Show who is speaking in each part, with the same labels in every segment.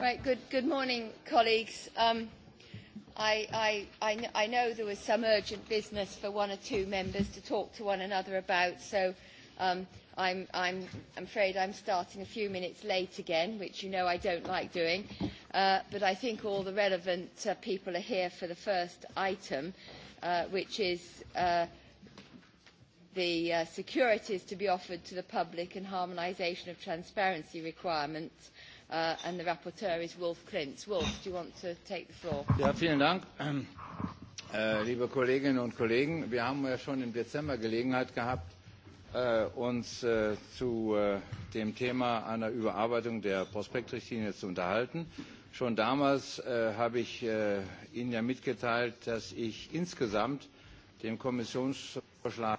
Speaker 1: Right, good, good morning, colleagues. Um, I, I, I I know there was some urgent business for one or two members to talk to one another about, so um, I'm, I'm, I'm afraid I'm starting a few minutes late again, which you know I don't like doing. Uh, but I think all the relevant uh, people are here for the first item, uh, which is uh, the uh, securities to be offered to the public and harmonisation of transparency requirements. Uh, Uh, and the rapporteur is Wolf Klintz. Wolf, do you want to take the floor?
Speaker 2: Ja, vielen Dank. Äh, liebe Kolleginnen und Kollegen, wir haben ja schon im Dezember Gelegenheit gehabt, äh, uns äh, zu dem Thema einer Überarbeitung der Prospektrichtlinie zu unterhalten. Schon damals habe ich Ihnen ja mitgeteilt, dass ich insgesamt dem Kommissionsvorschlag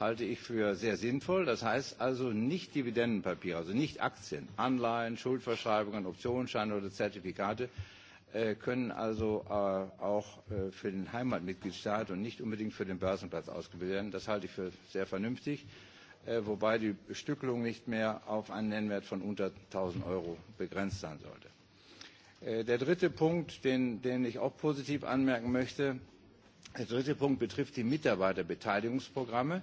Speaker 2: halte ich für sehr sinnvoll. Das heißt also nicht Dividendenpapiere, also nicht Aktien, Anleihen, Schuldverschreibungen, Optionsscheine oder Zertifikate äh, können also äh, auch äh, für den Heimatmitgliedstaat und nicht unbedingt für den Börsenplatz ausgebildet werden. Das halte ich für sehr vernünftig, wobei die Stückelung nicht mehr auf einen Nennwert von unter 1000 Euro begrenzt sein sollte. Der dritte Punkt, den, den ich auch positiv anmerken möchte, der dritte Punkt betrifft die Mitarbeiterbeteiligungsprogramme.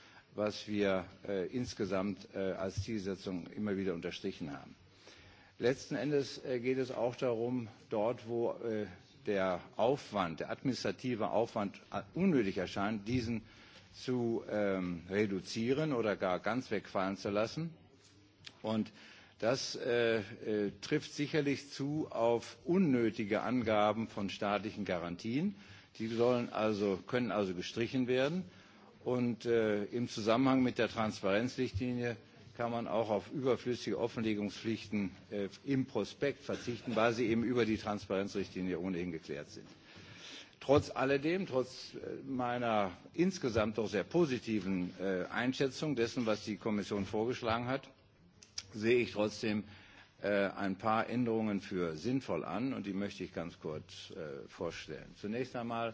Speaker 2: was wir äh, insgesamt äh, als Zielsetzung immer wieder unterstrichen haben. Letzten Endes äh, geht es auch darum, dort, wo äh, der Aufwand, der administrative Aufwand äh, unnötig erscheint, diesen zu ähm, reduzieren oder gar ganz wegfallen zu lassen. Und das äh, äh, trifft sicherlich zu auf unnötige Angaben von staatlichen Garantien. Die sollen also, können also gestrichen werden. Und äh, im Zusammenhang mit der Transparenzrichtlinie kann man auch auf überflüssige Offenlegungspflichten äh, im Prospekt verzichten, weil sie eben über die Transparenzrichtlinie ohnehin geklärt sind. Trotz alledem, trotz äh, meiner insgesamt doch sehr positiven äh, Einschätzung dessen, was die Kommission vorgeschlagen hat, sehe ich trotzdem äh, ein paar Änderungen für sinnvoll an und die möchte ich ganz kurz äh, vorstellen. Zunächst einmal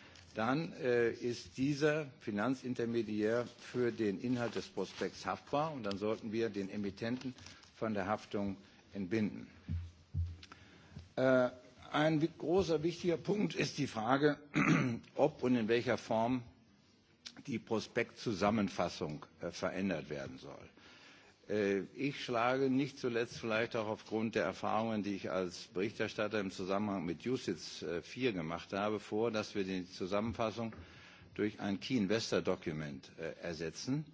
Speaker 2: dann äh, ist dieser Finanzintermediär für den Inhalt des Prospekts haftbar und dann sollten wir den Emittenten von der Haftung entbinden. Äh, ein großer wichtiger Punkt ist die Frage, ob und in welcher Form die Prospektzusammenfassung äh, verändert werden soll. Äh, ich schlage nicht zuletzt vielleicht auch aufgrund der Erfahrungen, die ich als Berichterstatter im Zusammenhang mit UCITS 4 äh, gemacht habe, vor, dass wir die Zusammenfassung durch ein Key Investor Document äh, ersetzen.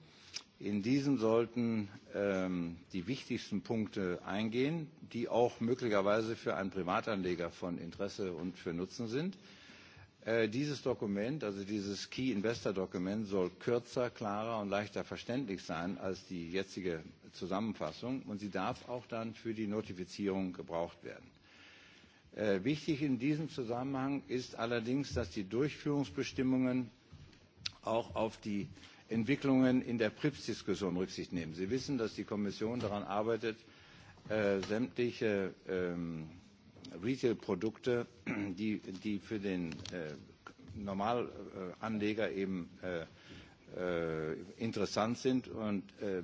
Speaker 2: In diesem sollten ähm, die wichtigsten Punkte eingehen, die auch möglicherweise für einen Privatanleger von Interesse und für Nutzen sind. Äh, dieses Dokument, also dieses Key Investor Document, soll kürzer, klarer und leichter verständlich sein als die jetzige Zusammenfassung und sie darf auch dann für die Notifizierung gebraucht werden. Äh, wichtig in diesem Zusammenhang ist allerdings, dass die Durchführungsbestimmungen auch auf die Entwicklungen in der PRIPS-Diskussion Rücksicht nehmen. Sie wissen, dass die Kommission daran arbeitet, äh, sämtliche äh, Retail-Produkte, die, die für den äh, Normalanleger äh, eben äh, äh, interessant sind und äh,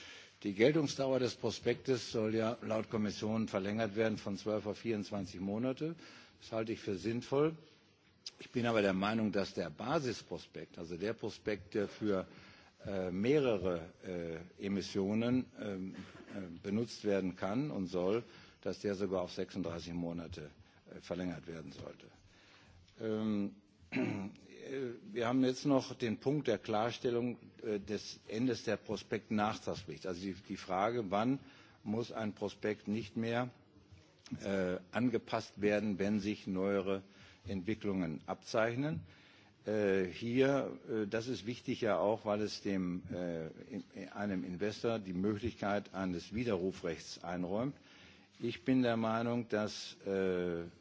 Speaker 2: Die Geltungsdauer des Prospektes soll ja laut Kommission verlängert werden von 12 auf 24 Monate. Das halte ich für sinnvoll. Ich bin aber der Meinung, dass der Basisprospekt, also der Prospekt, der für äh, mehrere äh, Emissionen ähm, äh, benutzt werden kann und soll, dass der sogar auf 36 Monate äh, verlängert werden sollte. Ähm, Äh, wir haben jetzt noch den Punkt der Klarstellung äh, des Endes der Prospektnachtragspflicht. Also die, die Frage, wann muss ein Prospekt nicht mehr äh, angepasst werden, wenn sich neuere Entwicklungen abzeichnen. Äh, hier, äh, das ist wichtig ja auch, weil es dem, äh, in, einem Investor die Möglichkeit eines Widerrufrechts einräumt. Ich bin der Meinung, dass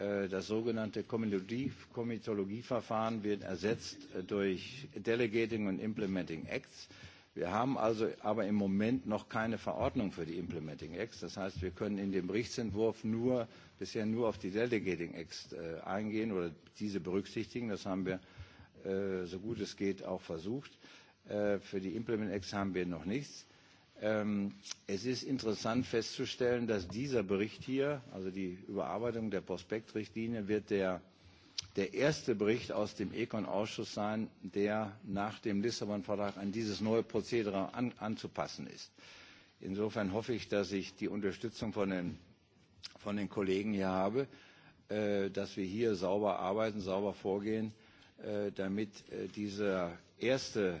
Speaker 2: Äh, das sogenannte Komitologieverfahren wird ersetzt äh, durch Delegating und Implementing Acts. Wir haben also aber im Moment noch keine Verordnung für die Implementing Acts. Das heißt, wir können in dem Berichtsentwurf nur, bisher nur auf die Delegating Acts äh, eingehen oder diese berücksichtigen. Das haben wir, äh, so gut es geht, auch versucht. Äh, für die Implementing Acts haben wir noch nichts. Ähm, es ist interessant festzustellen, dass dieser Bericht hier, also die Überarbeitung der Prospektrichtlinie, wird der, der erste Bericht aus dem Econ-Ausschuss sein, der nach dem Lissabon-Vertrag an dieses neue Prozedere an, anzupassen ist. Insofern hoffe ich, dass ich die Unterstützung von den, von den Kollegen hier habe, äh, dass wir hier sauber arbeiten, sauber vorgehen, äh, damit äh, dieser erste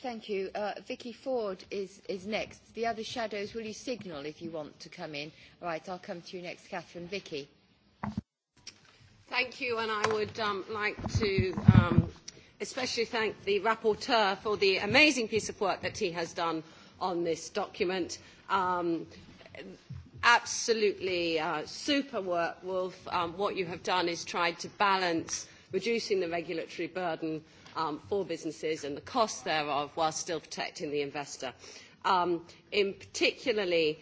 Speaker 1: Thank you. Uh, Vicky Ford is, is next. The other shadows, will you signal if you want to come in? All right, I'll come to you next, Catherine. Vicky.
Speaker 3: Thank you, and I would um, like to um, especially thank the rapporteur for the amazing piece of work that he has done on this document. Um, absolutely uh, super work, Wolf. Um, what you have done is tried to balance reducing the regulatory burden um, for businesses and the costs thereof while still protecting the investor. Um, in, particularly,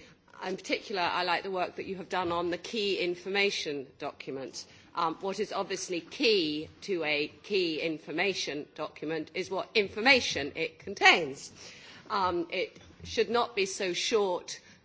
Speaker 3: in particular, I like the work that you have done on the key information document. Um, what is obviously key to a key information document is what information it contains. Um, it should not be so short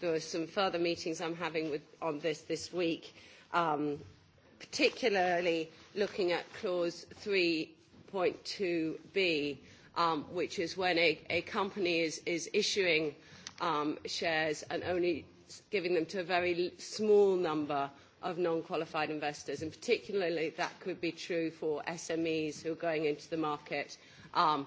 Speaker 3: There uh, are some further meetings I'm having with, on this this week, um, particularly looking at clause 3.2b, um, which is when a, a company is, is issuing um, shares and only giving them to a very small number of non-qualified investors, and particularly that could be true for SMEs who are going into the market um,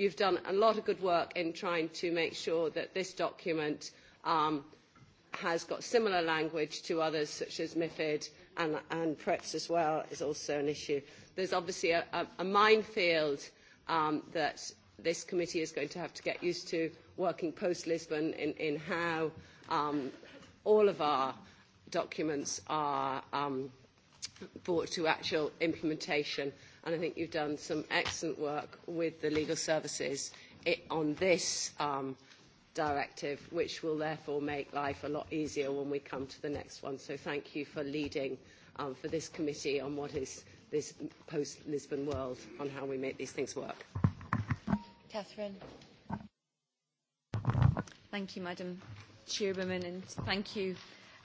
Speaker 3: you've done a lot of good work in trying to make sure that this document um, has got similar language to others such as MIFID and, and PREPS as well is also an issue. There's obviously a, a, a minefield um, that this committee is going to have to get used to working post-Lisbon in, in how um, all of our documents are um, brought to actual implementation and I think you've done some excellent work with the legal services on this um, directive, which will therefore make life a lot easier when we come to the next one. So thank you for leading um, for this committee on what is this post-Lisbon world, on how we make these things work.
Speaker 1: Catherine.
Speaker 4: Thank you, Madam Chairwoman, and thank you,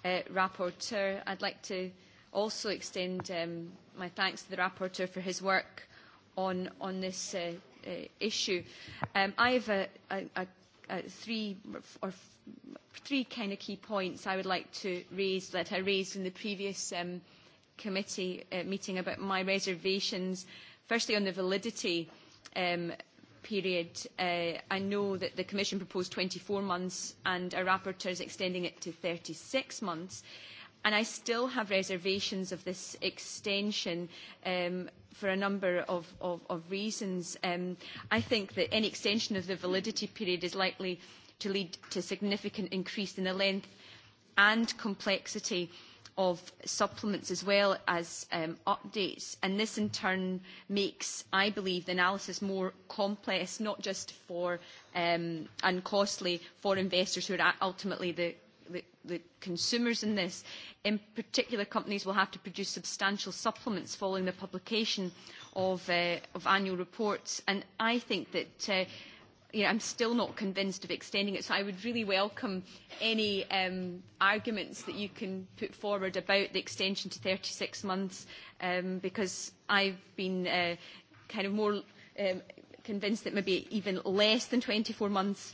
Speaker 4: uh, Rapporteur. I'd like to also extend um, my thanks to the rapporteur for his work on, on this uh, uh, issue. Um, I have a, a, a, a three or three kind of key points I would like to raise that I raised in the previous um, committee uh, meeting about my reservations. Firstly, on the validity um, period, uh, I know that the Commission proposed 24 months and our rapporteur is extending it to 36 months. Uh, and I still have reservations of this extension um, for a number of, of, of reasons. Um, I think that any extension of the validity period is likely to lead to a significant increase in the length and complexity of supplements as well as um, updates. And this in turn makes, I believe, the analysis more complex, not just for um, and costly for investors who are ultimately the the consumers in this. In particular, companies will have to produce substantial supplements following the publication of, uh, of annual reports. And I think that uh, you know, I'm still not convinced of extending it. So I would really welcome any um, arguments that you can put forward about the extension to 36 months, um, because I've been uh, kind of more um, convinced that maybe even less than 24 months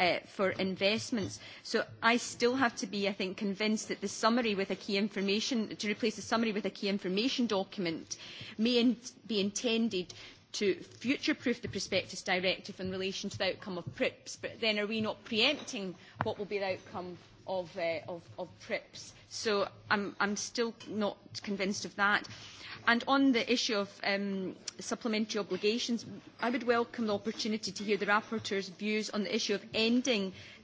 Speaker 4: uh, for investments. So I still have to be, I think, convinced that the summary with a key information, to replace the summary with a key information document may in be intended to future-proof the prospectus directive in relation to the outcome of PRIPS, but then are we not preempting what will be the outcome of, uh, of, of PRIPS? So I'm, I'm still not convinced of that. And on the issue of um, supplementary obligations, I would welcome the opportunity to hear the rapporteur's views on the issue of ending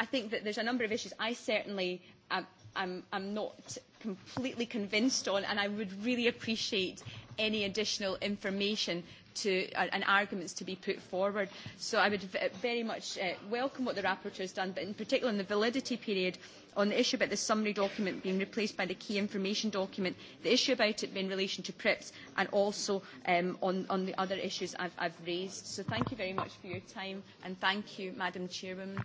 Speaker 4: I think that there's a number of issues I certainly am, uh, not completely convinced on, and I would really appreciate any additional information to, uh, and arguments to be put forward. So I would uh, very much uh, welcome what the rapporteur has done, but in particular in the validity period, on the issue about the summary document being replaced by the key information document, the issue about it being in relation to PRIPS, and also um, on, on, the other issues I've, I've raised.
Speaker 1: So thank you very much for your time, and thank you, Madam Chairwoman.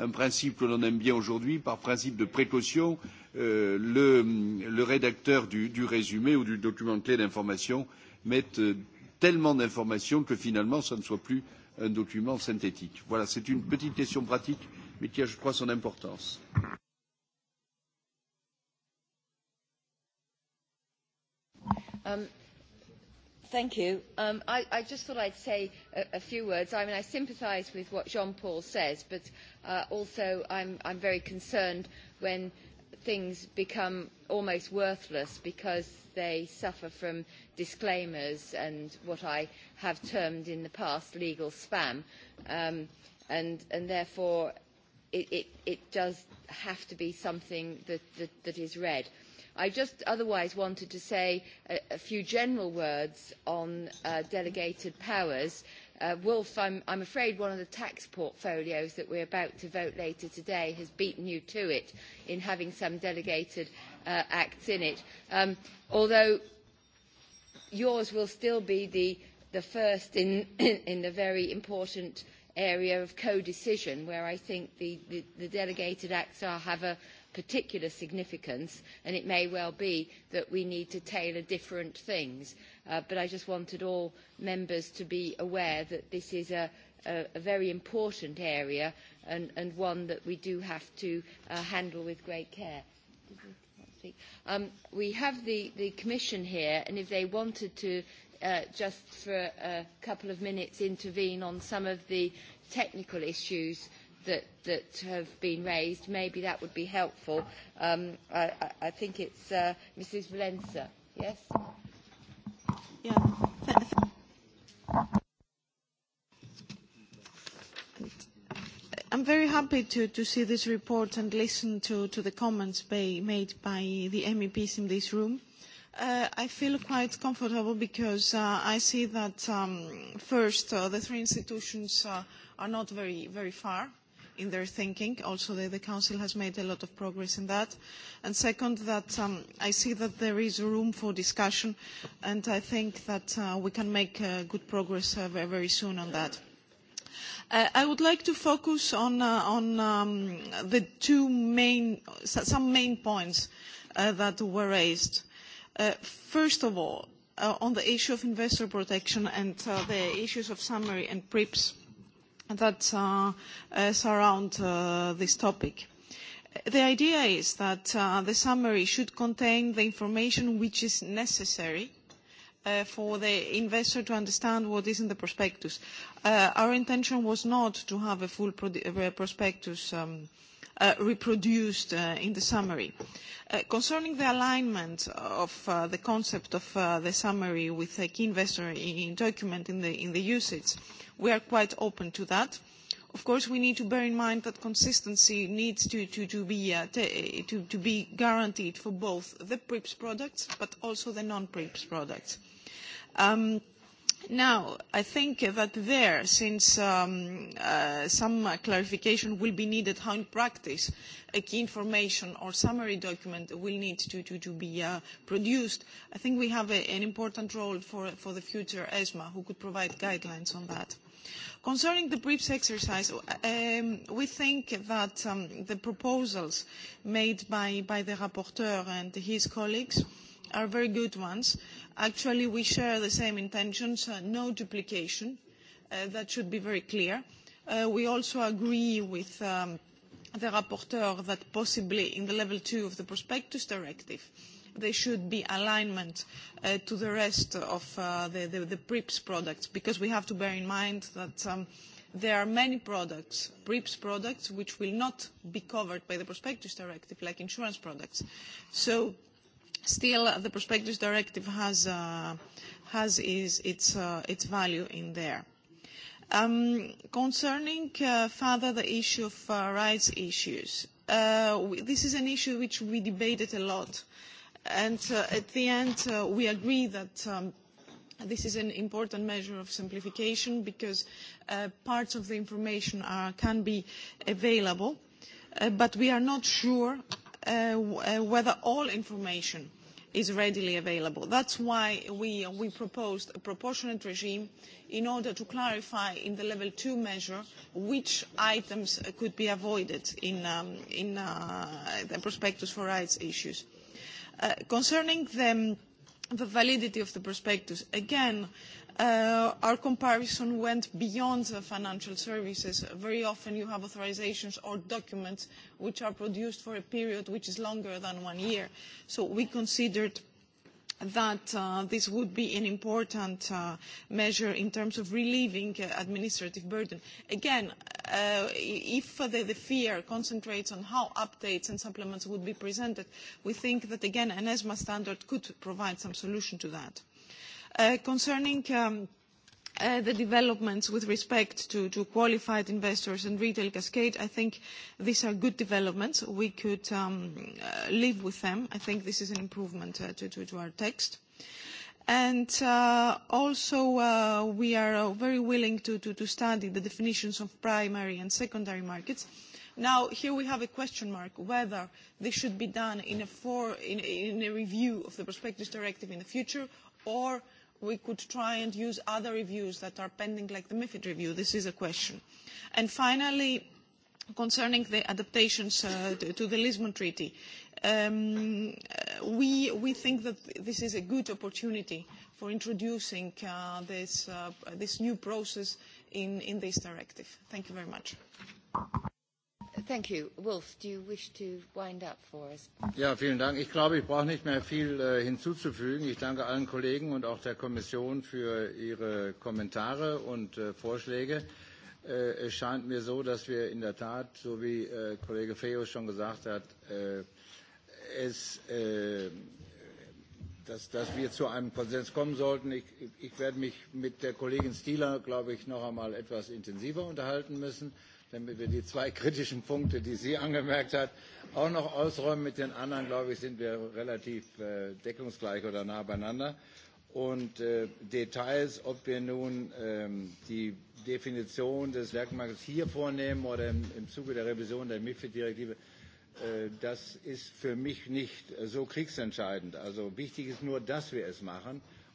Speaker 5: un principe que l'on aime bien aujourd'hui, par principe de précaution, euh, le, le rédacteur du, du résumé ou du document clé d'information mette euh, tellement d'informations que finalement ce ne soit plus un document synthétique. Voilà, c'est une petite question pratique, mais qui a, je crois, son importance.
Speaker 1: Um, Thank you. Um, I, just thought I'd say a, few words. I mean, I sympathise with what Jean-Paul says, but uh, also I'm, I'm very concerned when things become almost worthless because they suffer from disclaimers and what I have termed in the past legal spam. Um, and, and therefore, it, it, it does have to be something that, that, that is read. I just otherwise wanted to say a, a few general words on uh, delegated powers. Uh, Wolf, I'm, I'm afraid one of the tax portfolios that we're about to vote later today has beaten you to it in having some delegated uh, acts in it, um, although yours will still be the, the first in, in the very important area of co-decision where I think the, the, the delegated acts are, have a, particular significance, and it may well be that we need to tailor different things. Uh, but I just wanted all members to be aware that this is a, a, a very important area and, and one that we do have to uh, handle with great care. Um, we have the, the Commission here, and if they wanted to uh, just for a couple of minutes intervene on some of the technical issues that, that have been raised. Maybe that would be helpful. Um, I, I think it's uh, Mrs. Valenza. Yes? Yeah.
Speaker 6: I'm very happy to, to see this report and listen to, to the comments by, made by the MEPs in this room. Uh, I feel quite comfortable because uh, I see that um, first uh, the three institutions uh, are not very, very far in their thinking. Also, the, the Council has made a lot of progress in that. And second, that um, I see that there is room for discussion, and I think that uh, we can make uh, good progress uh, very soon on that. Uh, I would like to focus on, uh, on um, the two main, some main points uh, that were raised. Uh, first of all, uh, on the issue of investor protection and uh, the issues of summary and PRIPS. Uh, that uh, uh, surround uh, this topic. The idea is that uh, the summary should contain the information which is necessary uh, for the investor to understand what is in the prospectus. Uh, our intention was not to have a full prospectus um, Uh, reproduced uh, in the summary. Uh, concerning the alignment of uh, the concept of uh, the summary with a key investor in document in the, in the usage, we are quite open to that. Of course, we need to bear in mind that consistency needs to, to, to, be, uh, eh, to, to be guaranteed for both the PRIPS products but also the non-PRIPS products. Um, Now, I think that there, since um, uh, some clarification will be needed how in practice a key information or summary document will need to, to, to be uh, produced, I think we have a, an important role for, for the future ESMA, who could provide guidelines on that. Concerning the briefs exercise, um, we think that um, the proposals made by, by the rapporteur and his colleagues are very good ones. Uh, Actually, we share the same intentions, uh, no duplication. Uh, that should be very clear. Uh, we also agree with um, the rapporteur that possibly in the level two of the prospectus directive, there should be alignment uh, to the rest of uh, the, the, the, PRIPS products, because we have to bear in mind that um, there are many products, PRIPS products, which will not be covered by the prospectus directive, like insurance products. So still the prospectus directive has, uh, has is, its, uh, its value in there. Um, concerning uh, further the issue of uh, rights issues, uh, we, this is an issue which we debated a lot. And uh, at the end, uh, we agree that um, this is an important measure of simplification because uh, parts of the information are, can be available, uh, but we are not sure Uh, uh, whether all information is readily available. That's why we, uh, we proposed a proportionate regime in order to clarify in the level two measure which items could be avoided in, um, in uh, the prospectus for rights issues. Uh, concerning the, um, the validity of the prospectus, again, uh, Uh, our comparison went beyond the financial services. Very often you have authorisations or documents which are produced for a period which is longer than one year. So we considered that uh, this would be an important uh, measure in terms of relieving administrative burden. Again, if the, fear concentrates on how updates and supplements would be presented, we think that, again, an ESMA standard could provide some solution to that. Uh, concerning um, uh, the developments with respect to, qualified investors and retail cascade, I think these are good developments. We could um, uh, live with them. I think this is an improvement to, our text. And also, we are very willing to, study the definitions of primary and secondary markets. Now, here we have a question mark whether this should be done in a review of the prospectus directive in the future or we could try and use other reviews that are pending, like the MIFID review. This is a question. And finally, concerning the adaptations uh, to, to the Lisbon Treaty, um, uh, we, we think that this is a good opportunity for introducing uh, this, uh, this new process in, in this directive. Thank you very much. Thank Wolf, do you wish to wind up for us?
Speaker 2: Ja, vielen Dank. Ich glaube, ich brauche nicht mehr viel äh, hinzuzufügen. Ich danke allen Kollegen und auch der Kommission für ihre Kommentare und äh, Vorschläge. Äh, es scheint mir so, dass wir in der Tat, so wie äh, Kollege Feo schon gesagt hat, äh, es, äh, dass, dass wir zu einem Konsens kommen sollten. Ich, ich werde mich mit der Kollegin Stieler, glaube ich, noch einmal etwas intensiver unterhalten müssen damit wir die zwei kritischen Punkte, die sie angemerkt hat, auch noch ausräumen. Mit den anderen, glaube ich, sind wir relativ äh, deckungsgleich oder nah beieinander. Und äh, Details, ob wir nun ähm, die Definition des Werkmarktes hier vornehmen oder im, im Zuge der Revision der MIFID-Direktive, äh, das ist für mich nicht so kriegsentscheidend. Also wichtig ist nur, dass wir es machen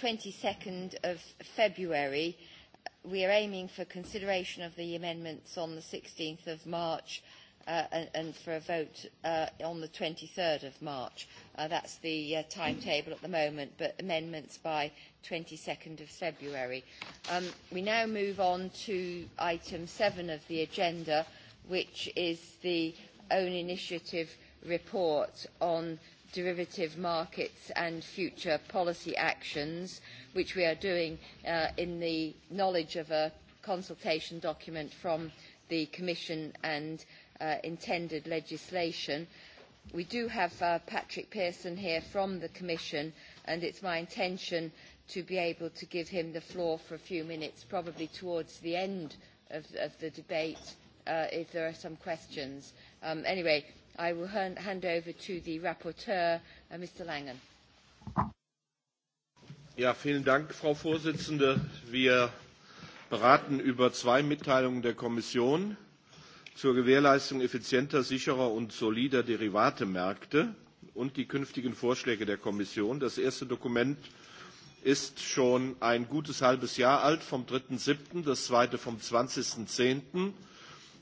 Speaker 1: 22 two February. We are aiming for consideration of the amendments on the 16th of March uh, and, and for a vote uh, on the 23rd of March. Uh, that's the uh, timetable at the moment, but amendments by 22nd of February. Um, we now move on to item seven of the agenda, which is the own initiative report on derivative markets and future policy actions, which we are doing uh, in the knowledge of a consultation document from the Commission and uh, intended legislation. We do have uh, Patrick Pearson here from the Commission, and it's my intention to be able to give him the floor for a few minutes, probably towards the end of, of the debate, uh, if there are some questions. Um, anyway, I will hand over to the rapporteur, uh, Mr. Langen.
Speaker 7: Ja, vielen Dank, Frau Vorsitzende. Wir beraten über zwei Mitteilungen der Kommission zur Gewährleistung effizienter, sicherer und solider Derivatemärkte und die künftigen Vorschläge der Kommission. Das erste Dokument ist schon ein gutes halbes Jahr alt, vom 3.7., das zweite vom 20.10.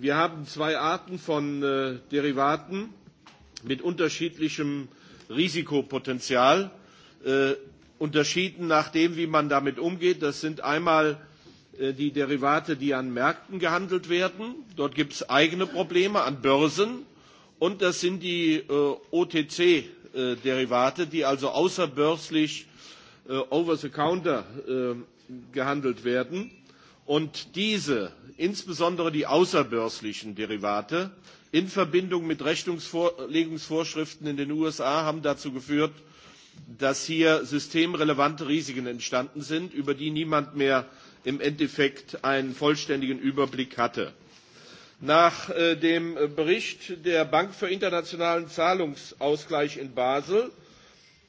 Speaker 7: Wir haben zwei Arten von äh, Derivaten mit unterschiedlichem Risikopotenzial, äh, unterschieden nach dem, wie man damit umgeht. Das sind einmal äh, die Derivate, die an Märkten gehandelt werden. Dort gibt es eigene Probleme an Börsen. Und das sind die äh, OTC-Derivate, äh, die also außerbörslich äh, over the counter äh, gehandelt werden und diese, insbesondere die außerbörslichen Derivate, in Verbindung mit Rechnungslegungsvorschriften in den USA haben dazu geführt, dass hier systemrelevante Risiken entstanden sind, über die niemand mehr im Endeffekt einen vollständigen Überblick hatte. Nach äh, dem Bericht der Bank für internationalen Zahlungsausgleich in Basel,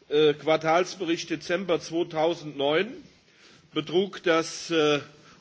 Speaker 7: äh, Quartalsbericht Dezember 2009, betrug das äh,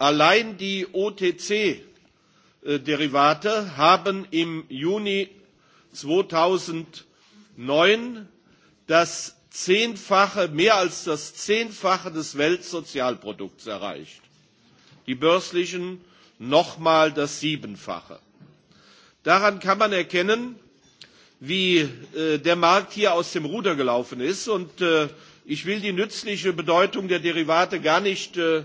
Speaker 7: Allein die OTC-Derivate äh, haben im Juni 2009 das Zehnfache, mehr als das Zehnfache des Weltsozialprodukts erreicht. Die börslichen nochmal das Siebenfache. Daran kann man erkennen, wie äh, der Markt hier aus dem Ruder gelaufen ist. Und äh, ich will die nützliche Bedeutung der Derivate gar nicht äh,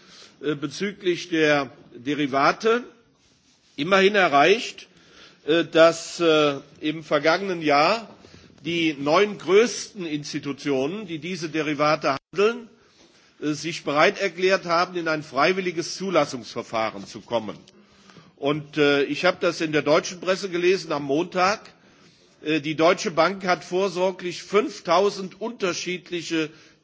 Speaker 7: Äh, bezüglich der Derivate immerhin erreicht, äh, dass äh, im vergangenen Jahr die neun größten Institutionen, die diese Derivate handeln, sich bereit erklärt haben, in ein freiwilliges Zulassungsverfahren zu kommen. Und ich habe das in der deutschen Presse gelesen am Montag. die Deutsche Bank hat vorsorglich 5000 unterschiedliche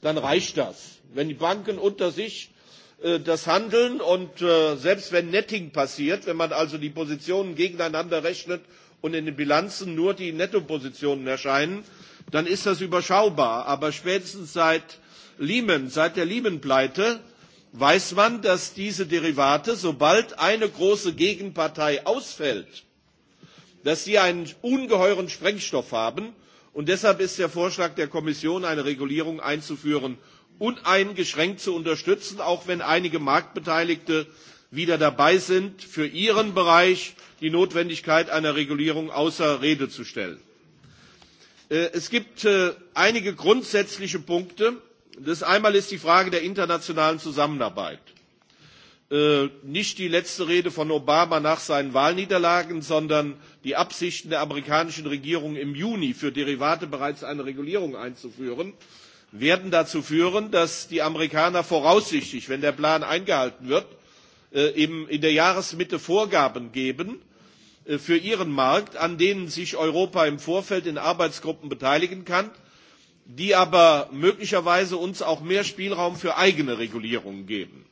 Speaker 7: dann reicht das. Wenn die Banken unter sich äh, das handeln und äh, selbst wenn Netting passiert, wenn man also die Positionen gegeneinander rechnet und in den Bilanzen nur die Nettopositionen erscheinen, dann ist das überschaubar. Aber spätestens seit Lehman, seit der Lehman-Pleite, weiß man, dass diese Derivate, sobald eine große Gegenpartei ausfällt, dass sie einen ungeheuren Sprengstoff haben Und deshalb ist der Vorschlag der Kommission, eine Regulierung einzuführen, uneingeschränkt zu unterstützen, auch wenn einige Marktbeteiligte wieder dabei sind, für ihren Bereich die Notwendigkeit einer Regulierung außer Rede zu stellen. Äh, es gibt äh, einige grundsätzliche Punkte. Das einmal ist die Frage der internationalen Zusammenarbeit. Äh, nicht die letzte Rede von Obama nach seinen Wahlniederlagen, sondern die Absichten der amerikanischen Regierung im Juni für Derivate bereits eine Regulierung einzuführen, werden dazu führen, dass die Amerikaner voraussichtlich, wenn der Plan eingehalten wird, äh, eben in der Jahresmitte Vorgaben geben äh, für ihren Markt, an denen sich Europa im Vorfeld in Arbeitsgruppen beteiligen kann, die aber möglicherweise uns auch mehr Spielraum für eigene Regulierungen geben.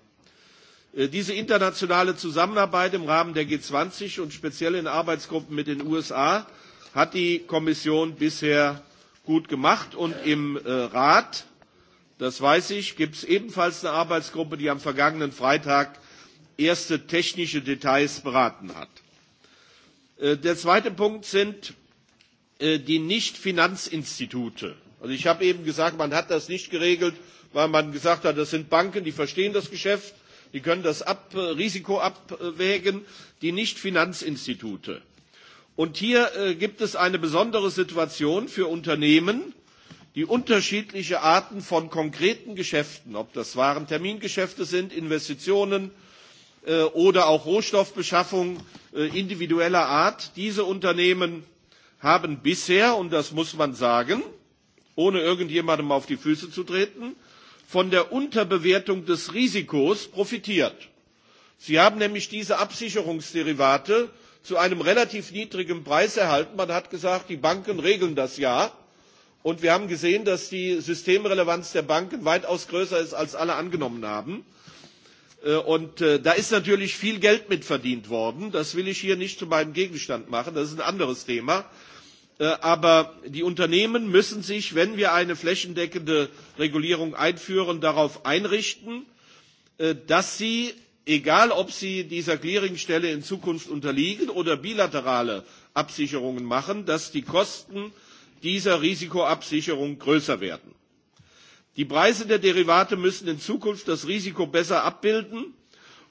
Speaker 7: Äh, diese internationale Zusammenarbeit im Rahmen der G20 und speziell in Arbeitsgruppen mit den USA hat die Kommission bisher gut gemacht. Und im äh, Rat, das weiß ich, gibt es ebenfalls eine Arbeitsgruppe, die am vergangenen Freitag erste technische Details beraten hat. Äh, der zweite Punkt sind die Nichtfinanzinstitute. Also ich habe eben gesagt, man hat das nicht geregelt, weil man gesagt hat, das sind Banken, die verstehen das Geschäft Die können das ab, Risiko abwägen, die Nichtfinanzinstitute. Und hier äh, gibt es eine besondere Situation für Unternehmen, die unterschiedliche Arten von konkreten Geschäften, ob das Warentermingeschäfte sind, Investitionen äh, oder auch Rohstoffbeschaffung äh, individueller Art, diese Unternehmen haben bisher, und das muss man sagen, ohne irgendjemandem auf die Füße zu treten, von der Unterbewertung des Risikos profitiert. Sie haben nämlich diese Absicherungsderivate zu einem relativ niedrigen Preis erhalten. Man hat gesagt, die Banken regeln das ja. Und wir haben gesehen, dass die Systemrelevanz der Banken weitaus größer ist, als alle angenommen haben. Äh, und äh, da ist natürlich viel Geld mit verdient worden. Das will ich hier nicht zu meinem Gegenstand machen. Das ist ein anderes Thema. Äh, aber die Unternehmen müssen sich, wenn wir eine flächendeckende Regulierung einführen, darauf einrichten, äh, dass sie, egal ob sie dieser Clearingstelle in Zukunft unterliegen oder bilaterale Absicherungen machen, dass die Kosten dieser Risikoabsicherung größer werden. Die Preise der Derivate müssen in Zukunft das Risiko besser abbilden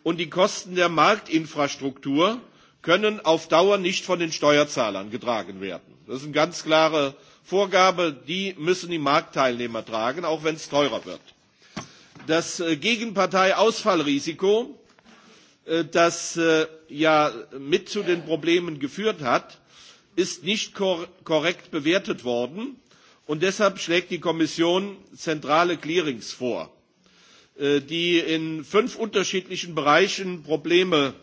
Speaker 7: und die Kosten der Marktinfrastruktur können auf Dauer nicht von den Steuerzahlern getragen werden. Das ist eine ganz klare Vorgabe, die müssen die Marktteilnehmer tragen, auch wenn es teurer wird. Das äh, Gegenparteiausfallrisiko, äh, das äh, ja mit zu den Problemen geführt hat, ist nicht kor korrekt bewertet worden. Und deshalb schlägt die Kommission zentrale Clearings vor, die in fünf unterschiedlichen Bereichen Probleme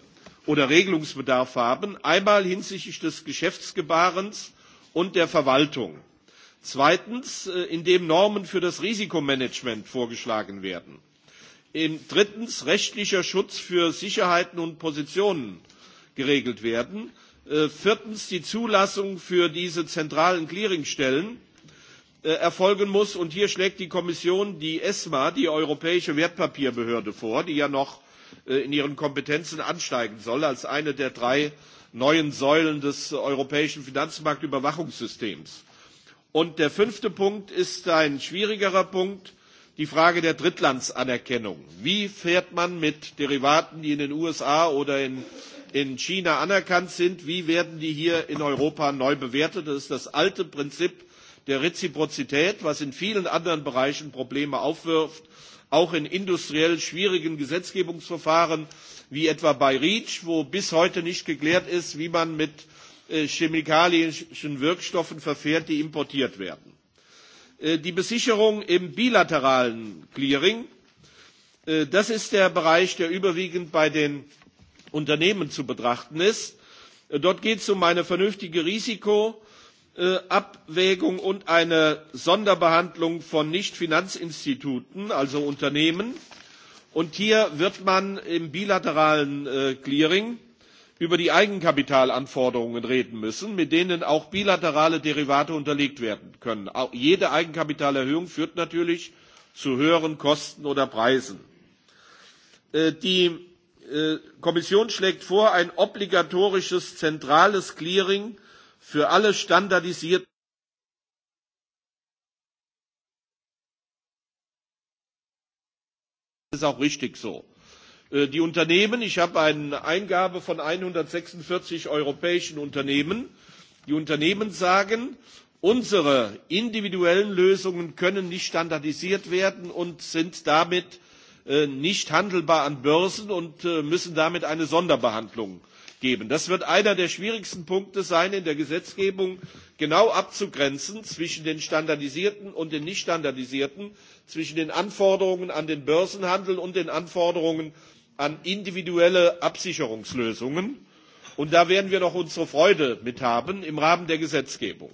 Speaker 7: oder Regelungsbedarf haben. Einmal hinsichtlich des Geschäftsgebarens und der Verwaltung. Zweitens, äh, indem Normen für das Risikomanagement vorgeschlagen werden. Drittens, rechtlicher Schutz für Sicherheiten und Positionen geregelt werden. Äh, viertens, die Zulassung für diese zentralen Clearingstellen äh, erfolgen muss. Und hier schlägt die Kommission die ESMA, die Europäische Wertpapierbehörde, vor, die ja noch in ihren Kompetenzen ansteigen soll als eine der drei neuen Säulen des europäischen Finanzmarktüberwachungssystems. Und der fünfte Punkt ist ein schwierigerer Punkt, die Frage der Drittlandsanerkennung. Wie fährt man mit Derivaten, die in den USA oder in, in China anerkannt sind, wie werden die hier in Europa neu bewertet? Das ist das alte Prinzip der Reziprozität, was in vielen anderen Bereichen Probleme aufwirft auch in industriell schwierigen Gesetzgebungsverfahren wie etwa bei REACH, wo bis heute nicht geklärt ist, wie man mit äh, chemikalischen Wirkstoffen verfährt, die importiert werden. Äh, die Besicherung im bilateralen Clearing, äh, das ist der Bereich, der überwiegend bei den Unternehmen zu betrachten ist. Dort geht es um eine vernünftige Risiko- Äh, Abwägung und eine Sonderbehandlung von Nichtfinanzinstituten, also Unternehmen. Und hier wird man im bilateralen äh, Clearing über die Eigenkapitalanforderungen reden müssen, mit denen auch bilaterale Derivate unterlegt werden können. Auch jede Eigenkapitalerhöhung führt natürlich zu höheren Kosten oder Preisen. Äh, die Kommission schlägt vor, ein obligatorisches zentrales Clearing für alle standardisierten Das ist auch richtig so. Äh, die Unternehmen, ich habe eine Eingabe von 146 europäischen Unternehmen. Die Unternehmen sagen, unsere individuellen Lösungen können nicht standardisiert werden und sind damit äh, nicht handelbar an Börsen und äh, müssen damit eine Sonderbehandlung geben. Das wird einer der schwierigsten Punkte sein, in der Gesetzgebung genau abzugrenzen zwischen den standardisierten und den nicht standardisierten, zwischen den Anforderungen an den Börsenhandel und den Anforderungen an individuelle Absicherungslösungen. Und da werden wir noch unsere Freude mit haben im Rahmen der Gesetzgebung.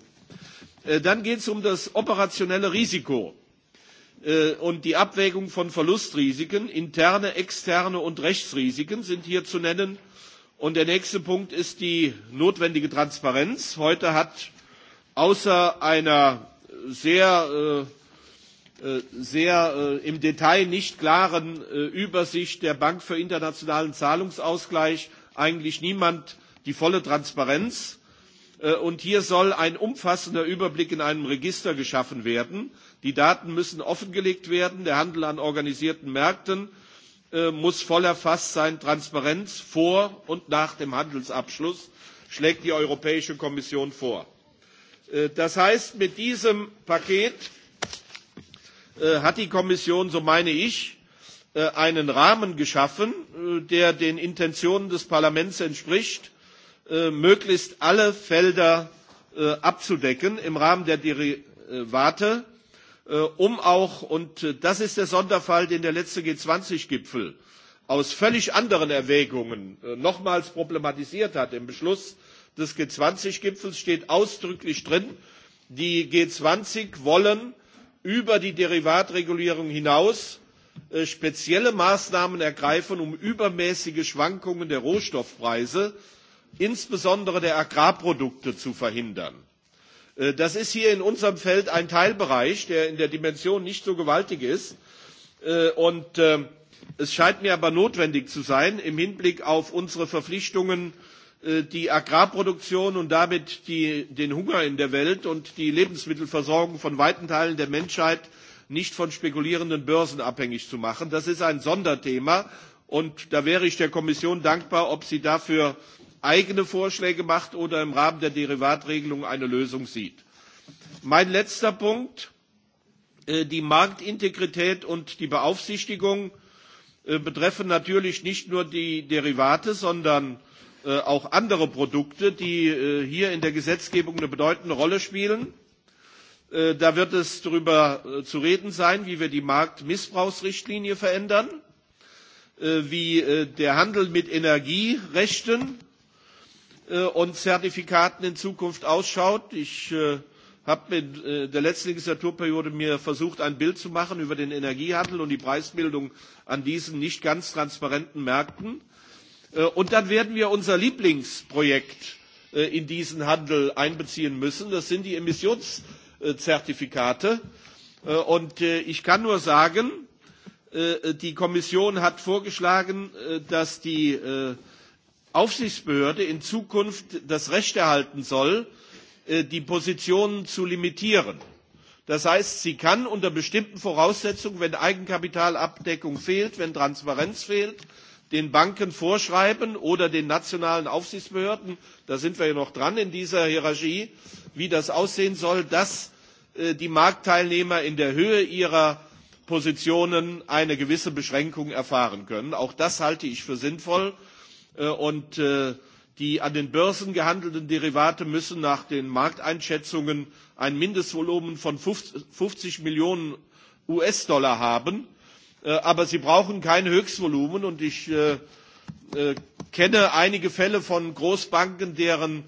Speaker 7: Äh, dann geht es um das operationelle Risiko äh, und die Abwägung von Verlustrisiken. Interne, externe und Rechtsrisiken sind hier zu nennen Und der nächste Punkt ist die notwendige Transparenz. Heute hat außer einer sehr, äh, äh, sehr äh, im Detail nicht klaren äh, Übersicht der Bank für internationalen Zahlungsausgleich eigentlich niemand die volle Transparenz. Äh, und hier soll ein umfassender Überblick in einem Register geschaffen werden. Die Daten müssen offengelegt werden. Der Handel an organisierten Märkten Äh, muss voll erfasst sein transparenz vor und nach dem handelsabschluss schlägt die europäische kommission vor. Äh, das heißt mit diesem paket äh, hat die kommission so meine ich einen rahmen geschaffen der den intentionen des parlaments entspricht möglichst alle felder abzudecken im rahmen der derivate Äh, um auch, und äh, das ist der Sonderfall, den der letzte G20-Gipfel aus völlig anderen Erwägungen äh, nochmals problematisiert hat. Im Beschluss des G20-Gipfels steht ausdrücklich drin, die G20 wollen über die Derivatregulierung hinaus spezielle Maßnahmen ergreifen, um übermäßige Schwankungen der Rohstoffpreise, insbesondere der Agrarprodukte, zu verhindern. Äh, das ist hier in unserem Feld ein Teilbereich, der in der Dimension nicht so gewaltig ist. Äh, und ähm, es scheint mir aber notwendig zu sein, im Hinblick auf unsere Verpflichtungen, äh, die Agrarproduktion und damit die, den Hunger in der Welt und die Lebensmittelversorgung von weiten Teilen der Menschheit nicht von spekulierenden Börsen abhängig zu machen. Das ist ein Sonderthema und da wäre ich der Kommission dankbar, ob sie dafür eigene Vorschläge macht oder im Rahmen der Derivatregelung eine Lösung sieht. Mein letzter Punkt, äh, die Marktintegrität und die Beaufsichtigung äh, betreffen natürlich nicht nur die Derivate, sondern äh, auch andere Produkte, die hier in der Gesetzgebung eine bedeutende Rolle spielen. Da wird es darüber zu reden sein, wie wir die Marktmissbrauchsrichtlinie verändern, wie der Handel mit Energierechten Äh, und Zertifikaten in Zukunft ausschaut. Ich äh, habe in äh, der letzten Legislaturperiode mir versucht, ein Bild zu machen über den Energiehandel und die Preisbildung an diesen nicht ganz transparenten Märkten. Und dann werden wir unser Lieblingsprojekt in diesen Handel einbeziehen müssen. Das sind die Emissionszertifikate. Und ich kann nur sagen, die Kommission hat vorgeschlagen, dass die Aufsichtsbehörde in Zukunft das Recht erhalten soll, äh, die Positionen zu limitieren. Das heißt, sie kann unter bestimmten Voraussetzungen, wenn Eigenkapitalabdeckung fehlt, wenn Transparenz fehlt, den Banken vorschreiben oder den nationalen Aufsichtsbehörden, da sind wir ja noch dran in dieser Hierarchie, wie das aussehen soll, dass äh, die Marktteilnehmer in der Höhe ihrer Positionen eine gewisse Beschränkung erfahren können. Auch das halte ich für sinnvoll Äh, und äh, die an den Börsen gehandelten Derivate müssen nach den Markteinschätzungen ein Mindestvolumen von 50 Millionen US-Dollar haben. Äh, aber sie brauchen kein Höchstvolumen. Und ich kenne einige Fälle von Großbanken, deren,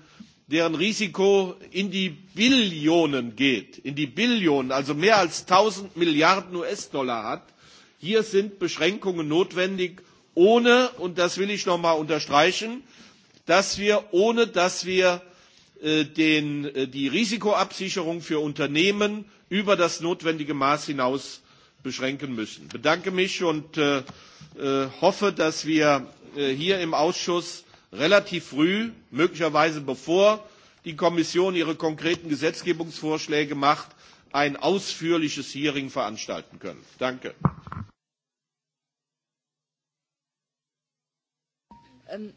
Speaker 7: deren Risiko in die Billionen geht, in die Billionen, also mehr als 1000 Milliarden US-Dollar hat. Hier sind Beschränkungen notwendig ohne, und das will ich noch nochmal unterstreichen, dass wir, ohne dass wir äh, den, äh, die Risikoabsicherung für Unternehmen über das notwendige Maß hinaus beschränken müssen. Ich bedanke mich und äh, hoffe, dass wir hier im Ausschuss relativ früh, möglicherweise bevor die Kommission ihre konkreten Gesetzgebungsvorschläge macht, ein ausführliches Hearing veranstalten können. Danke.
Speaker 1: Um,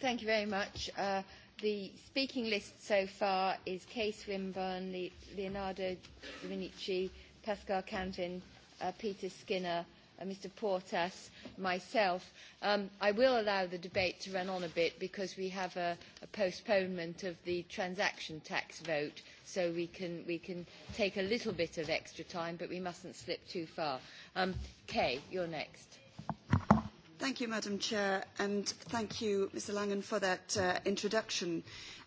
Speaker 1: thank you very much. Uh, the speaking list so far is Kay Swinburne, Le Leonardo Dominici, da Pascal Canvin, uh, Peter Skinner, uh, Mr Portas, myself. Um, I will allow the debate to run on a bit because we have a, a postponement of the transaction tax vote, so we can, we can take a little bit of extra time, but we mustn't slip too far. Um, Kay, you're next. Thank you, Madam Chair,
Speaker 8: and thank you, Mr Langen, for that uh, introduction.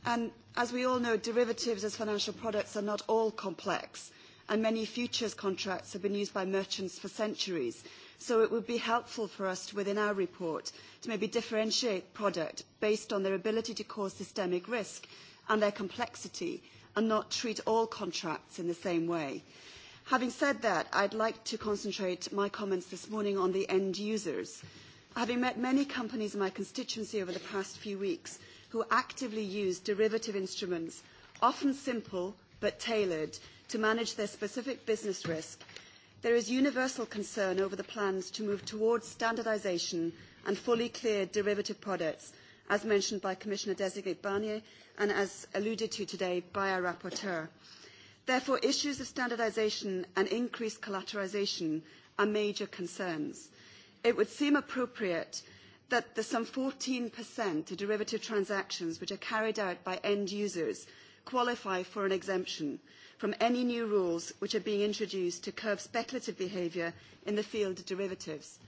Speaker 8: And as we all know, derivatives as financial products are not all complex, and many futures contracts have been used by merchants for centuries. So it would be helpful for us to, within our report to maybe differentiate product based on their ability to cause systemic risk and their complexity, and not treat all contracts in the same way. Having said that, I'd like to concentrate my comments this morning on the end users having met many companies in my constituency over the past few weeks who actively use derivative instruments, often simple but tailored, to manage their specific business risk, there is universal concern over the plans to move towards standardisation and fully cleared derivative products, as mentioned by Commissioner Designate Barnier and as alluded to today by our rapporteur. Therefore, issues of standardisation and increased collateralisation are major concerns it would seem appropriate that the some 14% of derivative transactions which are carried out by end users qualify for an exemption from any new rules which are being introduced to curb speculative behaviour in the field of derivatives.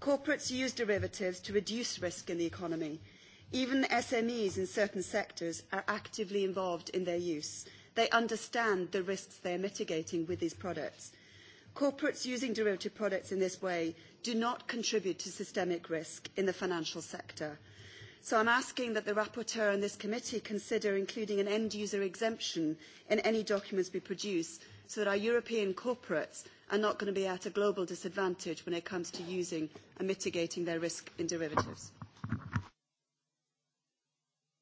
Speaker 8: Corporates use derivatives to reduce risk in the economy. Even SMEs in certain sectors are actively involved in their use. They understand the risks they are mitigating with these products. Corporates using derivative products in this way do not contribute to systemic risk in the financial sector. So I'm asking that the rapporteur and this committee consider including an end user exemption in any documents we produce so that our European corporates are not going to be at a global disadvantage when it comes to using and mitigating their risk in derivatives.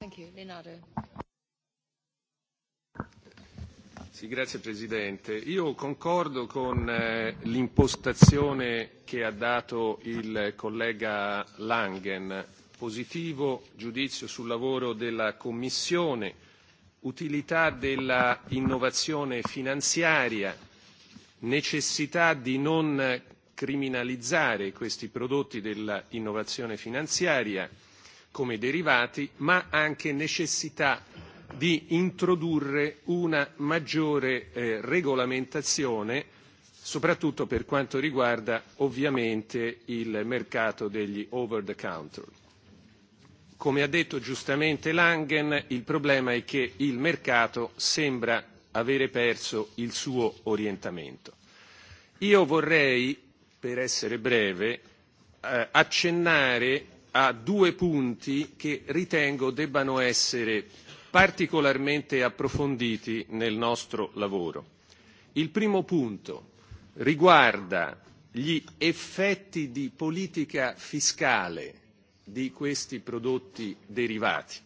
Speaker 1: Thank you. Leonardo.
Speaker 9: Sì, grazie Presidente. Io concordo con eh, l'impostazione che ha dato il collega Langen. Positivo giudizio sul lavoro della Commissione, utilità della innovazione finanziaria, necessità di non criminalizzare questi prodotti dell'innovazione finanziaria come derivati, ma anche necessità di introdurre una maggiore eh, regolamentazione soprattutto per quanto riguarda ovviamente il mercato degli over the counter. Come ha detto giustamente Langen, il problema è che il mercato sembra avere perso il suo orientamento. Io vorrei, per essere breve, eh, accennare a due punti che ritengo debbano essere particolarmente approfonditi nel nostro lavoro. Il primo punto riguarda gli effetti di politica fiscale di questi prodotti derivati,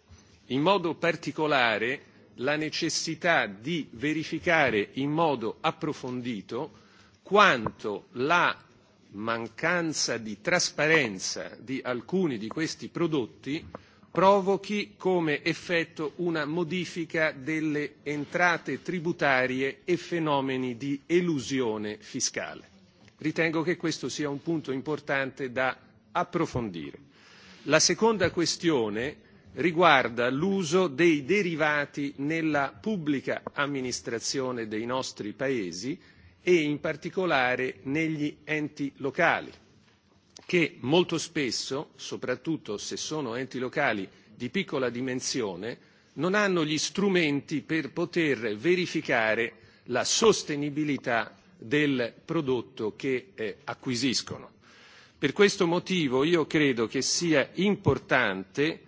Speaker 9: in modo particolare la necessità di verificare in modo approfondito quanto la mancanza di trasparenza di alcuni di questi prodotti provochi come effetto una modifica delle entrate tributarie e fenomeni di elusione fiscale. Ritengo che questo sia un punto importante da approfondire. La seconda questione riguarda l'uso dei derivati nella pubblica amministrazione dei nostri paesi e in particolare negli enti locali che molto spesso, soprattutto se sono enti locali di piccola dimensione, non hanno gli strumenti per poter verificare la sostenibilità del prodotto che eh, acquisiscono. Per questo motivo io credo che sia importante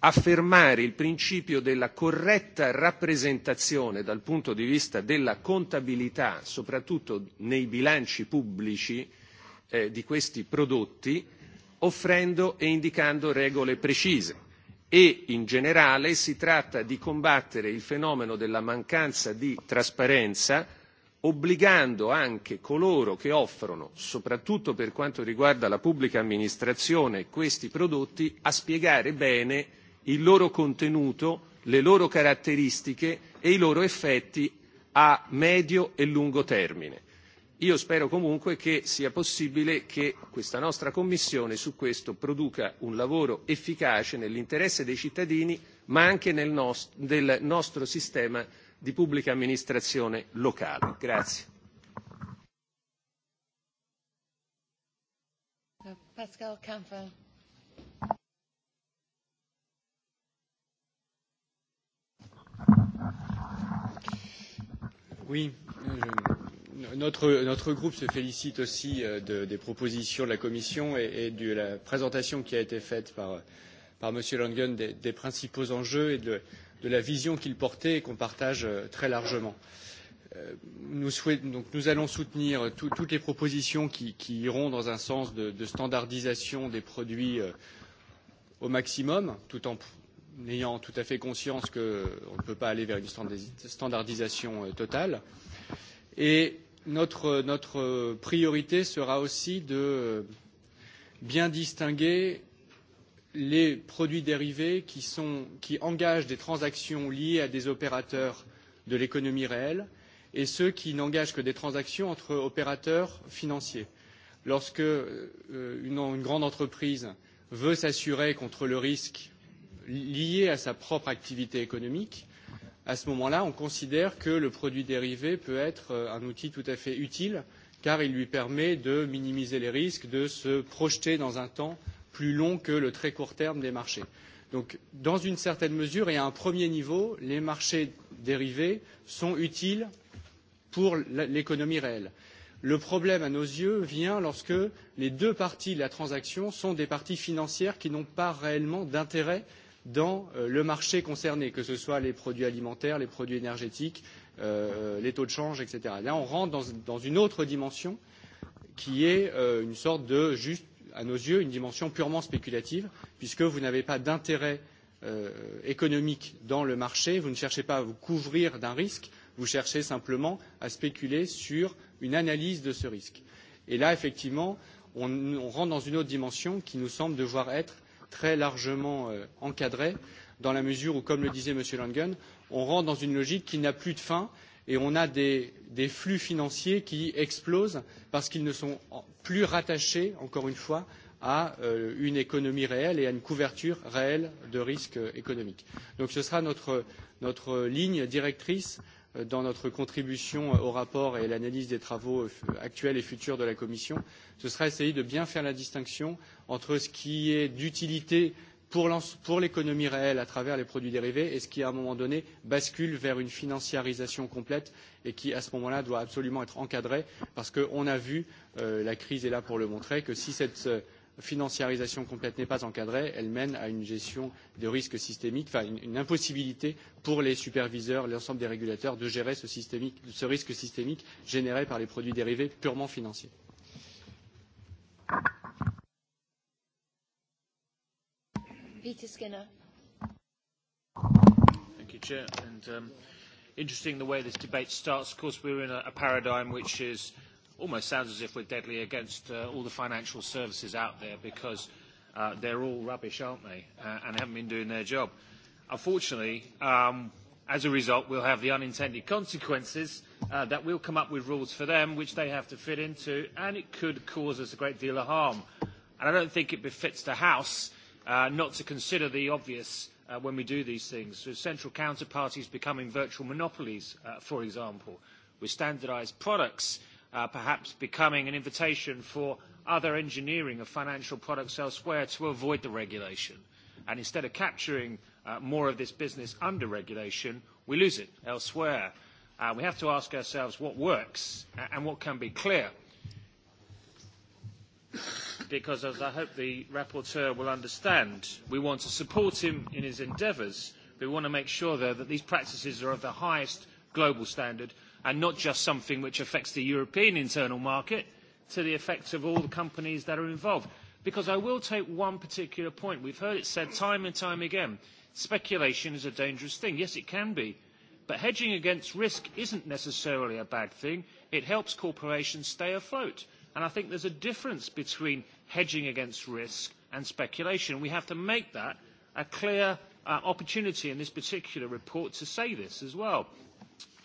Speaker 9: affermare il principio della corretta rappresentazione dal punto di vista della contabilità, soprattutto nei bilanci pubblici, eh, di questi prodotti offrendo e indicando regole precise e in generale si tratta di combattere il fenomeno della mancanza di trasparenza obbligando anche coloro che offrono, soprattutto per quanto riguarda la pubblica amministrazione, questi prodotti a spiegare bene il loro contenuto, le loro caratteristiche e i loro effetti a medio e lungo termine. Io spero comunque che sia possibile che questa nostra Commissione su questo produca un lavoro efficace nell'interesse dei cittadini, ma anche nel nost- del nostro sistema di pubblica amministrazione locale. Grazie.
Speaker 1: Pascal Canfin.
Speaker 10: Oui, je euh, notre, notre groupe se félicite aussi euh, de, des propositions de la Commission et, et de la présentation qui a été faite par, par M. Langen des, des principaux enjeux et de, de la vision qu'il portait et qu'on partage euh, très largement. Euh, nous, souhait, donc, nous allons soutenir tout, toutes les propositions qui, qui iront dans un sens de, de standardisation des produits au maximum, tout en ayant tout à fait conscience qu'on ne peut pas aller vers une standardisation totale. Et notre, euh, notre euh, priorité sera aussi de euh, bien distinguer les produits dérivés qui, sont, qui engagent des transactions liées à des opérateurs de l'économie réelle et ceux qui n'engagent que des transactions entre opérateurs financiers. Lorsque euh, une, une grande entreprise veut s'assurer contre le risque lié à sa propre activité économique, à ce moment-là, on considère que le produit dérivé peut être euh, un outil tout à fait utile car il lui permet de minimiser les risques, de se projeter dans un temps plus long que le très court terme des marchés. Donc, dans une certaine mesure et à un premier niveau, les marchés dérivés sont utiles pour l'économie réelle. Le problème, à nos yeux, vient lorsque les deux parties de la transaction sont des parties financières qui n'ont pas réellement d'intérêt dans euh, le marché concerné, que ce soit les produits alimentaires, les produits énergétiques, euh, euh les taux de change, etc. Là, on rentre dans, dans une autre dimension qui est euh, une sorte de, juste à nos yeux, une dimension purement spéculative, puisque vous n'avez pas d'intérêt euh, économique dans le marché, vous ne cherchez pas à vous couvrir d'un risque, vous cherchez simplement à spéculer sur une analyse de ce risque. Et là, effectivement, on, on rentre dans une autre dimension qui nous semble devoir être euh, très largement euh, encadré, dans la mesure où, comme le disait M. Langen, on rentre dans une logique qui n'a plus de fin et on a des, des flux financiers qui explosent parce qu'ils ne sont plus rattachés, encore une fois, à euh, une économie réelle et à une couverture réelle de risques euh, économiques. Donc ce sera notre, notre ligne directrice euh, dans notre contribution euh, au rapport et l'analyse des travaux euh, actuels et futurs de la Commission. Ce sera essayer de bien faire la distinction entre ce qui est d'utilité pour l'économie réelle à travers les produits dérivés et ce qui, à un moment donné, bascule vers une financiarisation complète et qui, à ce moment-là, doit absolument être encadrée parce qu'on a vu, euh, la crise est là pour le montrer, que si cette euh, financiarisation complète n'est pas encadrée, elle mène à une gestion de risque systémique, enfin une, une impossibilité pour les superviseurs, l'ensemble des régulateurs de gérer ce, systémique, ce risque systémique généré par les produits dérivés purement financiers. Thank you.
Speaker 1: Vita Skinner.
Speaker 11: Thank you, Chair. And um, interesting the way this debate starts. Of course, we're in a, paradigm which is almost sounds as if we're deadly against uh, all the financial services out there because uh, they're all rubbish, aren't they? Uh, and haven't been doing their job. Unfortunately, um, as a result, we'll have the unintended consequences that we'll come up with rules for them, which they have to fit into, and it could cause us a great deal of harm. And I don't think it befits the House uh, not to consider the obvious uh, when we do these things. So central counterparties becoming virtual monopolies, uh, for example, with standardised products uh, perhaps becoming an invitation for other engineering of financial products elsewhere to avoid the regulation. And instead of capturing uh, more of this business under regulation, we lose it elsewhere. Uh, we have to ask ourselves what works uh, and what can be clear because, as I hope the rapporteur will understand, we want to support him in his endeavours. But we want to make sure, though, that these practices are of the highest global standard and not just something which affects the European internal market to the effect of all the companies that are involved. Because I will take one particular point. We've heard it said time and time again, speculation is a dangerous thing. Yes, it can be. But hedging against risk isn't necessarily a bad thing. It helps corporations stay afloat And I think there's a difference between hedging against risk and speculation. We have to make that a clear uh, opportunity in this particular report to say this as well.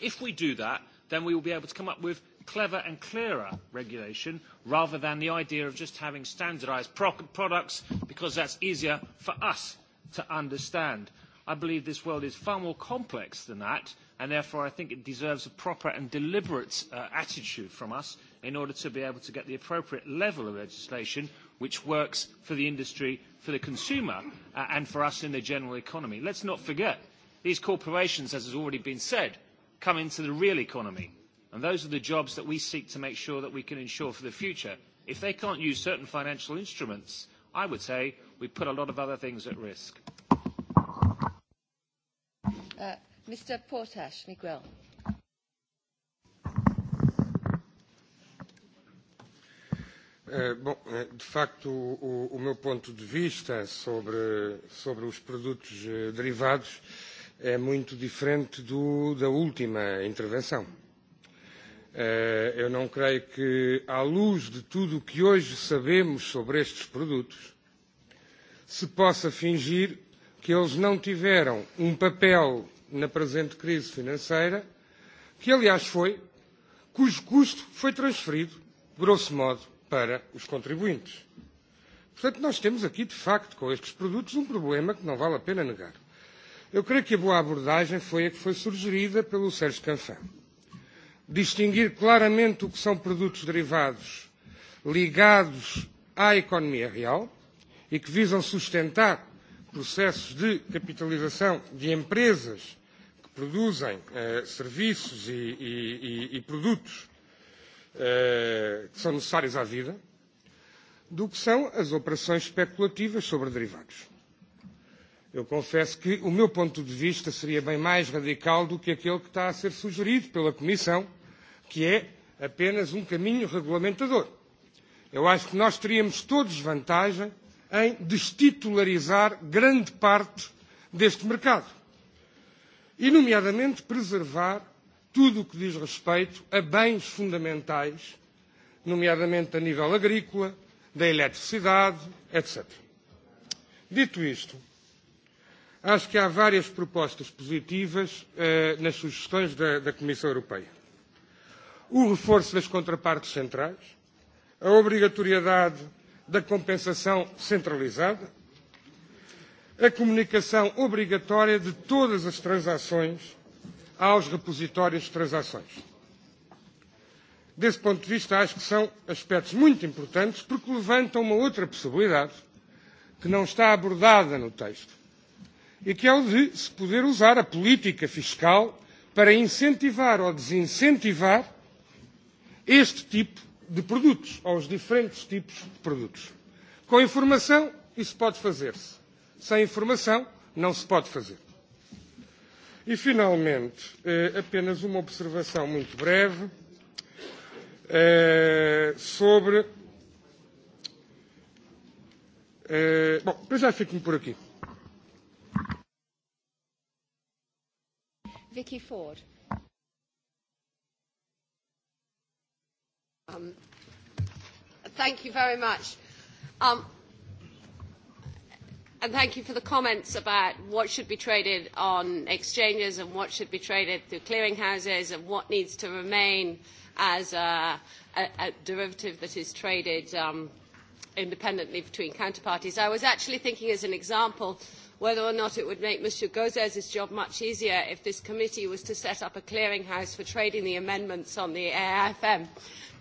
Speaker 11: If we do that, then we will be able to come up with clever and clearer regulation rather than the idea of just having standardised pro products because that's easier for us to understand. I believe this world is far more complex than that, and therefore I think it deserves a proper and deliberate uh, attitude from us in order to be able to get the appropriate level of legislation which works for the industry, for the consumer, uh, and for us in the general economy. Let's not forget, these corporations, as has already been said, come into the real economy. And those are the jobs that we seek to make sure that we can ensure for the future. If they can't use certain financial instruments, I would say we put a lot of other things at risk.
Speaker 1: Uh, Mr. Portash, Miguel.
Speaker 12: Eh, bom, eh, de facto, o, o meu ponto de vista sobre, sobre os produtos eh, derivados é muito diferente do, da última intervenção. Eu não creio que, à luz de tudo o que hoje sabemos sobre estes produtos, se possa fingir que eles não tiveram um papel na presente crise financeira, que aliás foi, cujo custo foi transferido, grosso modo, para os contribuintes. Portanto, nós temos aqui, de facto, com estes produtos, um problema que não vale a pena negar. Eu creio que a boa abordagem foi a que foi sugerida pelo Sérgio Canfã. Distinguir claramente o que são produtos derivados ligados à economia real e que visam sustentar processos de capitalização de empresas que produzem eh, serviços e, e, e, e produtos que são necessárias à vida, do que são as operações especulativas sobre derivados. Eu confesso que o meu ponto de vista seria bem mais radical do que aquele que está a ser sugerido pela Comissão, que é apenas um caminho regulamentador. Eu acho que nós teríamos todos vantagem em destitularizar grande parte deste mercado e, nomeadamente, preservar tudo o que diz respeito a bens fundamentais, nomeadamente a nível agrícola, da eletricidade, etc. Dito isto, acho que há várias propostas positivas eh, nas sugestões da, da Comissão Europeia. O reforço das contrapartes centrais, a obrigatoriedade da compensação centralizada, a comunicação obrigatória de todas as transações aos repositórios de transações. Desse ponto de vista, acho que são aspectos muito importantes porque levantam uma outra possibilidade que não está abordada no texto e que é o de se poder usar a política fiscal para incentivar ou desincentivar este tipo de produtos, ou os diferentes tipos de produtos. Com informação, isso pode fazer-se. Sem informação, não se pode fazer. E, finalmente, apenas uma observação muito breve sobre. Bom, para já fico-me por aqui.
Speaker 1: Vicky Ford.
Speaker 3: Um, thank you very much. Um, and thank you for the comments about what should be traded on exchanges and what should be traded through clearing houses and what needs to remain as a, a, a derivative that is traded um, independently between counterparties. I was actually thinking as an example whether or not it would make Mr Gauzès's job much easier if this committee was to set up a clearinghouse for trading the amendments on the AIFM.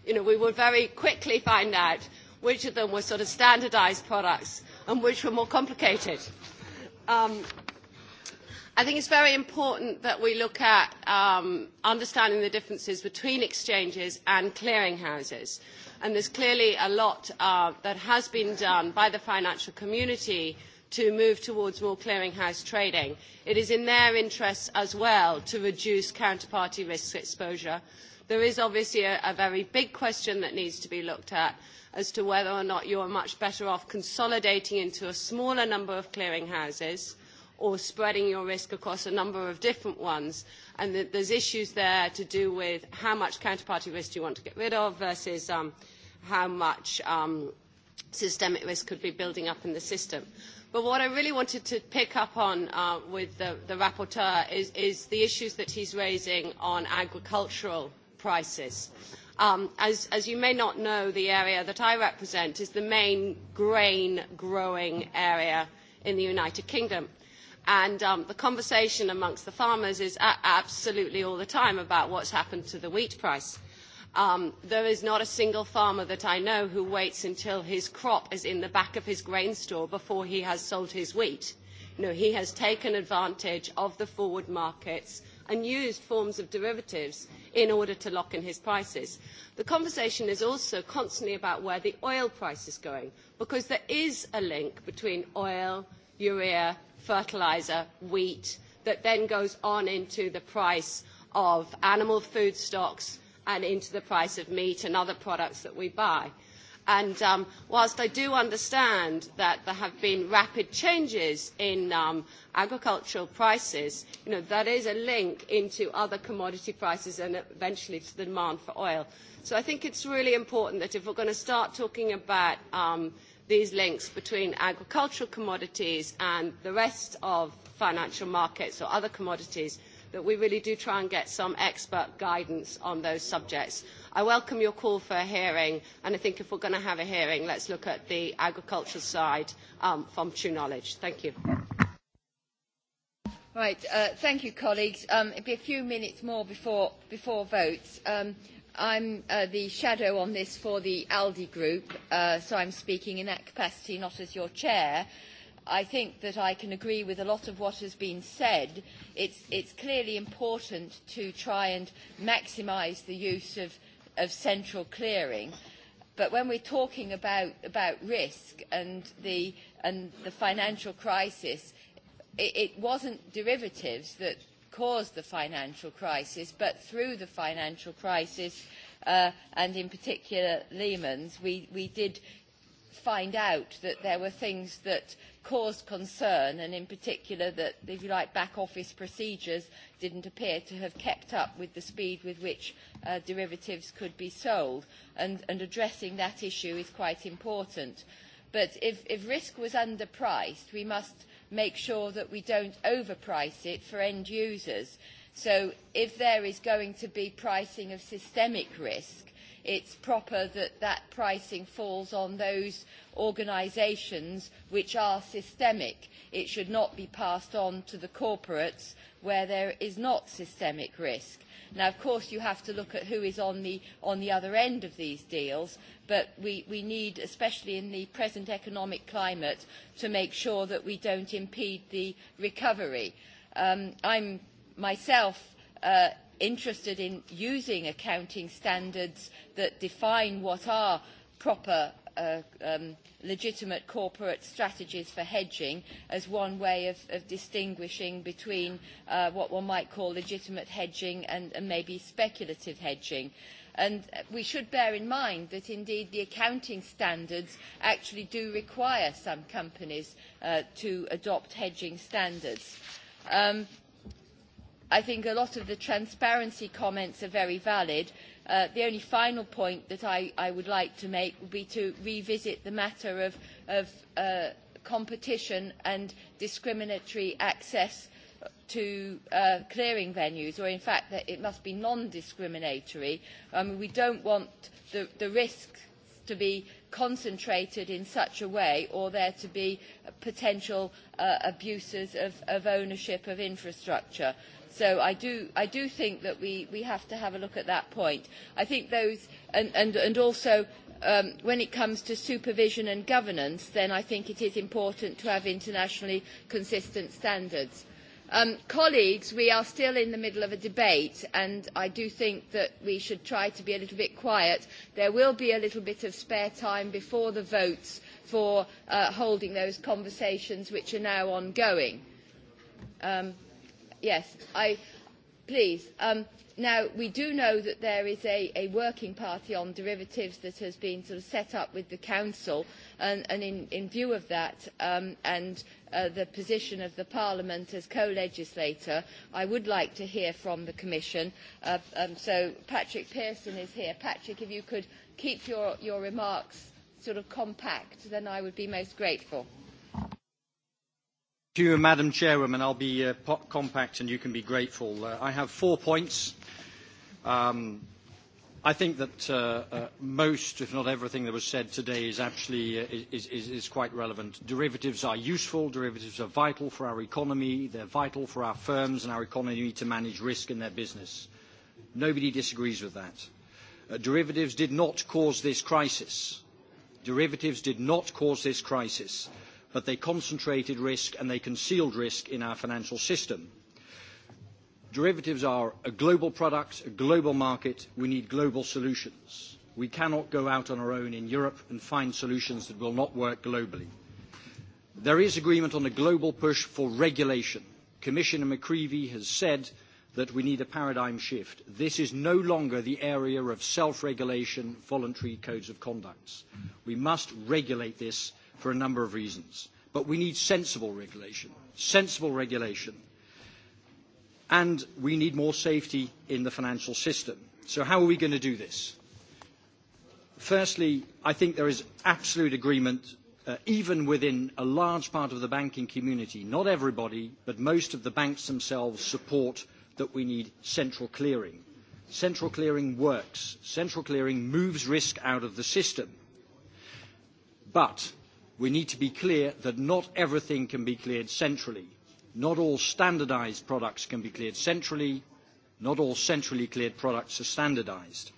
Speaker 3: You know, we would very quickly find out which of them were sort of standardised products and which were more complicated. Um, I think it's very important that we look at um, understanding the differences between exchanges and clearing houses. And there's clearly a lot uh, that has been done by the financial community to move towards more clearinghouse trading. It is in their interests as well to reduce counterparty risk exposure. There is obviously a, a very big question that needs to be looked at, as to whether or not you are much better off consolidating into a smaller number of clearinghouses or spreading your risk across a number of different ones. And that there's issues there to do with how much counterparty risk you want to get rid of versus um, how much um, systemic risk could be building up in the system. But what I really wanted to pick up on uh, with the, the rapporteur is, is the issues that he's raising on agricultural prices. Um, as, you may not know, the area that I represent is the main grain growing area in the United Kingdom. And um, the conversation amongst the farmers is absolutely all the time about what's happened to the wheat price. Um, there is not a single farmer that I know who waits until his crop is in the back of his grain store before he has sold his wheat. No, he has taken advantage of the forward markets and used forms of derivatives in order to lock in his prices. The conversation is also constantly about where the oil price is going, because there is a link between oil, urea, fertiliser, wheat, that then goes on into the price of animal food stocks and into the price of meat and other products that we buy. And um, whilst I do understand that there have been rapid changes in um, agricultural prices, you know, that is a link into other commodity prices and eventually to the demand for oil. So I think it's really important that if we're going to start talking about um, these links between agricultural commodities and the rest of financial markets or other commodities, that we really do try and get some expert guidance on those subjects. I welcome your call for a hearing, and I think if we're going to have a hearing, let's look at the agricultural side um, from true knowledge. Thank you.
Speaker 1: Right, uh, thank you, colleagues. Um, it'll be a few minutes more before, before votes. Um, I'm uh, the shadow on this for the ALDI group, uh, so I'm speaking in that capacity, not as your chair. I think that I can agree with a lot of what has been said. It's, it's clearly important to try and maximise the use of, of central clearing. But when we're talking about, about risk and the, and the financial crisis, it, it wasn't derivatives that caused the financial crisis, but through the financial crisis, uh, and in particular Lehman's, we, we did find out that there were things that caused concern and in particular that, if you like, back office procedures didn't appear to have kept up with the speed with which uh, derivatives could be sold and, and addressing that issue is quite important. But if, if risk was underpriced, we must make sure that we don't overprice it for end users. So if there is going to be pricing of systemic risk, it's proper that that pricing falls on those organisations which are systemic. It should not be passed on to the corporates where there is not systemic risk. Now, of course, you have to look at who is on the, on the other end of these deals, but we, we need, especially in the present economic climate, to make sure that we don't impede the recovery. Um, I'm myself uh, interested in using accounting standards that define what are proper uh, um, legitimate corporate strategies for hedging as one way of, of distinguishing between uh, what one might call legitimate hedging and, and maybe speculative hedging. And we should bear in mind that indeed the accounting standards actually do require some companies uh, to adopt hedging standards. Um, I think a lot of the transparency comments are very valid. Uh, the only final point that I, I would like to make would be to revisit the matter of, of uh, competition and discriminatory access to uh, clearing venues, or in fact that it must be non-discriminatory. I mean, we don't want the, the risks to be concentrated in such a way or there to be potential uh, abuses of, of ownership of infrastructure. So I do, I do think that we, we have to have a look at that point. I think those, and, and, and also um, when it comes to supervision and governance, then I think it is important to have internationally consistent standards. Um, colleagues, we are still in the middle of a debate, and I do think that we should try to be a little bit quiet. There will be a little bit of spare time before the votes for uh, holding those conversations which are now ongoing. Um, yes, please. Um, now, we do know that there is a, working party on derivatives that has been sort of set up with the Council, and, in, view of that um, and uh, the position of the Parliament as co-legislator, I would like to hear from the Commission. Uh, um, so Patrick Pearson is here. Patrick, if you could keep your, your remarks sort of compact, then I would be most grateful.
Speaker 13: Thank you, Madam Chairwoman. I'll be uh, compact and you can be grateful. Uh, I have four points. Um, I think that uh, uh, most, if not everything that was said today is actually uh, is, is, is quite relevant. Derivatives are useful. Derivatives are vital for our economy. They're vital for our firms and our economy to manage risk in their business. Nobody disagrees with that. Uh, derivatives did not cause this crisis. Derivatives did not cause this crisis but they concentrated risk and they concealed risk in our financial system. Derivatives are a global product, a global market. We need global solutions. We cannot go out on our own in Europe and find solutions that will not work globally. There is agreement on a global push for regulation. Commissioner McCreevy has said that we need a paradigm shift. This is no longer the area of self-regulation, voluntary codes of conduct. We must regulate this for a number of reasons. But we need sensible regulation, sensible regulation. And we need more safety in the financial system. So how are we going to do this? Firstly, I think there is absolute agreement, uh, even within a large part of the banking community, not everybody, but most of the banks themselves support that we need central clearing. Central clearing works. Central clearing moves risk out of the system. But we need to be clear that not everything can be cleared centrally. Not all standardised products can be cleared centrally. Not all centrally cleared products are standardised.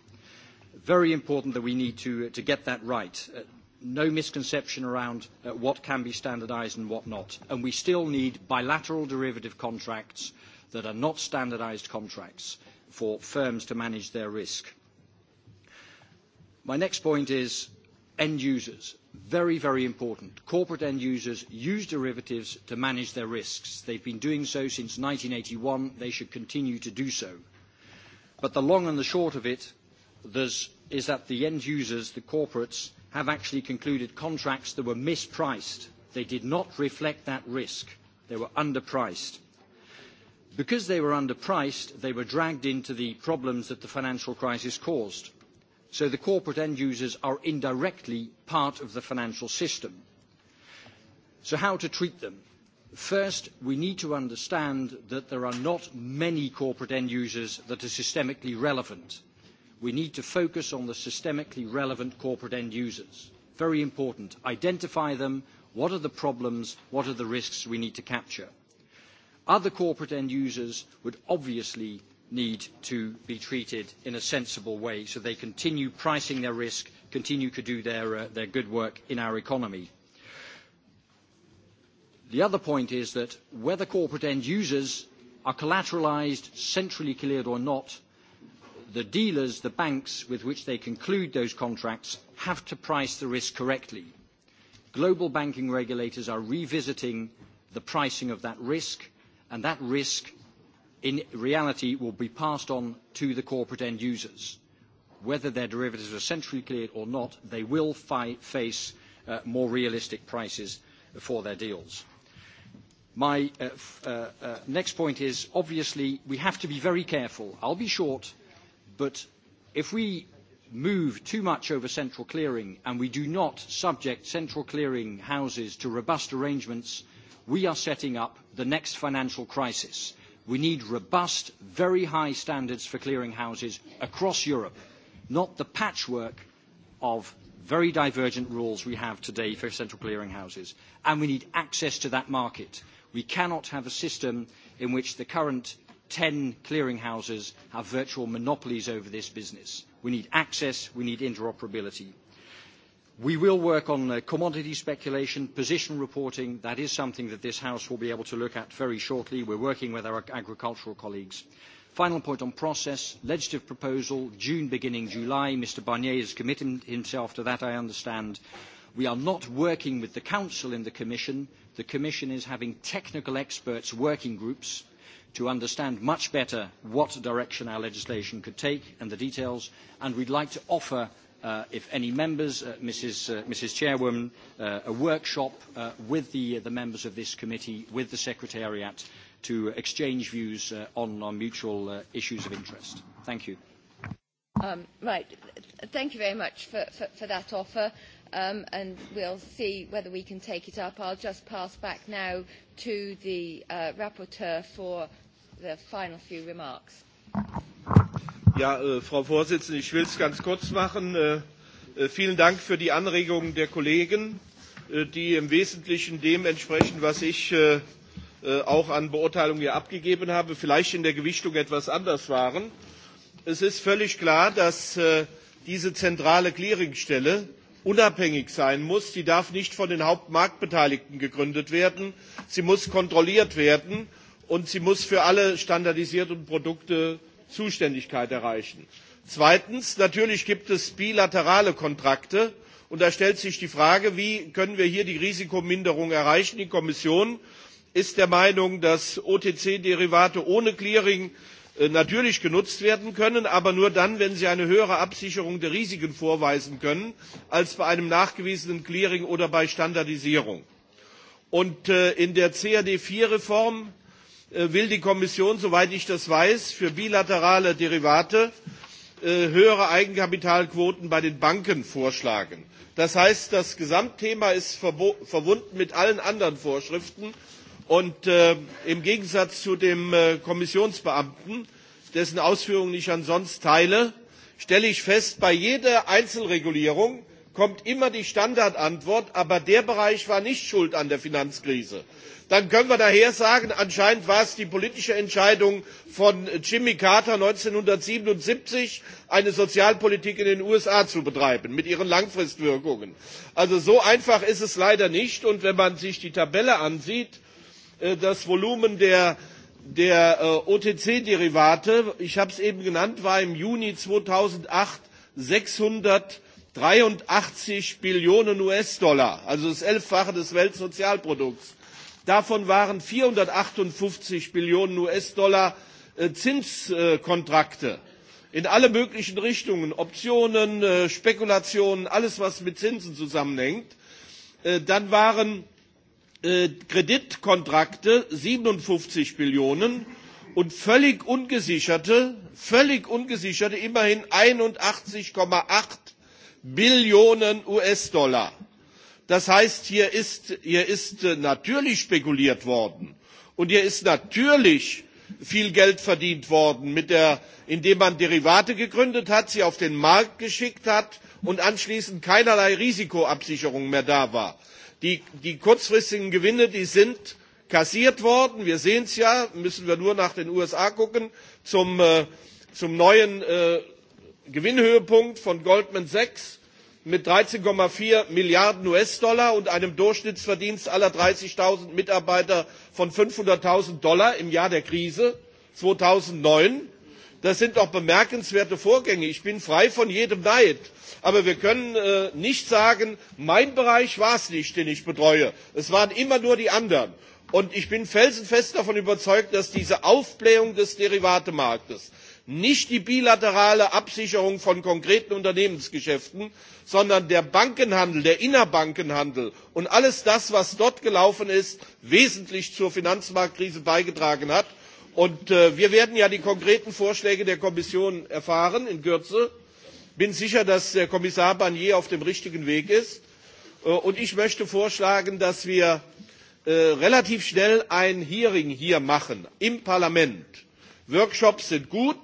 Speaker 13: Very important that we need to, to get that right. Uh, no misconception around uh, what can be standardised and what not. And we still need bilateral derivative contracts that are not standardised contracts for firms to manage their risk. My next point is end users, very, very important. Corporate end users use derivatives to manage their risks. They've been doing so since 1981. They should continue to do so. But the long and the short of it is that the end users, the corporates, have actually concluded contracts that were mispriced. They did not reflect that risk. They were underpriced. Because they were underpriced, they were dragged into the problems that the financial crisis caused so the corporate end users are indirectly part of the financial system. So how to treat them? First, we need to understand that there are not many corporate end users that are systemically relevant. We need to focus on the systemically relevant corporate end users. Very important. Identify them. What are the problems? What are the risks we need to capture? Other corporate end users would obviously need to be treated in a sensible way so they continue pricing their risk, continue to do their, uh, their good work in our economy. The other point is that whether corporate end users are collateralised, centrally cleared or not, the dealers, the banks with which they conclude those contracts have to price the risk correctly. Global banking regulators are revisiting the pricing of that risk, and that risk in reality will be passed on to the corporate end users. Whether their derivatives are centrally cleared or not, they will face uh, more realistic prices for their deals. My uh, uh, uh, next point is, obviously, we have to be very careful. I'll be short, but if we move too much over central clearing and we do not subject central clearing houses to robust arrangements, we are setting up the next financial crisis We need robust, very high standards for clearing houses across Europe, not the patchwork of very divergent rules we have today for central clearing houses. And we need access to that market. We cannot have a system in which the current 10 houses have virtual monopolies over this business. We need access, we need interoperability. We will work on commodity speculation, position reporting. That is something that this House will be able to look at very shortly. We're working with our agricultural colleagues. Final point on process, legislative proposal, June beginning July. Mr Barnier has committed himself to that, I understand. We are not working with the Council in the Commission. The Commission is having technical experts working groups to understand much better what direction our legislation could take and the details, and we'd like to offer Uh, if any members, uh, Mrs, uh, Mrs. Chairwoman, uh, a workshop uh, with the, the, members of this committee, with the Secretariat, to exchange views on our mutual issues of interest. Thank you.
Speaker 1: Um, right. Thank you very much for, for, for that offer. Um, and we'll see whether we can take it up. I'll just pass back now to the rapporteur for the final few remarks.
Speaker 7: Ja, äh, Frau Vorsitzende, ich will es ganz kurz machen. Äh, äh, vielen Dank für die Anregungen der Kollegen, äh, die im Wesentlichen dem entsprechen, was ich äh, äh auch an Beurteilungen hier abgegeben habe, vielleicht in der Gewichtung etwas anders waren. Es ist völlig klar, dass äh, diese zentrale Clearingstelle unabhängig sein muss. Sie darf nicht von den Hauptmarktbeteiligten gegründet werden. Sie muss kontrolliert werden und sie muss für alle standardisierten Produkte Zuständigkeit erreichen. Zweitens, natürlich gibt es bilaterale Kontrakte. Und da stellt sich die Frage, wie können wir hier die Risikominderung erreichen? Die Kommission ist der Meinung, dass OTC-Derivate ohne Clearing äh, natürlich genutzt werden können, aber nur dann, wenn sie eine höhere Absicherung der Risiken vorweisen können als bei einem nachgewiesenen Clearing oder bei Standardisierung. Und äh, in der CRD IV-Reform Äh, will die Kommission, soweit ich das weiß, für bilaterale Derivate äh, höhere Eigenkapitalquoten bei den Banken vorschlagen. Das heißt, das Gesamtthema ist verbunden mit allen anderen Vorschriften und äh, im Gegensatz zu dem äh, Kommissionsbeamten, dessen Ausführungen ich ansonsten teile, stelle ich fest, bei jeder Einzelregulierung kommt immer die Standardantwort, aber der Bereich war nicht schuld an der Finanzkrise. Dann können wir daher sagen, anscheinend war es die politische Entscheidung von Jimmy Carter 1977, eine Sozialpolitik in den USA zu betreiben, mit ihren Langfristwirkungen. Also so einfach ist es leider nicht. Und wenn man sich die Tabelle ansieht, äh, das Volumen der der äh, OTC-Derivate, ich habe es eben genannt, war im Juni 2008 600 83 Billionen US-Dollar, also das Elffache des Weltsozialprodukts. Davon waren 458 Billionen US-Dollar äh, Zinskontrakte äh, in alle möglichen Richtungen, Optionen, äh, Spekulationen, alles, was mit Zinsen zusammenhängt. Dann waren Kreditkontrakte 57 Billionen und völlig ungesicherte, völlig ungesicherte immerhin 81,8 Billionen US-Dollar. Das heißt, hier ist, hier ist äh, natürlich spekuliert worden und hier ist natürlich viel Geld verdient worden, mit der, indem man Derivate gegründet hat, sie auf den Markt geschickt hat und anschließend keinerlei Risikoabsicherung mehr da war. Die, die kurzfristigen Gewinne, die sind kassiert worden. Wir sehen es ja, müssen wir nur nach den USA gucken, zum, äh, zum neuen äh, Gewinnhöhepunkt von Goldman Sachs mit 13,4 Milliarden US-Dollar und einem Durchschnittsverdienst aller 30.000 Mitarbeiter von 500.000 Dollar im Jahr der Krise 2009. Das sind doch bemerkenswerte Vorgänge. Ich bin frei von jedem Neid. Aber wir können äh, nicht sagen, mein Bereich war es nicht, den ich betreue. Es waren immer nur die anderen. Und ich bin felsenfest davon überzeugt, dass diese Aufblähung des Derivatemarktes, nicht die bilaterale absicherung von konkreten unternehmensgeschäften sondern der bankenhandel der innerbankenhandel und alles das was dort gelaufen ist wesentlich zur finanzmarktkrise beigetragen hat. Und, äh, wir werden ja die konkreten vorschläge der kommission erfahren in kürze. ich bin sicher dass der kommissar barnier auf dem richtigen weg ist. Äh, und ich möchte vorschlagen dass wir äh, relativ schnell ein hearing hier machen im parlament Workshops sind gut,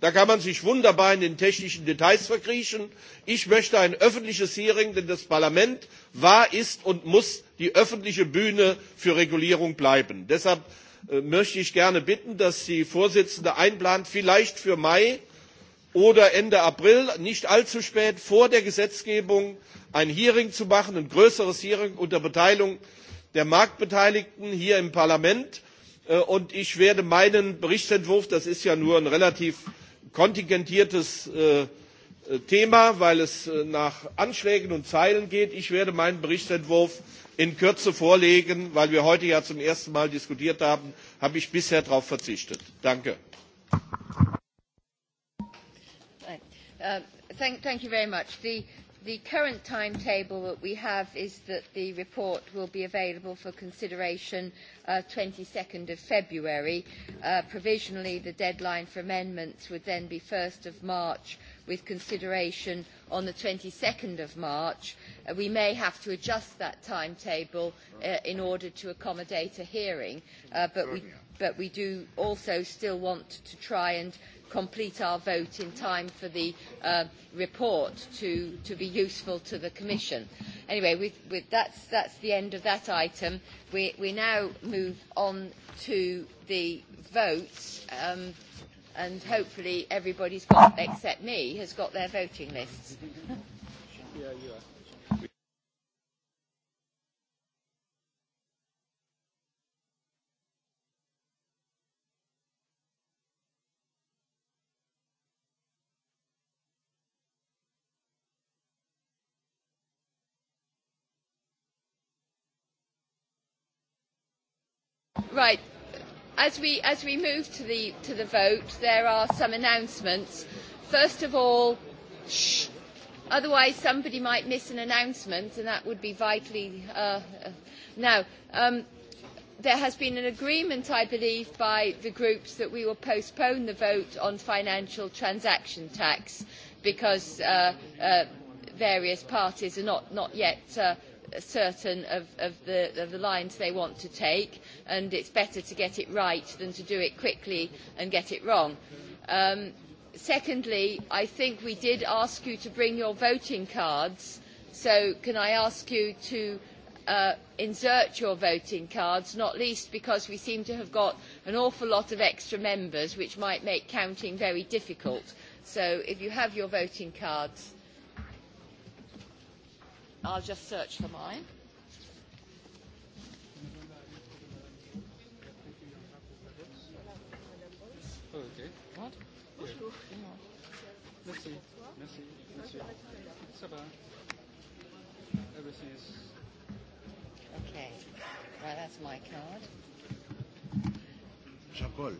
Speaker 7: da kann man sich wunderbar in den technischen Details verkriechen. Ich möchte ein öffentliches Hearing, denn das Parlament war, ist und muss die öffentliche Bühne für Regulierung bleiben. Deshalb äh, möchte ich gerne bitten, dass die Vorsitzende einplant, vielleicht für Mai oder Ende April, nicht allzu spät, vor der Gesetzgebung ein Hearing zu machen, ein größeres Hearing unter Beteiligung der Marktbeteiligten hier im Parlament, Äh, und ich werde meinen Berichtsentwurf, das ist ja nur ein relativ kontingentiertes äh, äh, Thema, weil es nach Anschlägen und Zeilen geht, ich werde meinen Berichtsentwurf in Kürze vorlegen, weil wir heute ja zum ersten Mal diskutiert haben, habe ich bisher darauf verzichtet. Danke.
Speaker 1: Uh, the current timetable that we have is that the report will be available for consideration uh, 22nd of February. Uh, provisionally, the deadline for amendments would then be 1st of March with consideration on the 22nd of March. Uh, we may have to adjust that timetable uh, in order to accommodate a hearing, uh, but, we, but we do also still want to try and complete our vote in time for the uh, report to, to be useful to the Commission. Anyway, that's, that's the end of that item. We, we now move on to the votes, um, and hopefully everybody's got, except me, has got their voting lists. yeah, you are. Right. As we, as we move to the, to the vote, there are some announcements. First of all, shh, otherwise somebody might miss an announcement and that would be vitally... Uh, uh, now, um, there has been an agreement, I believe, by the groups that we will postpone the vote on financial transaction tax because uh, uh, various parties are not, not yet uh, certain of, of, the, of the lines they want to take and it's better to get it right than to do it quickly and get it wrong. Um, secondly, I think we did ask you to bring your voting cards, so can I ask you to uh, insert your voting cards, not least because we seem to have got an awful lot of extra members, which might make counting very difficult. So if you have your voting cards, I'll just search for mine.
Speaker 14: okay. What? Bonjour.
Speaker 6: Yeah.
Speaker 1: Merci. Merci. Merci. Ça va. Everything is... Okay. Right, that's my card. Jean-Paul.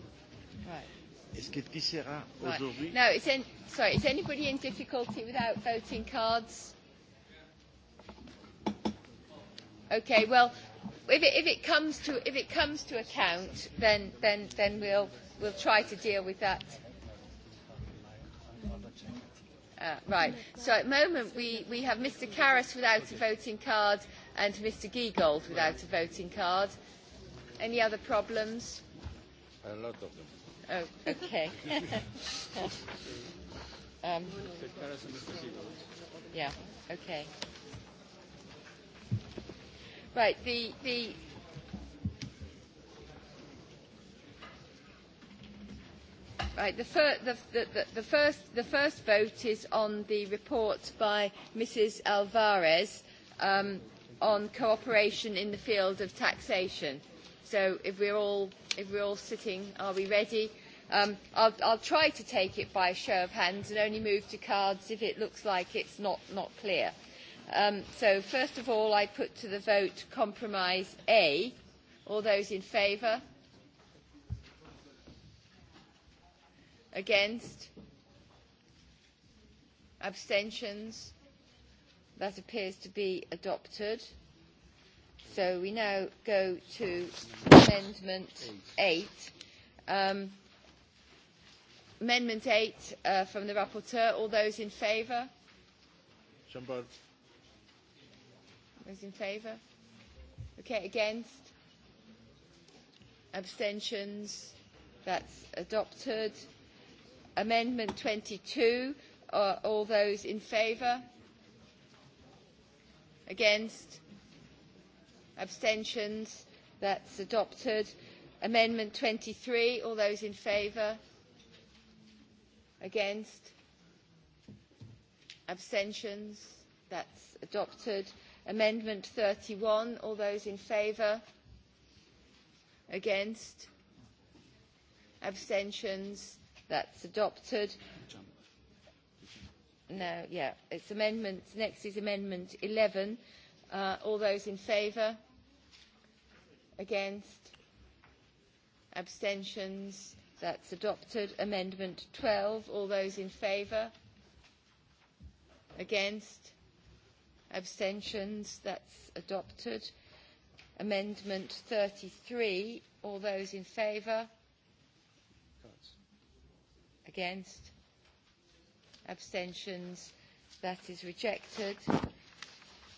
Speaker 1: Right.
Speaker 5: Est-ce que qui sera aujourd'hui? Right.
Speaker 1: No, is any, sorry, is anybody in difficulty without voting cards? Okay, well, if it, if it comes to if it comes to account, then then then we'll we'll try to deal with that. Uh, right. So at the moment we, we have Mr Karras without a voting card and Mr Giegold without a voting card. Any other problems?
Speaker 12: A lot of them.
Speaker 1: Oh, okay. um, yeah, okay. Right, the, the Right, the, fir the, the, the, first, the first vote is on the report by Mrs Alvarez um, on cooperation in the field of taxation. So if we're all, if we're all sitting, are we ready? Um, I'll, I'll try to take it by show of hands and only move to cards if it looks like it's not, not clear. Um, so first of all, I put to the vote compromise A. All those in favour? Against? Abstentions? That appears to be adopted. So we now go to Amendment 8. Um, Amendment 8 uh, from the rapporteur. All those in favour? Somebody. Those in favour? Okay, against? Abstentions? That's adopted. Amendment 22, two uh, all those in favour? Against? Abstentions? That's adopted. Amendment 23, all those in favour? Against? Abstentions? That's adopted. Amendment 31, all those in favour? Against? Abstentions? That's adopted. No, yeah, it's amendments. Next is Amendment 11. Uh, all those in favour? Against? Abstentions? That's adopted. Amendment 12. All those in favour? Against? Abstentions? That's adopted. Amendment 33. All those in favour? Against? Abstentions? That is rejected.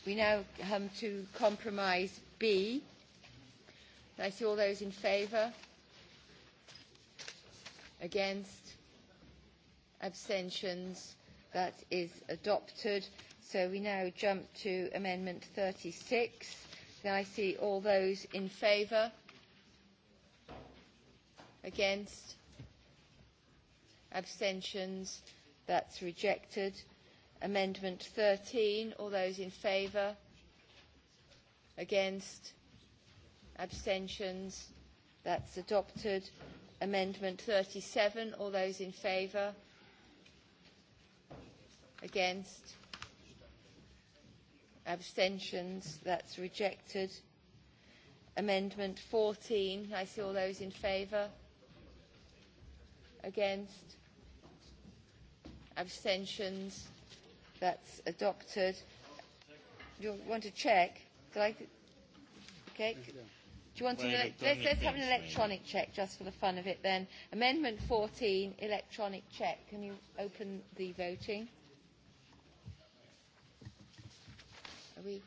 Speaker 1: We now come to compromise B. Can I see all those in favour? Against? Abstentions? That is adopted. So we now jump to Amendment 36. Can I see all those in favour? Against? abstentions that's rejected amendment 13 all those in favour against abstentions that's adopted amendment 37 all those in favour against abstentions that's rejected amendment 14 i see all those in favour against Abstentions? That's adopted. Do you want to check? Do I, okay. Do you want to... Let's, let's have an electronic check just for the fun of it then. Amendment 14, electronic check. Can you open the voting? Are we...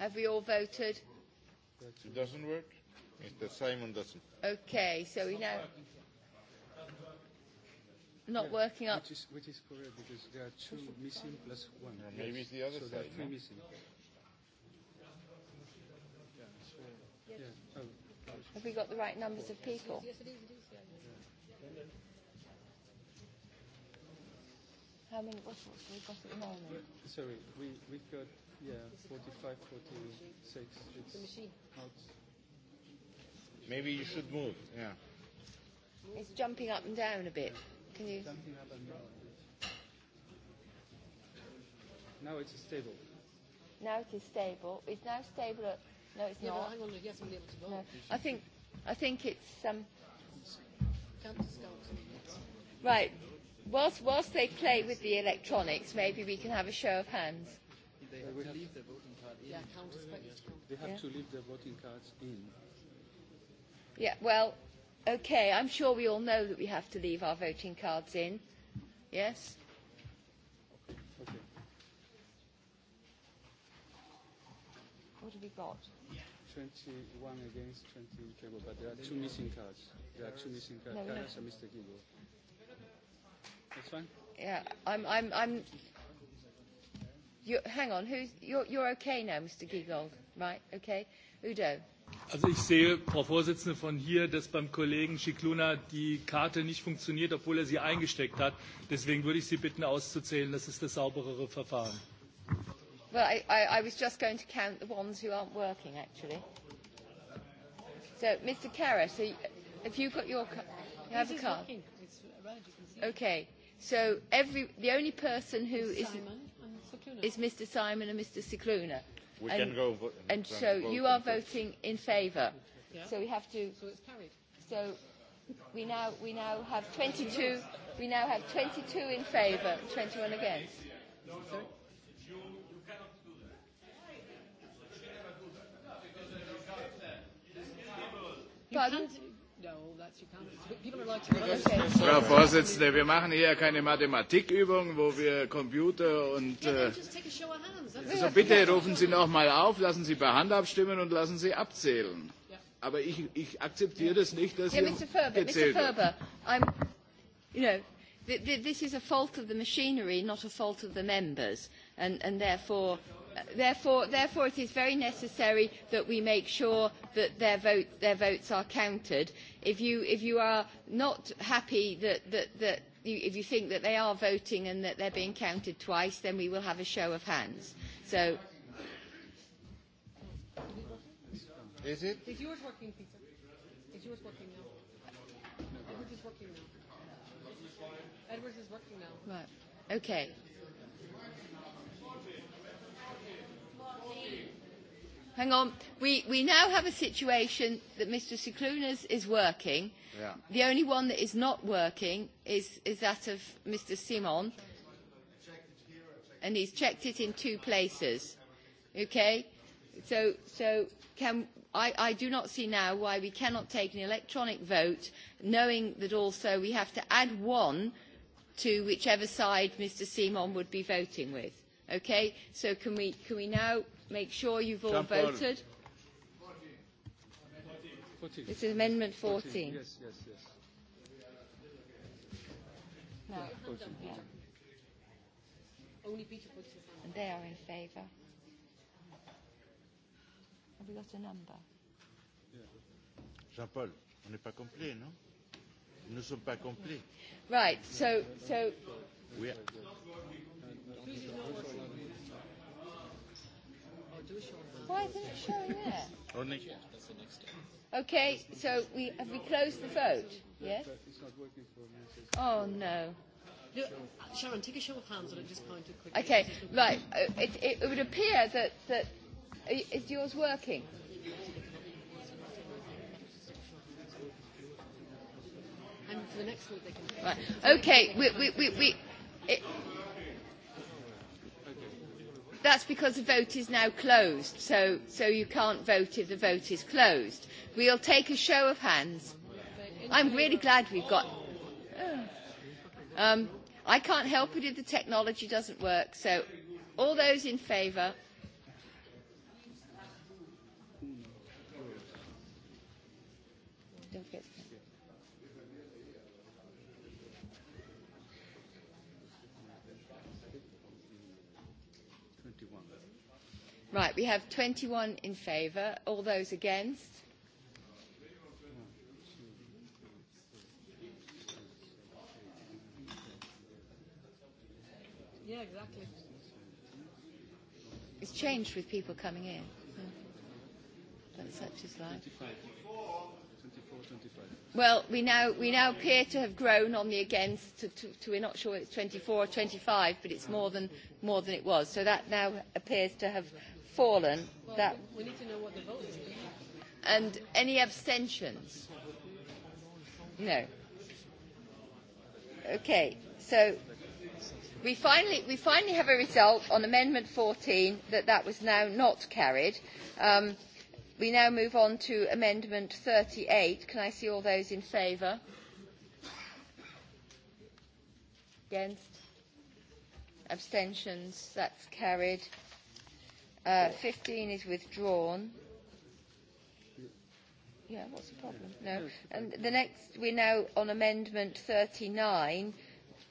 Speaker 1: Have we all voted?
Speaker 15: It doesn't work. Mr. Simon doesn't.
Speaker 1: Okay, so we now... Working not yeah, working up. Which is, which is correct
Speaker 12: because there are two missing plus one. Yeah, maybe yes. it's the other so side. So there are three no? missing. Yeah, yeah. Oh.
Speaker 1: Have we got the right numbers of people? Yes, it How many bottles have we got at the moment?
Speaker 14: Sorry, we, we've got, yeah, 45, 46.
Speaker 7: It's the machine. Out. Maybe you should move, yeah.
Speaker 1: It's jumping up and down a bit. Yeah. Can you? Something happened now.
Speaker 11: Now it's stable.
Speaker 1: Now it is stable. It's now stable at. No, it's yeah, not. hang on, yes, able to No. I think. I think it's. Um, right. Whilst, whilst they play with the electronics, maybe we can have a show of hands.
Speaker 13: They have to leave their voting in.
Speaker 14: They have to leave their voting cards in.
Speaker 1: Yeah, well, Okay, I'm sure we all know that we have to leave our voting cards in. Yes? Okay. What have we got?
Speaker 12: 21 against, 20 in favor, but there are two missing cards.
Speaker 14: There are two missing cards. No, Carlos no. Mr. Gilgo. That's fine?
Speaker 1: Yeah, I'm... I'm, I'm You're, hang on, who's, you're, you're okay now, Mr. Giegold, right? Okay. Udo?
Speaker 7: Also ich sehe, Frau Vorsitzende, von hier, dass beim Kollegen
Speaker 9: Scicluna die Karte nicht funktioniert, obwohl er sie eingesteckt hat. Deswegen würde ich Sie bitten,
Speaker 11: auszuzählen. Das ist das sauberere Verfahren.
Speaker 1: Well, I, I, I was just going to count the ones who aren't working, actually. So, Mr. Karras, so you got your You have a card?
Speaker 14: It's right, you can see okay.
Speaker 1: So every, the only person who is, is Mr. Simon and Mr. Scicluna and, go and so you are voting in favour. Yeah. So we have to. So it's carried. So we now we now have 22. We now have 22 in favour, 21 against.
Speaker 14: No, no. Pardon? Frau Vorsitzende,
Speaker 2: wir machen hier keine Mathematikübung, wo wir Computer und... Äh,
Speaker 14: so bitte rufen
Speaker 2: Sie noch mal auf, lassen Sie per Hand abstimmen und lassen Sie abzählen. Aber ich, ich akzeptiere das nicht, dass yeah,
Speaker 7: Mr. Ferber, gezählt Mr. Ferber,
Speaker 1: I'm, you know, this is a fault of the machinery, not a fault of the members. And, and therefore, therefore, therefore, it is very necessary that we make sure that their, vote, their votes are counted. If you, if you are not happy that, that, that you, if you think that they are voting and that they're being counted twice, then we will have a show of hands. So,
Speaker 14: is it? Is yours working, Peter? Is yours working now? Edward is working now. Edward is working now.
Speaker 1: Right. Okay. Hang on. We, we now have a situation that Mr. Scicluna's is working. Yeah. The only one that is not working is, is that of Mr. Simon. And he's checked it in two places. Okay? So, so can, I, I do not see now why we cannot take an electronic vote, knowing that also we have to add one to whichever side Mr. Simon would be voting with. Okay? So can we, can we now make sure you've all voted.
Speaker 14: 14. This is Amendment 14. 14. Yes, yes, yes.
Speaker 1: No. Only Peter puts his hand. And they are in favour. Have we got a number?
Speaker 5: Jean-Paul, on n'est pas complet, non? Nous ne sommes pas complets. Right, so... so we are...
Speaker 14: Why isn't it
Speaker 1: showing there?
Speaker 15: Only. Oh, okay,
Speaker 1: so we have we closed the vote? Yes.
Speaker 15: Oh no.
Speaker 1: Sharon, take a show
Speaker 14: of hands and I just point it quickly. Okay, right.
Speaker 1: It, uh, it, it would appear that that uh, is yours working.
Speaker 14: And for the next week they can. Right. Okay. We we we. we
Speaker 1: it, That's because the vote is now closed, so, so you can't vote if the vote is closed. We'll take a show of hands. I'm really glad we've got... Um, I can't help it if the technology doesn't work, so all those in favour... Right, we have 21 in favour. All those against? Yeah, exactly. It's changed with people coming in. Yeah. That's such as life.
Speaker 14: 25. 24, 25.
Speaker 1: Well, we now, we now appear to have grown on the against to, to, to we're not sure it's 24 or 25, but it's more than, more than it was. So that now appears to have fallen. that
Speaker 14: we need to know what the vote is.
Speaker 1: And any abstentions? No. Okay, so we finally, we finally have a result on Amendment 14 that that was now not carried. Um, we now move on to Amendment 38. Can I see all those in favour? Against? Abstentions? That's carried. 15 uh, is withdrawn. Yeah, what's the problem? No. And the next, we're now on Amendment 39.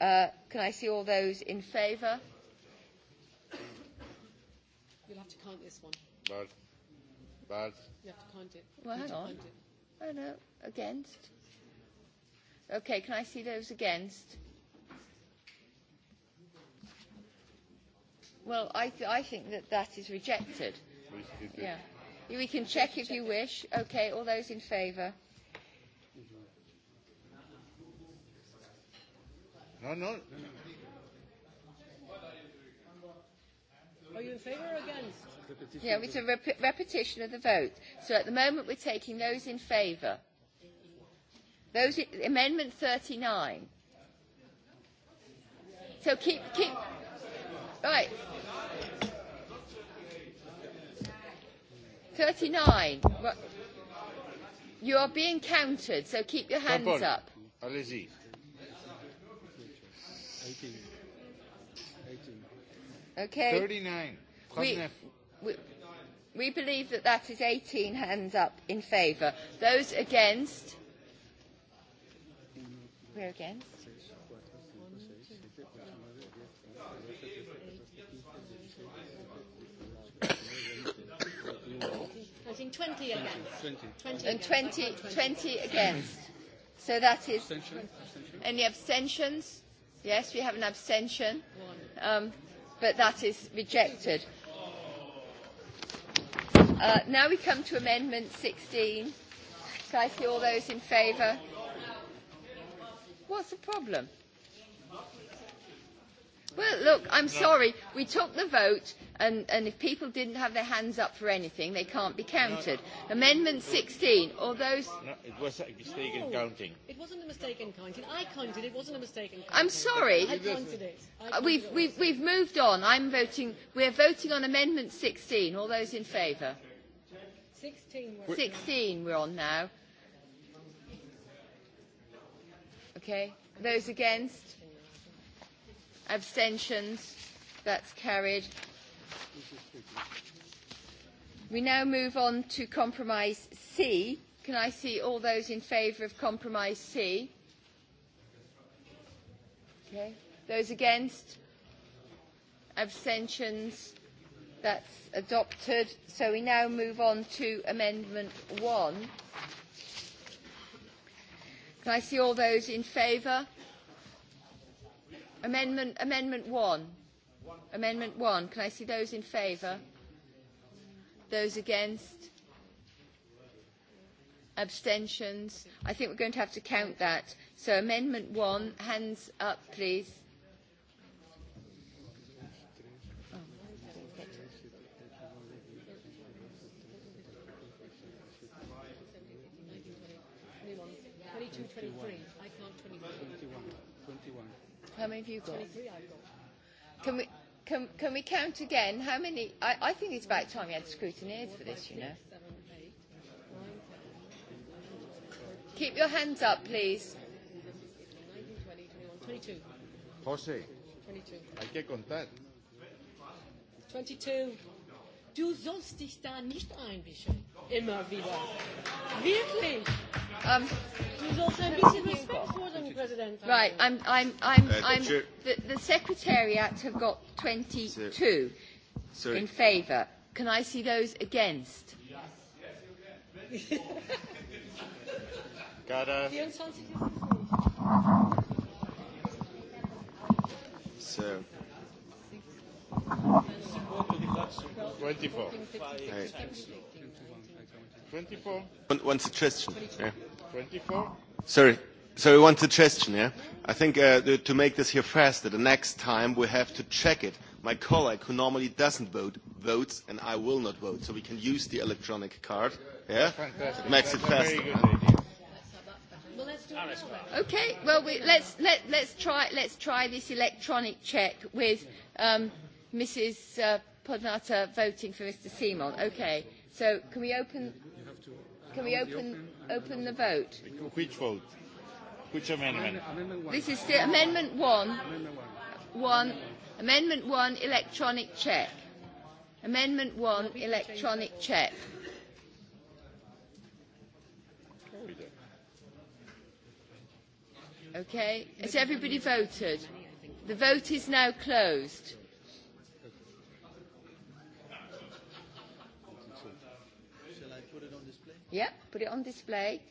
Speaker 1: Uh, can I see all those in favour? You'll have to count this one.
Speaker 14: Bad. Bad. You have to count it. Well, hang on.
Speaker 1: Oh, no. Against. Okay, can I see those against? Well, I, th I think that that is rejected. Yeah. We can check if you wish. Okay, all those in favour? No, no. Are you in favour or against? yeah, it's a rep repetition of the vote. So at the moment we're taking those in favour. Those Amendment 39. So keep, keep, Right. 39. You are being counted, so keep your hands up.
Speaker 14: Allez-y. 18. 18.
Speaker 1: Okay. 39. We, we, we believe that that is 18 hands up in favour. Those against?
Speaker 14: We're against. voting 20 against. 20. 20 and 20, 20 against.
Speaker 1: So that is. Abstention? Any abstentions? Yes, we have an abstention. Um, but that is rejected. Uh, now we come to Amendment 16. Can I see all those in favour? What's the problem? Well, look, I'm sorry. We took the vote, and, and if people didn't have their hands up for anything, they can't be counted. No. Amendment 16, all those...
Speaker 7: No, it was a mistake in counting.
Speaker 3: It wasn't a mistake in counting. I counted. It wasn't a mistake in counting. I'm sorry. I counted it. I uh, counted we've, it we've,
Speaker 1: we've moved on. I'm voting... We're voting on Amendment 16. All those in favour?
Speaker 14: 16 16
Speaker 1: we're on now. Okay. Those against? Abstentions? That's carried. We now move on to compromise C. Can I see all those in favour of compromise C? Okay. Those against? Abstentions? That's adopted. So we now move on to Amendment 1. Can I see all those in favour? Amendment, amendment one. Amendment one. Can I see those in favour? Those against? Abstentions? I think we're going to have to count that. So amendment one, hands up please. How many have you got? Can we, can, can we count again? How many? I, I think it's about time we had scrutineers for this, you know. Keep your hands up, please. 22. Jose. 22.
Speaker 12: Hay que contar.
Speaker 3: 22. Du sollst dich da nicht
Speaker 1: einmischen. Immer wieder. Wirklich. Um, du sollst ein bisschen Respekt President. Right, I'm, I'm, I'm, uh, I'm, the, the, Secretariat have got 22 Sir. Sir. in favour. Can I see those against?
Speaker 14: Yes, yes you can. So...
Speaker 15: 24. Hey.
Speaker 7: 24. Once a question. Yeah. 24. Sorry. So we want to question, yeah? I think uh, to make this here faster, the next time we have to check it. My colleague, who normally doesn't vote, votes, and I will not vote. So we can use the electronic card. Yeah? Fantastic. Makes it faster.
Speaker 14: Okay,
Speaker 1: well, we, let's, let, let's, try, let's try this electronic check with um, Mrs. Uh, Podnata voting for Mr. Simon. Okay, so can we open,
Speaker 5: can we open,
Speaker 1: open the vote?
Speaker 5: Which vote?
Speaker 11: Which amendment?
Speaker 1: This is the amendment one. Amendment one. one. Amendment one, electronic check. Amendment one, electronic check. Okay, has everybody voted? The vote is now closed. Yep, put it on display.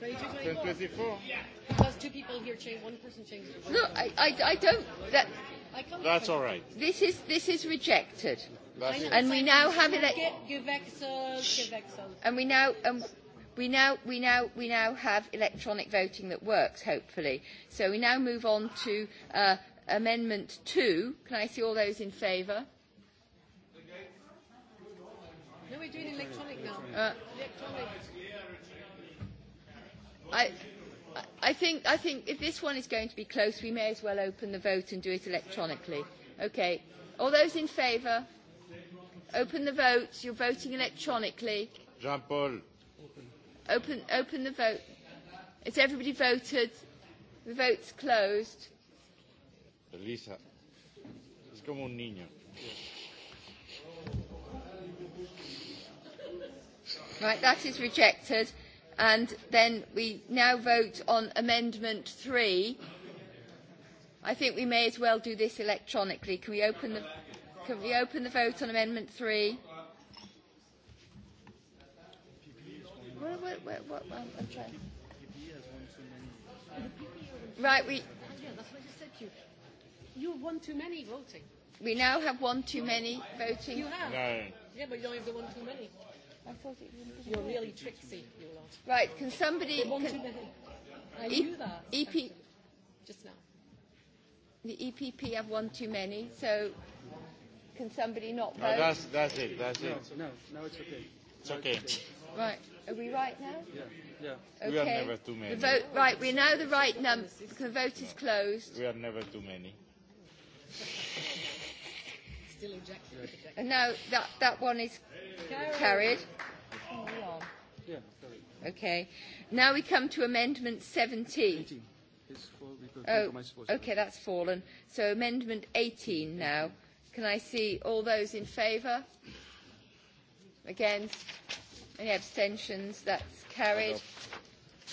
Speaker 14: Because
Speaker 3: two people here change, one
Speaker 1: person changes. No,
Speaker 14: I, I, I don't. That, I That's all
Speaker 1: right. This is this is rejected. That's and it. we now have it. And we now um, we now we now we now have electronic voting that works. Hopefully, so we now move on to uh, amendment 2. Can I see all those in favour? No, we're
Speaker 14: doing electronic now. Uh, electronic.
Speaker 1: I, think, if this one is going to be close, we may as well open the vote and do it electronically. Okay. All those in favour? Open the vote. You're voting electronically. Jean-Paul. Open, open the vote. Has everybody voted? The vote's closed.
Speaker 12: Lisa, it's como un niño.
Speaker 1: Right, that is rejected. And then we now vote on Amendment three. I think we may as well do this electronically. Can we open the, can we open the vote on Amendment three?
Speaker 14: What, what, what, what, what, I'm trying. Right, we...
Speaker 3: You have one too many voting. We
Speaker 1: now have one too many voting. You have? No. Yeah, but you don't have the one too many. I thought it be You're really
Speaker 3: tricksy, you lot.
Speaker 1: Right, can somebody... can, I e, knew that. EP, just now. The EPP have one too many, so can somebody not vote? No, that's,
Speaker 12: that's
Speaker 14: it, that's it. No, no, no, it's okay. It's okay. Right,
Speaker 1: are we right now? Yeah, yeah. Okay. We are never too many. The vote, right, we're now the right number. The vote is closed.
Speaker 11: We are never too many
Speaker 14: still
Speaker 1: now that, that one is carried. okay. Now we come to Amendment 17.
Speaker 14: Oh, okay, that's
Speaker 1: fallen. So Amendment 18 now. Can I see all those in favour? Against? Any abstentions? That's carried.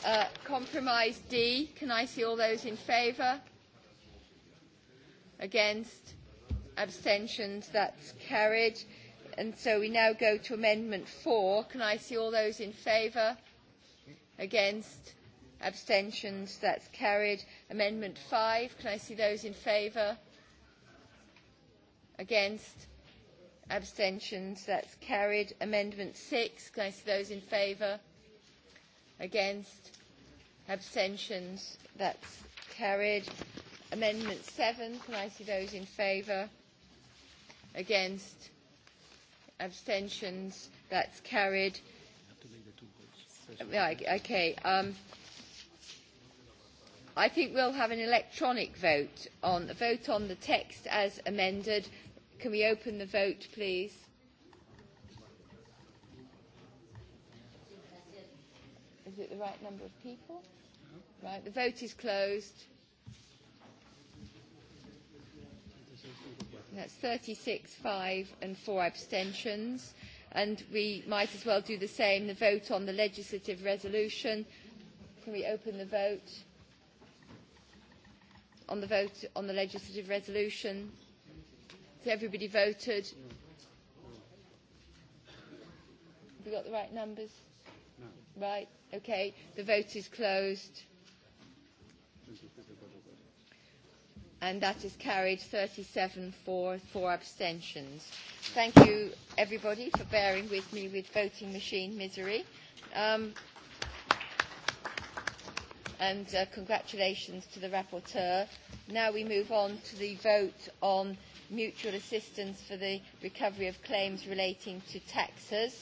Speaker 1: Uh, compromise D. Can I see all those in favour? Against? abstentions that's carried and so we now go to amendment four. can I see all those in favour against abstentions that's carried amendment five. can I see those in favour against abstentions that's carried amendment six. can I see those in favour against abstentions that's carried amendment seven. can I see those in favour Against? Abstentions? That's carried.
Speaker 14: okay.
Speaker 1: Um, I think we'll have an electronic vote on the vote on the text as amended. Can we open the vote, please? Is it the right number of people? Right, the vote is closed. That's 36, 5 and 4 abstentions. And we might as well do the same, the vote on the legislative resolution. Can we open the vote? On the vote on the legislative resolution. Has everybody voted? Have we got the right numbers? No. Right, okay. The vote is closed and that is carried 37 for, four abstentions. Thank you everybody for bearing with me with voting machine misery. Um, and uh, congratulations to the rapporteur. Now we move on to the vote on mutual assistance for the recovery of claims relating to taxes.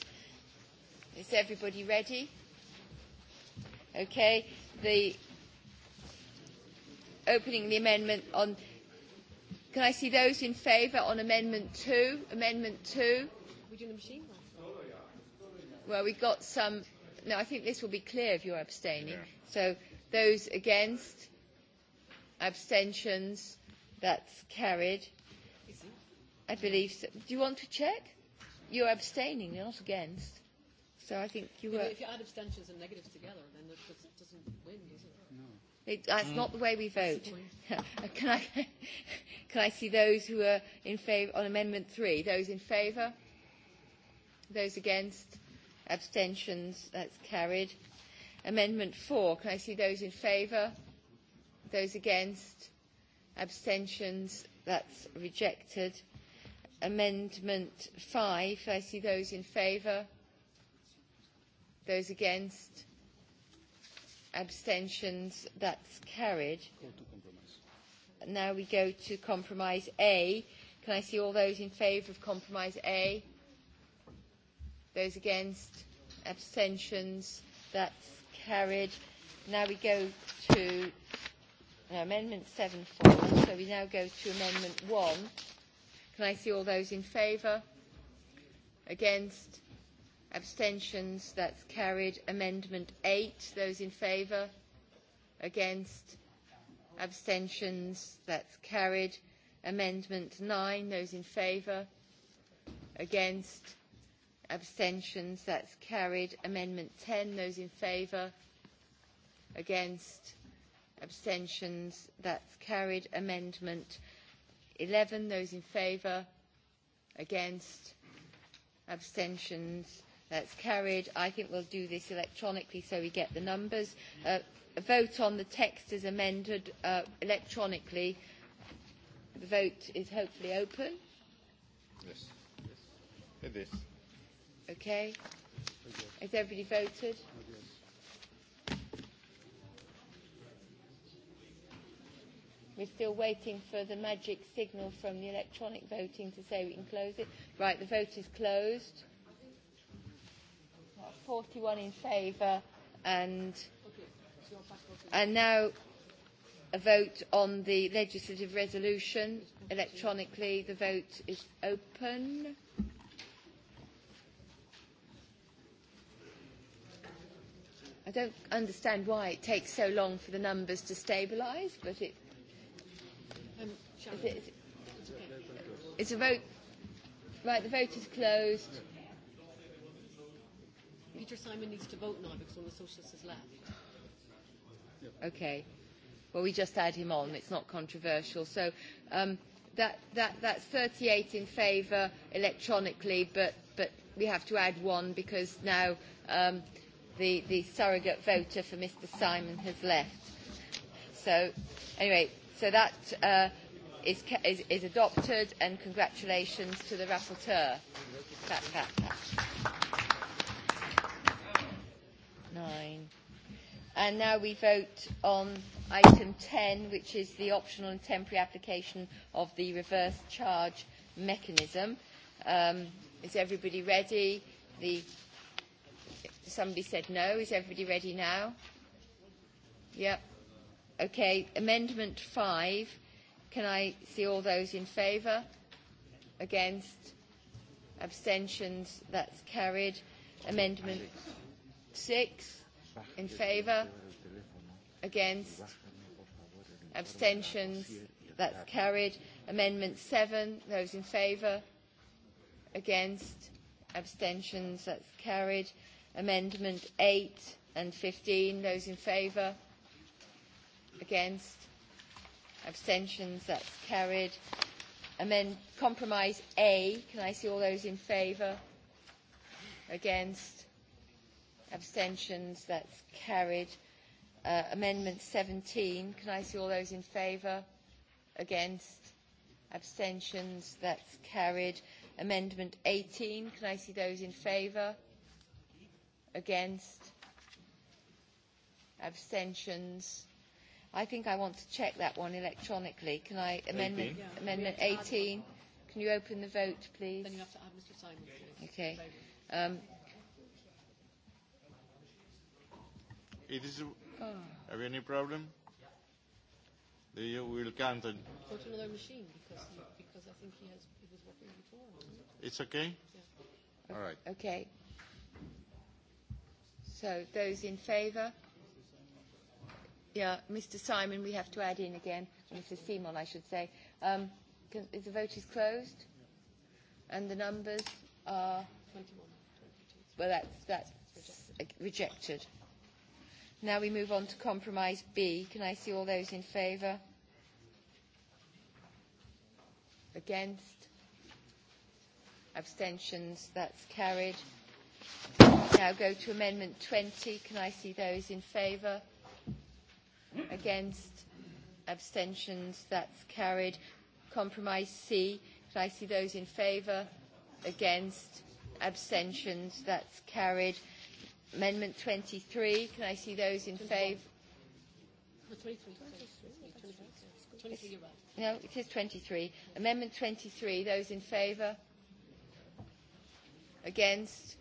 Speaker 1: Is everybody ready? Okay. The opening the amendment on, can I see those in favour on Amendment two? Amendment two. We doing the machine one? Well, we've got some, no, I think this will be clear if you're abstaining. Yeah. So those against, abstentions, that's carried. I believe so. Do you want to check? You're abstaining, you're not against. So I think you were... if
Speaker 14: you add abstentions and negatives together, then it doesn't win, does it? It, that's mm. not the way we vote.
Speaker 1: can, I, can I see those who are in favour on Amendment 3? Those in favour? Those against? Abstentions? That's carried. Amendment 4. Can I see those in favour? Those against? Abstentions? That's rejected. Amendment 5. Can I see those in favour? Those against? abstentions, that's carried. Now we go to compromise A. Can I see all those in favour of compromise A? Those against? Abstentions? That's carried. Now we go to no, Amendment 7 so we now go to Amendment 1. Can I see all those in favour? Against? Abstentions? That's carried. Amendment 8. Those in favour? Against? Abstentions? That's carried. Amendment 9. Those in favour? Against? Abstentions? That's carried. Amendment 10. Those in favour? Against? Abstentions? That's carried. Amendment 11. Those in favour? Against? Abstentions? That's carried. I think we'll do this electronically so we get the numbers. Uh, vote on the text as amended uh, electronically. The vote is hopefully open.
Speaker 14: Yes. yes. It is.
Speaker 1: Okay. Has everybody voted? We're still waiting for the magic signal from the electronic voting to say we can close it. Right, the vote is closed. 41 in favour and, and now a vote on the legislative resolution electronically. The vote is open. I don't understand why it takes so long for the numbers to stabilise, but it, um, is it,
Speaker 14: is it, it's a vote.
Speaker 1: Right, the vote is closed.
Speaker 3: Peter Simon needs to vote now because one of the socialists has left.
Speaker 1: Okay. Well, we just add him on. It's not controversial. So um, that, that, that's 38 in favour electronically, but, but we have to add one because now um, the, the surrogate voter for Mr Simon has left. So anyway, so that uh, is, is, is adopted and congratulations to the rapporteur. Pat, pat, pat. nine. And now we vote on item 10, which is the optional and temporary application of the reverse charge mechanism. Um, is everybody ready? The, somebody said no. Is everybody ready now? Yep. Okay. Amendment 5. Can I see all those in favour? Against? Abstentions? That's carried. Amendment. Six. Six in favour, against, abstentions, that's carried. Amendment seven, those in favour, against, abstentions, that's carried. Amendment eight and 15, those in favour, against, abstentions, that's carried. Amend compromise A, can I see all those in favour, against, abstentions, that's carried. Uh, amendment 17, can I see all those in favour? Against? Abstentions, that's carried. Amendment 18, can I see those in favour? Against? Abstentions? I think I want to check that one electronically. Can I, amendment Yeah. Amendment 18 can you open the vote, please? Then you have to add Mr Simon.
Speaker 14: Okay. Um,
Speaker 15: It is. Ah. Have you any problem? Do you will count on.
Speaker 14: Go to
Speaker 3: another machine because he, because I think he has he was working before.
Speaker 15: It's okay.
Speaker 1: Yeah. All right. Okay. So those in favour. Yeah, Mr. Simon, we have to add in again, Mr. Seymour, I should say. Um, can, is the vote is closed, and the numbers are. 21. Well, that's that's rejected. Now we move on to compromise B. Can I see all those in favour? Against? Abstentions? That's carried. Now go to amendment 20. Can I see those in favour? Against? Abstentions? That's carried. Compromise C. Can I see those in favour? Against? Abstentions? That's carried. Amendment 23, can I see those in favour? No, it is 23. Amendment 23, those in favour? Against?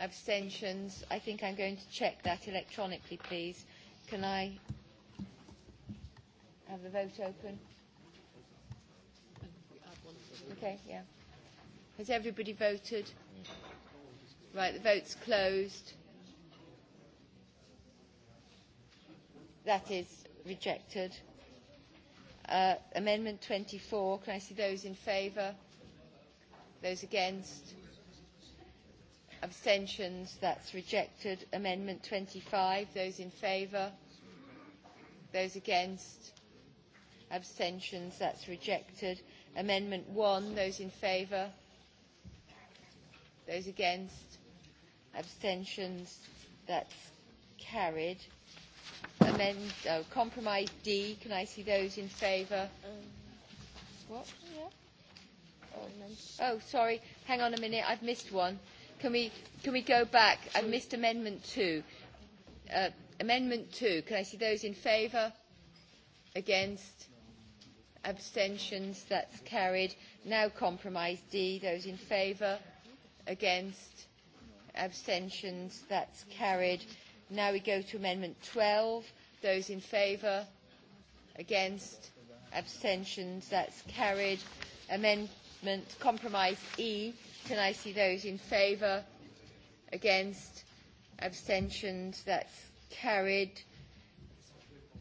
Speaker 1: Abstentions? I think I'm going to check that electronically, please. Can I have the vote open? Okay, yeah. Has everybody voted? Yeah. Right, the vote's closed. That is rejected. Uh, amendment 24, can I see those in favour? Those against? Abstentions, that's rejected. Amendment 25, those in favour? Those against? Abstentions, that's rejected. Amendment 1, those in favour? Those against? abstentions, that's carried. Amend, oh, compromise D, can I see those in favour? Um, What? Yeah. Oh, oh, sorry, hang on a minute, I've missed one. Can we, can we go back? I've missed Amendment 2. Uh, amendment 2, can I see those in favour? Against? Abstentions? That's carried. Now compromise D, those in favour? Against? abstentions, that's carried. Now we go to Amendment 12. Those in favour, against, abstentions, that's carried. Amendment Compromise E. Can I see those in favour, against, abstentions, that's carried.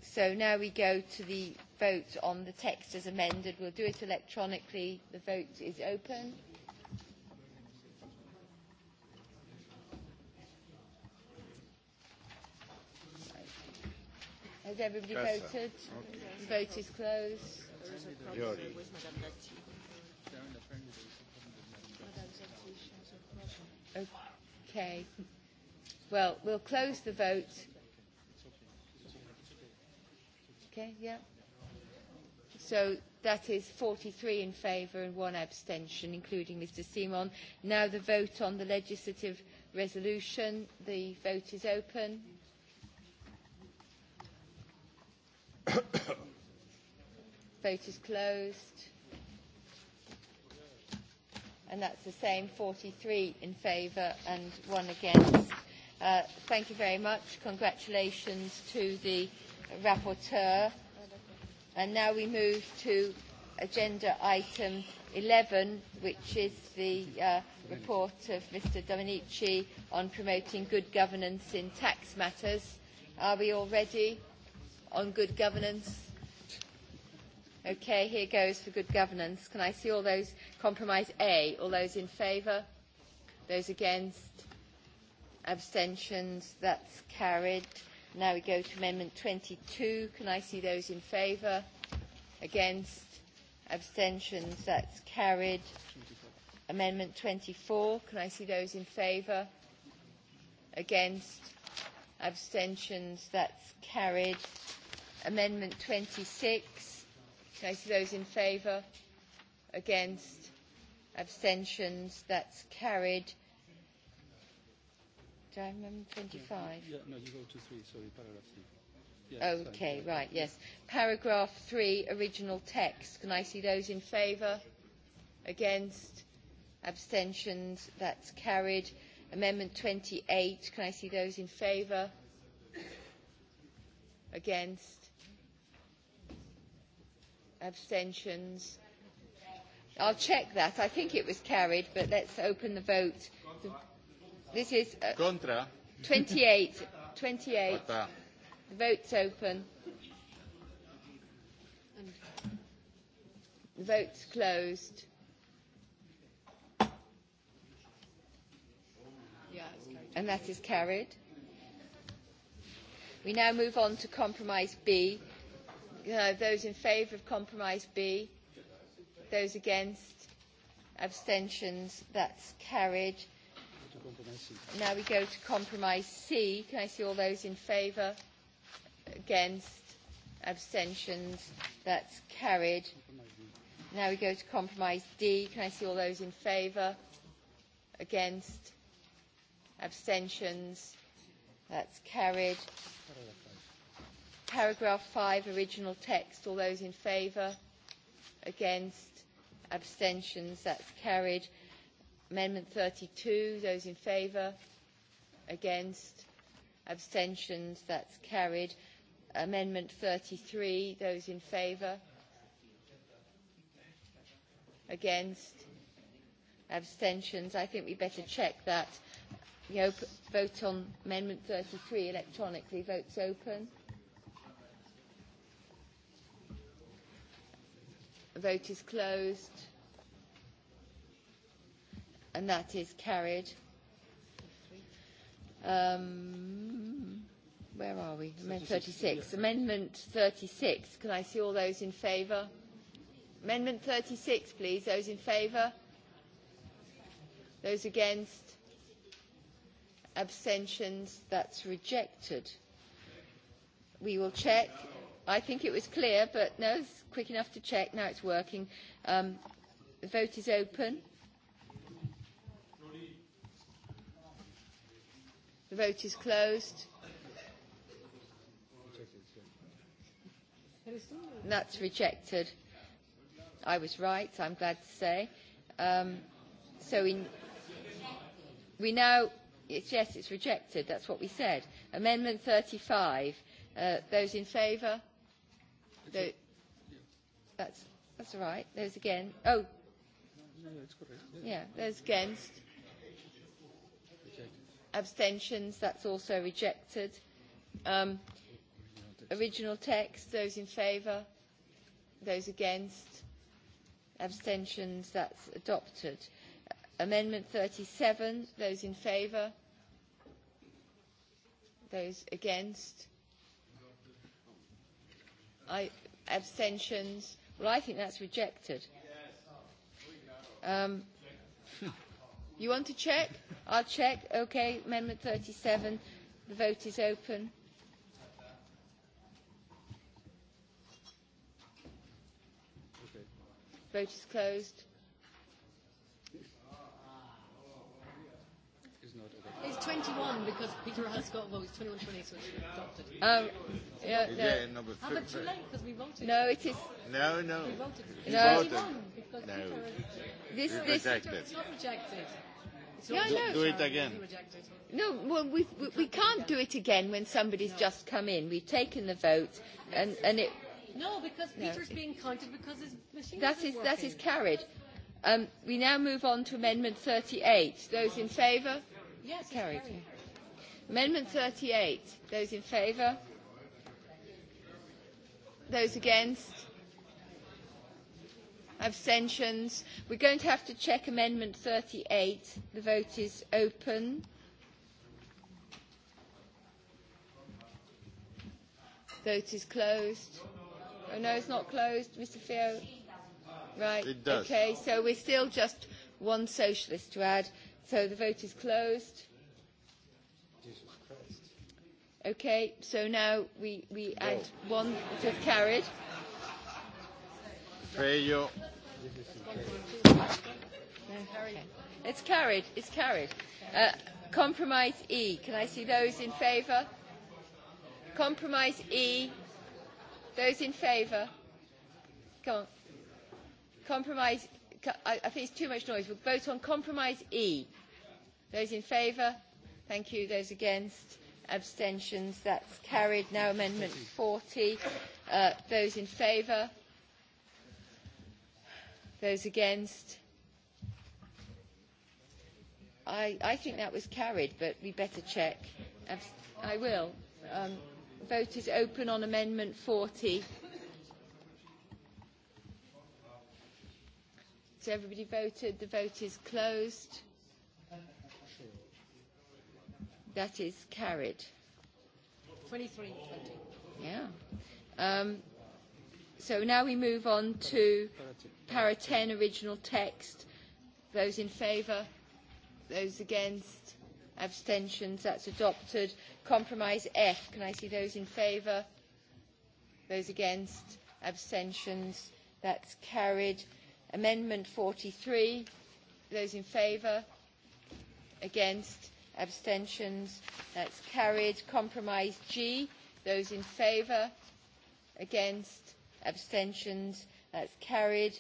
Speaker 1: So now we go to the vote on the text as amended. We'll do it electronically. The vote is open. Has everybody Kasa. voted? Okay. Vote is closed. Yori. Okay. Well, we'll close the vote. Okay, yeah. So that is 43 in favour and one abstention, including Mr Simon. Now the vote on the legislative resolution. The vote is open. Vote is closed. And that's the same, 43 in favour and one against. Uh, thank you very much. Congratulations to the rapporteur. And now we move to agenda item 11, which is the uh, report of Mr. Domenici on promoting good governance in tax matters. Are we all ready? on good governance? Okay, here goes for good governance. Can I see all those? Compromise A. All those in favour? Those against? Abstentions? That's carried. Now we go to Amendment 22. Can I see those in favour? Against? Abstentions? That's carried. Amendment 24. Can I see those in favour? Against? Abstentions? That's carried. Amendment 26. Can I see those in favour? Against? Abstentions? That's carried. Do I have Amendment 25? Yeah,
Speaker 14: no, you go to 3, sorry, paragraph 3. Yeah, okay, sorry. right, yes.
Speaker 1: Paragraph 3, original text. Can I see those in favour? Against? Abstentions? That's carried. Amendment 28. Can I see those in favour? Against? abstentions. I'll check that. I think it was carried, but let's open the vote. this is uh, Contra. 28. 28. The vote's open. The vote's closed.
Speaker 14: And that is carried.
Speaker 1: We now move on to compromise B Uh, those in favour of compromise B? Those against? Abstentions? That's carried. Now we go to compromise C. Can I see all those in favour? Against? Abstentions? That's carried. Now we go to compromise D. Can I see all those in favour? Against? Abstentions? That's carried paragraph 5 original text. All those in favour? Against? Abstentions? That's carried. Amendment 32. Those in favour? Against? Abstentions? That's carried. Amendment 33. Those in favour? Against? Abstentions? I think we better check that. You know, vote on Amendment 33 electronically. Votes open. Vote is closed. And that is carried. Um, where are we? Amendment 36. Amendment 36. Can I see all those in favour? Amendment 36, please. Those in favour? Those against? Abstentions? That's rejected. We will check. I think it was clear, but no, it's quick enough to check. Now it's working. Um, the vote is open. The vote is closed. And that's rejected. I was right, I'm glad to say. Um, so in, we now, it's, yes, it's rejected. That's what we said. Amendment 35. Uh, those in favour? that's, that's all right. Those again. Oh.
Speaker 14: Yeah, those against.
Speaker 1: Abstentions, that's also rejected. Um, original text, those in favour, those against, abstentions, that's adopted. Amendment 37, those in favour, those against. I, Abstentions? Well, I think that's rejected. Um, you want to check? I'll check. Okay, Amendment 37. The vote is open. Vote is closed He's
Speaker 14: 21 because Peter has got well, he's 21 20, so he's adopted. Oh, yeah, no. yeah, number ah, three. but too late because we voted. No, it is. No, no. We voted. We no.
Speaker 11: voted. Because no. Peter has, this, this, rejected. Peter, it's
Speaker 1: not
Speaker 14: rejected. It's
Speaker 11: yeah, no. Do it again.
Speaker 1: No, well, we've, we, we can't do it again when somebody's no. just come in. We've taken the vote, and, and it. No, because no. Peter's
Speaker 3: being counted because his machine that isn't is working. That is
Speaker 1: carried. Um, we now move on to Amendment 38. Those in favour? Yes, carried. carried. Amendment 38. Those in favour? Those against? Abstentions? We're going to have to check Amendment 38. The vote is open. Vote is closed. Oh no, it's not closed, Mr. Fio. Right. It does. Okay, so we're still just one socialist to add. So the vote is closed. Okay, so now we, we add no. one to carried. Okay. It's carried, it's carried. Uh, compromise E, can I see those in favour? Compromise E, those in favour? Come on. Compromise I, think it's too much noise. We'll vote on compromise E. Those in favour? Thank you. Those against? Abstentions? That's carried. Now amendment 40. Uh, those in favour? Those against? I, I think that was carried, but we better check. I will. Um, vote is open on amendment 40. So everybody voted. The vote is closed. That is carried. 23. Yeah. Um, so now we move on to para 10 original text. Those in favour? Those against? Abstentions? That's adopted. Compromise F. Can I see those in favour? Those against? Abstentions? That's carried. Amendment forty three those in favour? Against? Abstentions? That's carried. Compromise G, those in favour? Against? Abstentions? That's carried.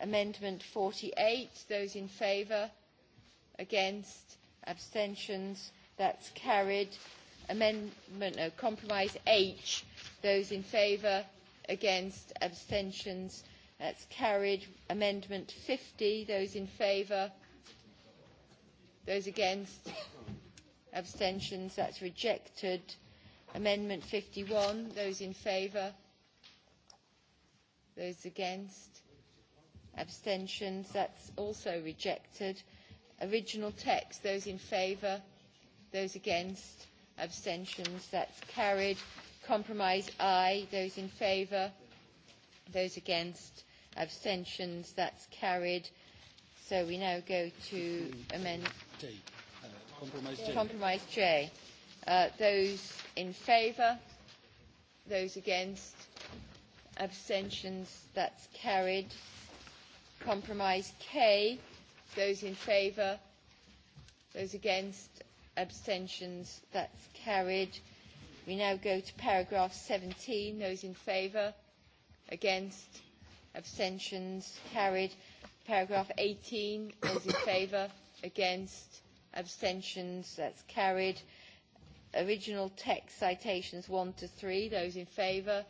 Speaker 1: Amendment forty eight those in favour? Against? Abstentions? That's carried. Amendment, no, compromise H, those in favour? Against? Abstentions? That's carried. Amendment 50. Those in favour? Those against? Abstentions? That's rejected. Amendment 51. Those in favour? Those against? Abstentions? That's also rejected. Original text. Those in favour? Those against? Abstentions? That's carried. Compromise I. Those in favour? Those against? abstentions. That's carried. So we now go to amend
Speaker 13: J. Uh, compromise J. Compromise
Speaker 1: J. Uh, those in favour, those against, abstentions, that's carried. Compromise K, those in favour, those against, abstentions, that's carried. We now go to paragraph 17, those in favour, against, abstentions carried. Paragraph 18, those in favour, against, abstentions, that's carried. Original text citations 1 to 3, those in favour,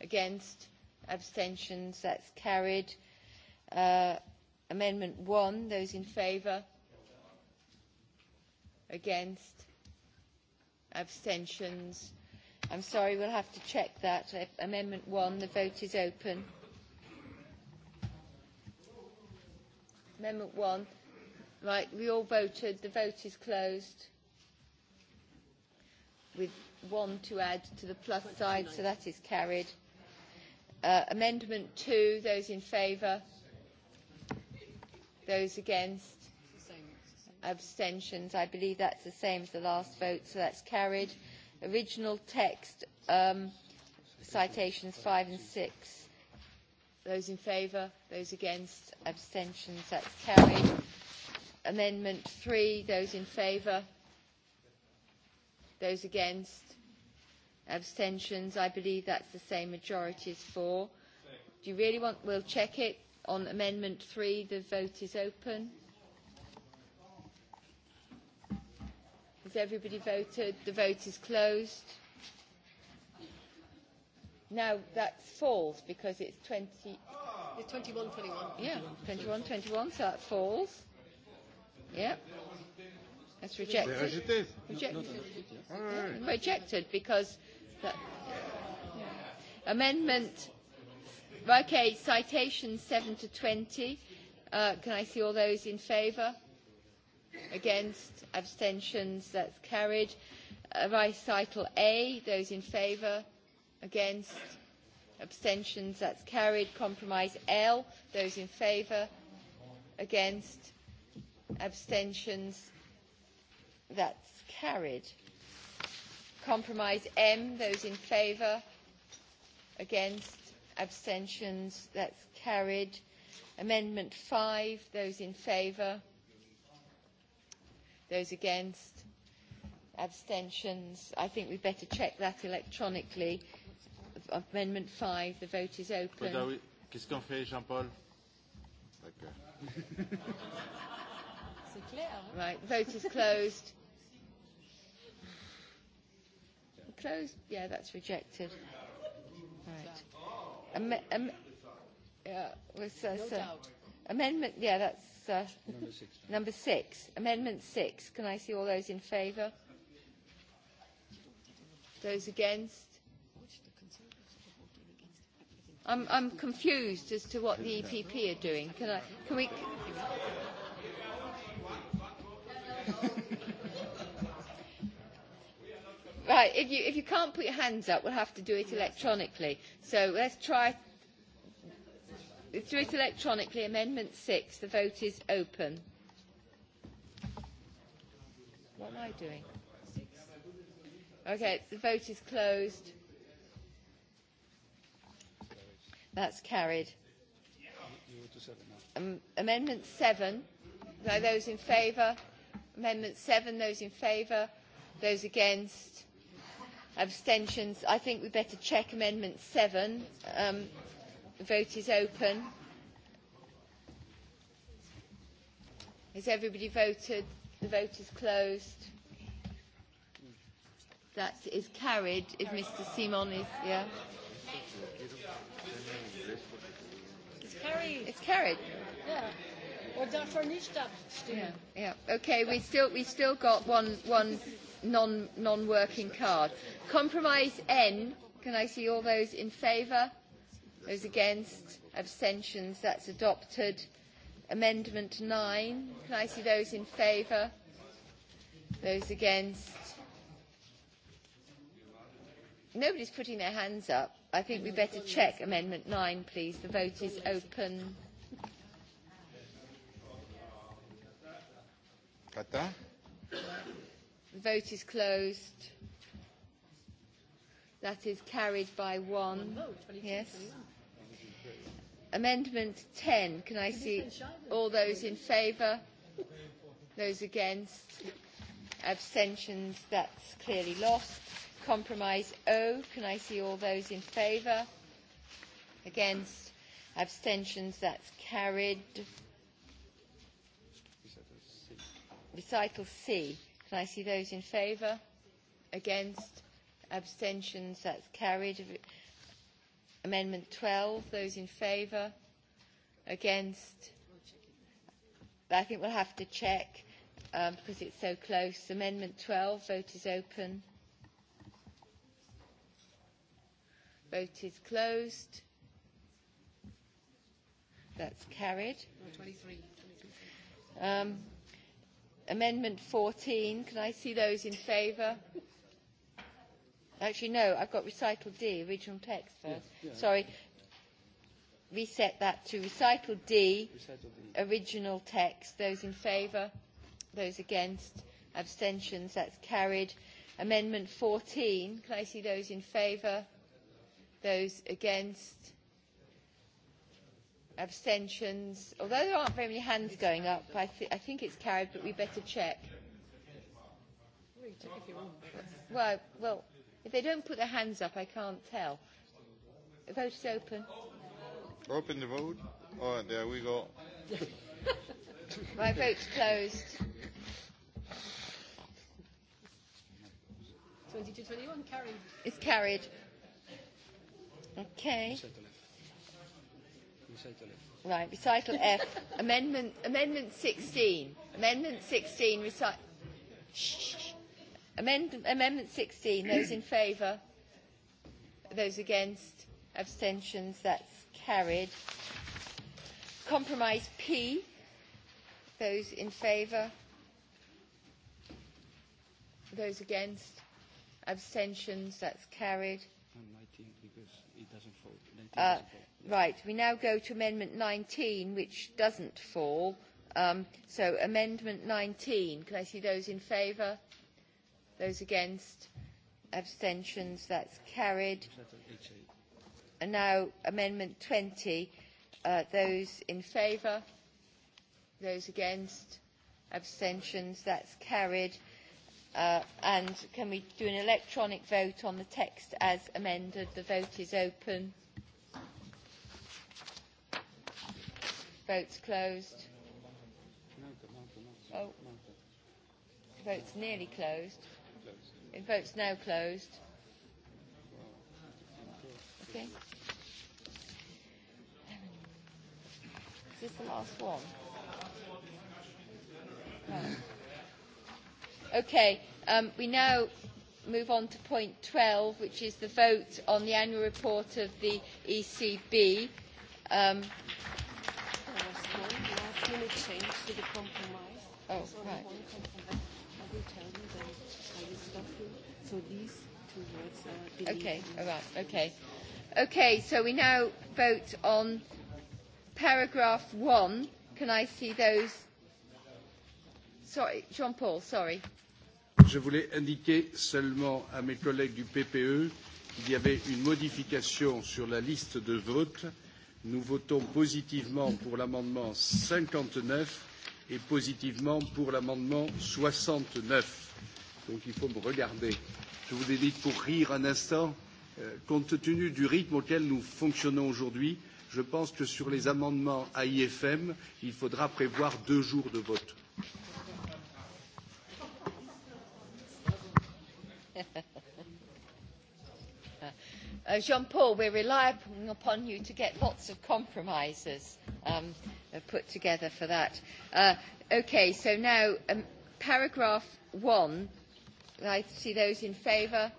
Speaker 1: against, abstentions, that's carried. Uh, amendment 1, those in favour, against, abstentions. I'm sorry, we'll have to check that. Uh, amendment 1, the vote is open. Amendment 1. Right, we all voted. The vote is closed. With one to add to the plus side, so that is carried. Uh, amendment 2, those in favour? Those against? Abstentions. I believe that's the same as the last vote, so that's carried. Original text, um, citations 5 and 6. Those in favour? Those against? Abstentions? That's carried. Amendment 3. Those in favour? Those against? Abstentions? I believe that's the same majority as 4. Do you really want... We'll check it. On Amendment 3, the vote is open. Has everybody voted? The vote is closed Now that falls because it's 20. It's 21, 21. Yeah, 21, 21, so that falls. Yeah. That's rejected. Rejected. Rejected. Rejected because that. Yeah. Amendment. Okay, citation 7 to 20. Uh, can I see all those in favour? Against? Abstentions? That's carried. Uh, recital A, those in favour? Against? Abstentions? That's carried. Compromise L. Those in favour? Against? Abstentions? That's carried. Compromise M. Those in favour? Against? Abstentions? That's carried. Amendment 5. Those in favour? Those against? Abstentions? I think we'd better check that electronically. Amendment 5. The vote is open. Oui.
Speaker 10: Qu'est-ce qu'on fait, Jean-Paul D'accord.
Speaker 1: C'est clair. Hein? Right. Vote is closed. closed? Yeah, that's rejected. Right. Am am yeah, was, uh, no so doubt. Amendment, yeah, that's uh, number, six, number six. Amendment six. Can I see all those in favour? Those against? I'm, I'm confused as to what the EPP are doing. Can, I, can we...
Speaker 14: right, if you, if you
Speaker 1: can't put your hands up, we'll have to do it electronically. So let's try... Let's do it electronically. Amendment six. The vote is open. What am I doing? Okay, the vote is closed That's carried. Um, amendment 7. No, those in favour? Amendment 7, those in favour? Those against? Abstentions? I think we better check Amendment 7. Um, the vote is open. Has everybody voted? The vote is closed. That is carried if Mr Simon is, yeah. carried. It's carried. Yeah. Or for nicht abstimmen. Yeah. Yeah. Okay. We still we still got one one non non working card. Compromise N. Can I see all those in favour? Those against? Abstentions? That's adopted. Amendment 9. Can I see those in favour? Those against? Nobody's putting their hands up. I think we better check Amendment 9, please. The vote is open.
Speaker 14: Gata? The
Speaker 1: vote is closed. That is carried by one. Yes. Amendment 10. Can I see all those in favour? Those against? Abstentions? That's clearly lost. Compromise O, can I see all those in favour? Against? Abstentions, that's carried. Recital C, can I see those in favour? Against? Abstentions, that's carried. Amendment 12, those in favour? Against? I think we'll have to check um, because it's so close. Amendment 12, vote is open. Vote is closed. That's carried. 23. Um, amendment 14. Can I see those in favour? Actually, no, I've got recital D, original text first. Yeah, yeah. Sorry. Reset that to recital D, recital D, original text. Those in favour? Those against? Abstentions? That's carried. Amendment 14. Can I see those in favour? Those against? Abstentions? Although there aren't very many hands going up, I, th I think it's carried, but we better check. Well, well, if they don't put their hands up, I can't tell. The vote is open.
Speaker 12: Open the vote. Oh, there we go.
Speaker 1: My vote's closed.
Speaker 3: 22-21 carried.
Speaker 1: It's carried. Okay. Right, recital F. amendment, amendment 16. Amendment 16, recital... Amendment, amendment 16, those in favour, those against, abstentions, that's carried. Compromise P, those in favour, those against, abstentions, that's carried. Uh, right, we now go to Amendment 19, which doesn't fall. Um, so Amendment 19, can I see those in favour? Those against? Abstentions? That's carried. And now Amendment 20, uh, those in favour? Those against? Abstentions? That's carried. Uh, and can we do an electronic vote on the text as amended? The vote is open. Vote's closed. Oh. Vote's nearly closed. It vote's now closed. Okay. Is this the last one? No. Okay, um, we now move on to point 12, which is the vote on the annual report of the ECB. Um, oh, right. So these two words are okay, all right, okay. Okay, so we now vote on paragraph one. Can I see those Jean-Paul, sorry.
Speaker 5: Je voulais indiquer seulement à mes collègues du PPE qu'il y avait une modification sur la liste de vote. Nous votons positivement pour l'amendement 59 et positivement pour l'amendement 69. Donc il faut me regarder. Je vous invite pour rire un instant. Euh, compte tenu du rythme auquel nous fonctionnons aujourd'hui, je pense que sur les amendements à IFM, il faudra prévoir deux jours de vote.
Speaker 1: Uh, Jean Paul, we're relying upon you to get lots of compromises um, uh, put together for that. Uh, okay, so now um, paragraph one. I see those in favour,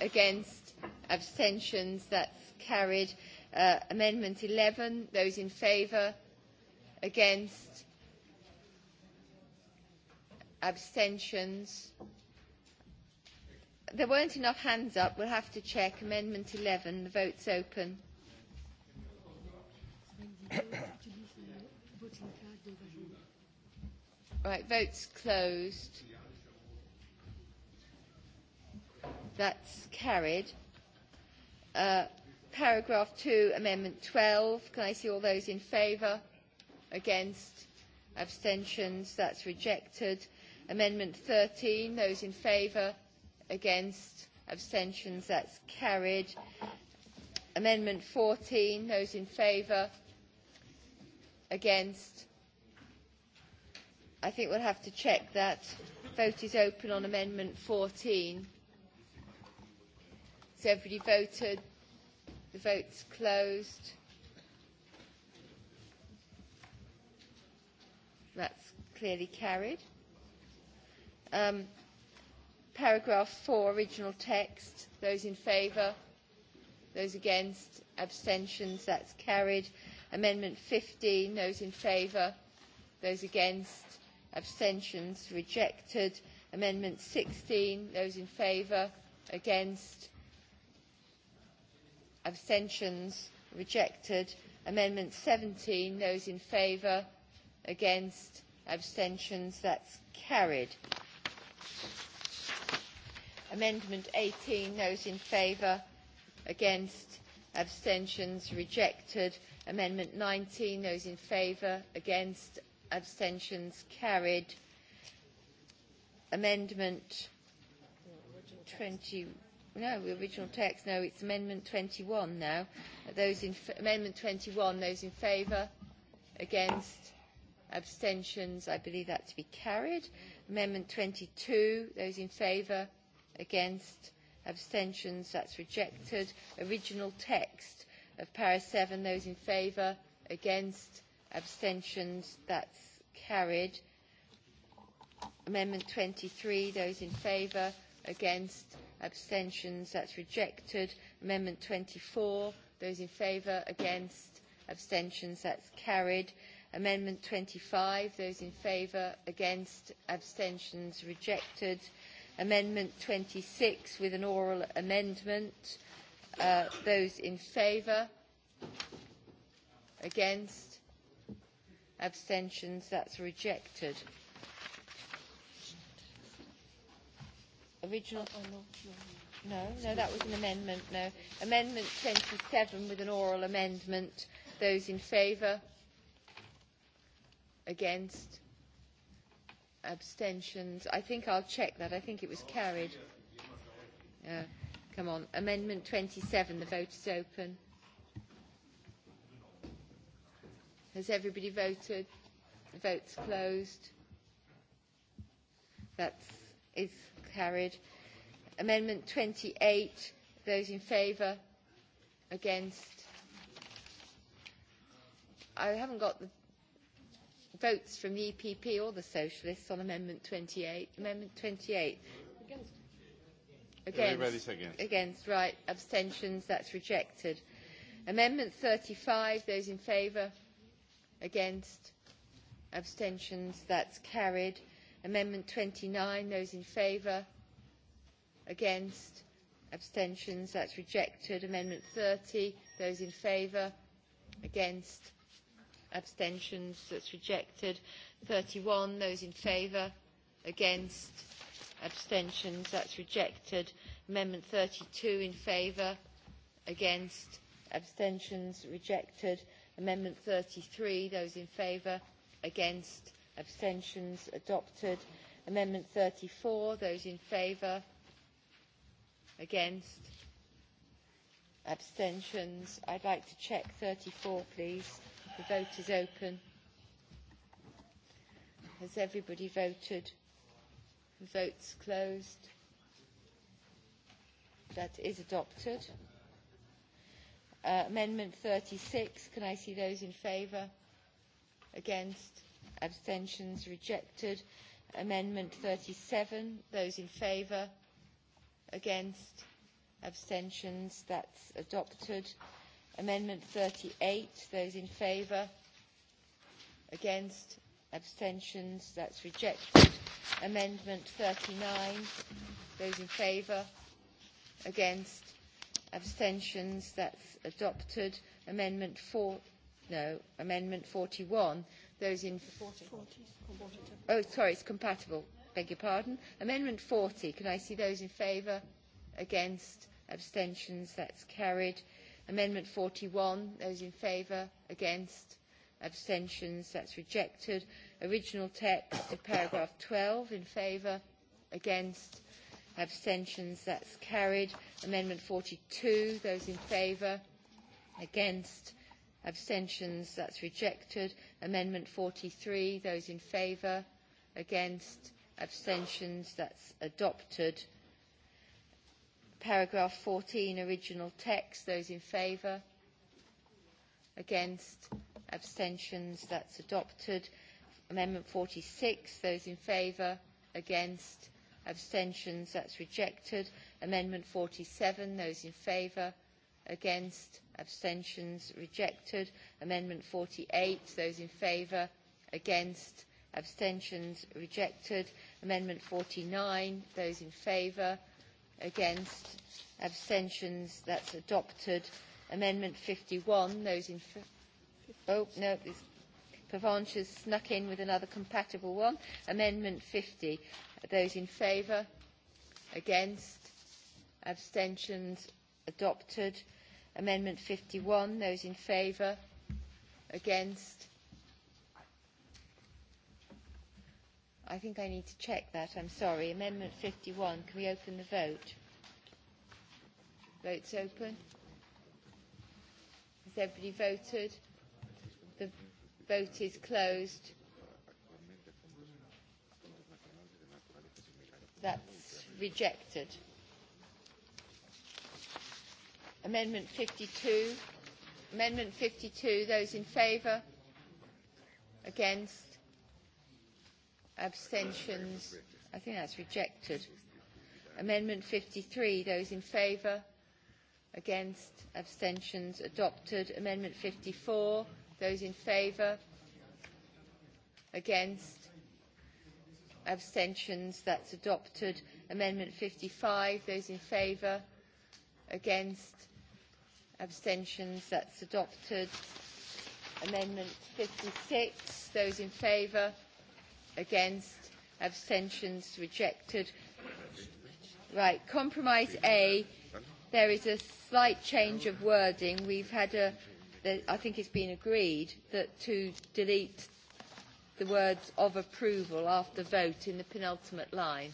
Speaker 1: against, abstentions, that's carried. Uh, amendment 11, those in favour, against, abstentions, there weren't enough hands up. We'll have to check. Amendment 11, the vote's open. right, vote's closed. That's carried. Uh, paragraph 2, Amendment 12. Can I see all those in favour? Against? Abstentions? That's rejected. Amendment 13, those in favour? Against? Abstentions? That's carried. Amendment 14. Those in favour? Against? I think we'll have to check that. Vote is open on Amendment 14. Has everybody voted? The vote's closed. That's clearly carried. Um, Paragraph 4, original text. Those in favour? Those against? Abstentions? That's carried. Amendment 15. Those in favour? Those against? Abstentions? Rejected. Amendment 16. Those in favour? Against? Abstentions? Rejected. Amendment 17. Those in favour? Against? Abstentions? That's carried. Amendment eighteen those in favour, against, abstentions, rejected. Amendment nineteen those in favour, against, abstentions, carried. Amendment twenty no, the original text, no, it's Amendment twenty one now. Those in, amendment twenty one those in favour, against, abstentions, I believe that to be carried. Amendment twenty two those in favour, against abstentions that's rejected original text of para 7 those in favour against abstentions that's carried amendment 23 those in favour against abstentions that's rejected amendment 24 those in favour against abstentions that's carried amendment 25 those in favour against abstentions rejected Amendment twenty six with an oral amendment. Uh, those in favour? Against? Abstentions? That's rejected. Original? Oh, no, no, that was an amendment, no. Amendment 27 with an oral amendment. Those in favour? Against? abstentions. I think I'll check that. I think it was carried. Uh, come on. Amendment 27. The vote is open. Has everybody voted? The vote's closed. That is carried. Amendment 28. Those in favour? Against? I haven't got the votes from the EPP or the Socialists on Amendment 28? Amendment 28? Against. Against. against. Against, right. Abstentions, that's rejected. Amendment 35, those in favour? Against. Abstentions, that's carried. Amendment 29, those in favour? Against. Abstentions, that's rejected. Amendment 30, those in favour? Against abstentions, that's rejected. 31, those in favour, against, abstentions, that's rejected. Amendment 32 in favour, against, abstentions, rejected. Amendment 33, those in favour, against, abstentions, adopted. Amendment 34, those in favour, against, abstentions. I'd like to check 34, please. The vote is open. Has everybody voted? The vote's closed. That is adopted. Uh, amendment 36, can I see those in favour? Against? Abstentions? Rejected. Amendment 37, those in favour? Against? Abstentions? That's adopted. Amendment thirty eight those in favour? Against? Abstentions? that is rejected. Amendment thirty nine those in favour? Against? Abstentions? that is adopted. Amendment 4, no, Amendment forty one those in... 40. Oh, sorry, it's compatible. Beg your pardon. Amendment forty can I see those in favour? Against? Abstentions? That's carried. Amendment forty one those in favour, against, abstentions, that's rejected. Original text of paragraph twelve in favour, against, abstentions, that's carried. Amendment forty two those in favour, against, abstentions, that's rejected. Amendment forty three those in favour, against, abstentions, that's adopted paragraph 14, original text. Those in favour? Against? Abstentions? That's adopted. Amendment 46. Those in favour? Against? Abstentions? That's rejected. Amendment 47. Those in favour? Against? Abstentions? Rejected. Amendment 48. Those in favour? Against? Abstentions? Rejected. Amendment 49. Those in favour? Against, against abstentions that's adopted amendment 51 those in oh no this Pavanch has snuck in with another compatible one amendment 50 those in favour against abstentions adopted amendment 51 those in favour against I think I need to check that. I'm sorry. Amendment 51. Can we open the vote? Votes open. Has everybody voted? The vote is closed. That's rejected. Amendment 52. Amendment 52. Those in favour? Against? Abstentions? I think that's rejected. Amendment 53, those in favour? Against? Abstentions? Adopted. Amendment 54, those in favour? Against? Abstentions? That's adopted. Amendment 55, those in favour? Against? Abstentions? That's adopted. Amendment 56, those in favour? against, abstentions rejected. Right, compromise A, there is a slight change of wording. We've had a, the, I think it's been agreed that to delete the words of approval after vote in the penultimate line.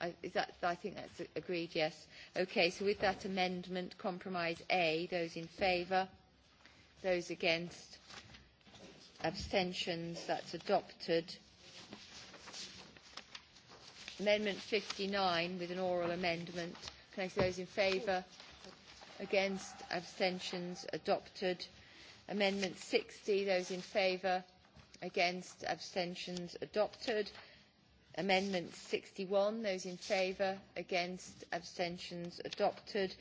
Speaker 1: I, is that, I think that's agreed, yes. Okay, so with that amendment, compromise A, those in favour, those against, abstentions, that's adopted. Amendment 59 with an oral amendment. Can I see those in favour? Against? Abstentions? Adopted. Amendment 60, those in favour? Against? Abstentions? Adopted. Amendment 61, those in favour? Against? Abstentions? Adopted.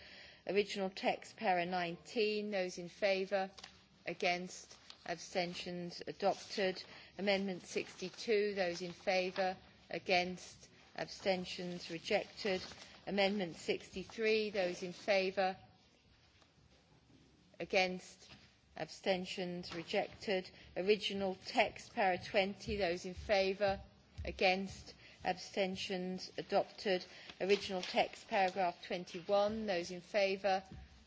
Speaker 1: Original text, para 19, those in favour? Against? Abstentions? Adopted. Amendment 62, those in favour? Against? abstentions rejected. Amendment 63, those in favour, against, abstentions rejected. Original text, para 20, those in favour, against, abstentions adopted. Original text, paragraph 21, those in favour,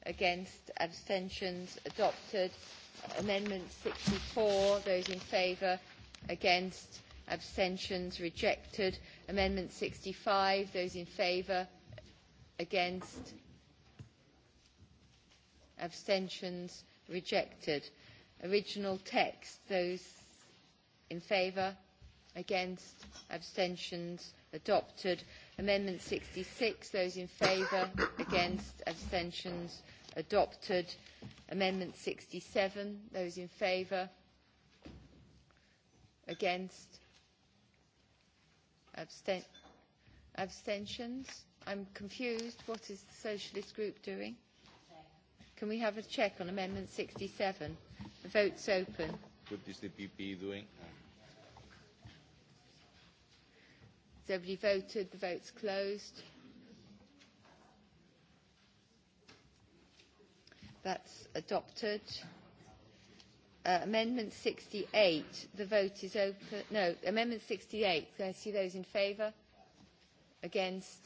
Speaker 1: against, abstentions adopted. Amendment 64, those in favour, against, abstentions rejected. Amendment 65, those in favour, against, abstentions, rejected. Original text, those in favour, against, abstentions, adopted. Amendment 66, those in favour, against, abstentions, adopted. Amendment 67, those in favour, against, abstentions? I'm confused. What is the Socialist group doing? Can we have a check on Amendment 67? The vote's open.
Speaker 5: What is the PP doing?
Speaker 1: Has everybody voted? The vote's closed. That's adopted. Uh, amendment 68, the vote is open. No, Amendment 68. Can I see those in favour? Against?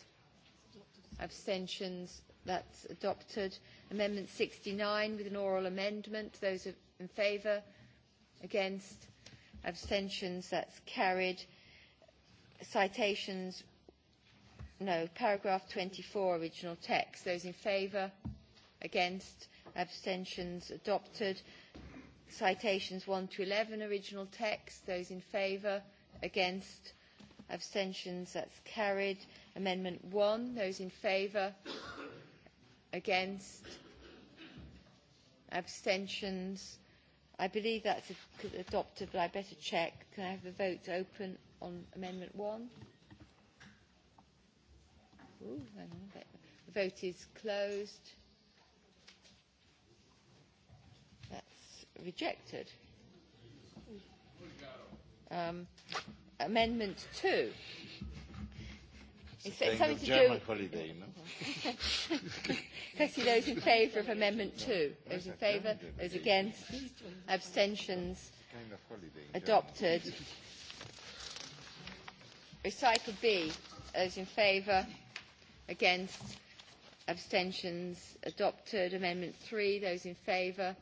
Speaker 1: Abstentions? That's adopted. Amendment 69 with an oral amendment. Those in favour? Against? Abstentions? That's carried. Citations? No. Paragraph 24, original text. Those in favour? Against? Abstentions? Adopted citations 1 to 11 original text those in favour against abstentions that's carried amendment 1 those in favour against abstentions I believe that's adopted but I better check can I have the vote open on amendment 1 Ooh, hang on a bit. the vote is closed rejected. Um, amendment two. It's, it's something to German do.
Speaker 15: holiday, no?
Speaker 1: Can see those in favour of Amendment two? Those in favour, those against, abstentions, adopted. Recital B. Those in favour, against, abstentions, adopted. Amendment three. Those in favour,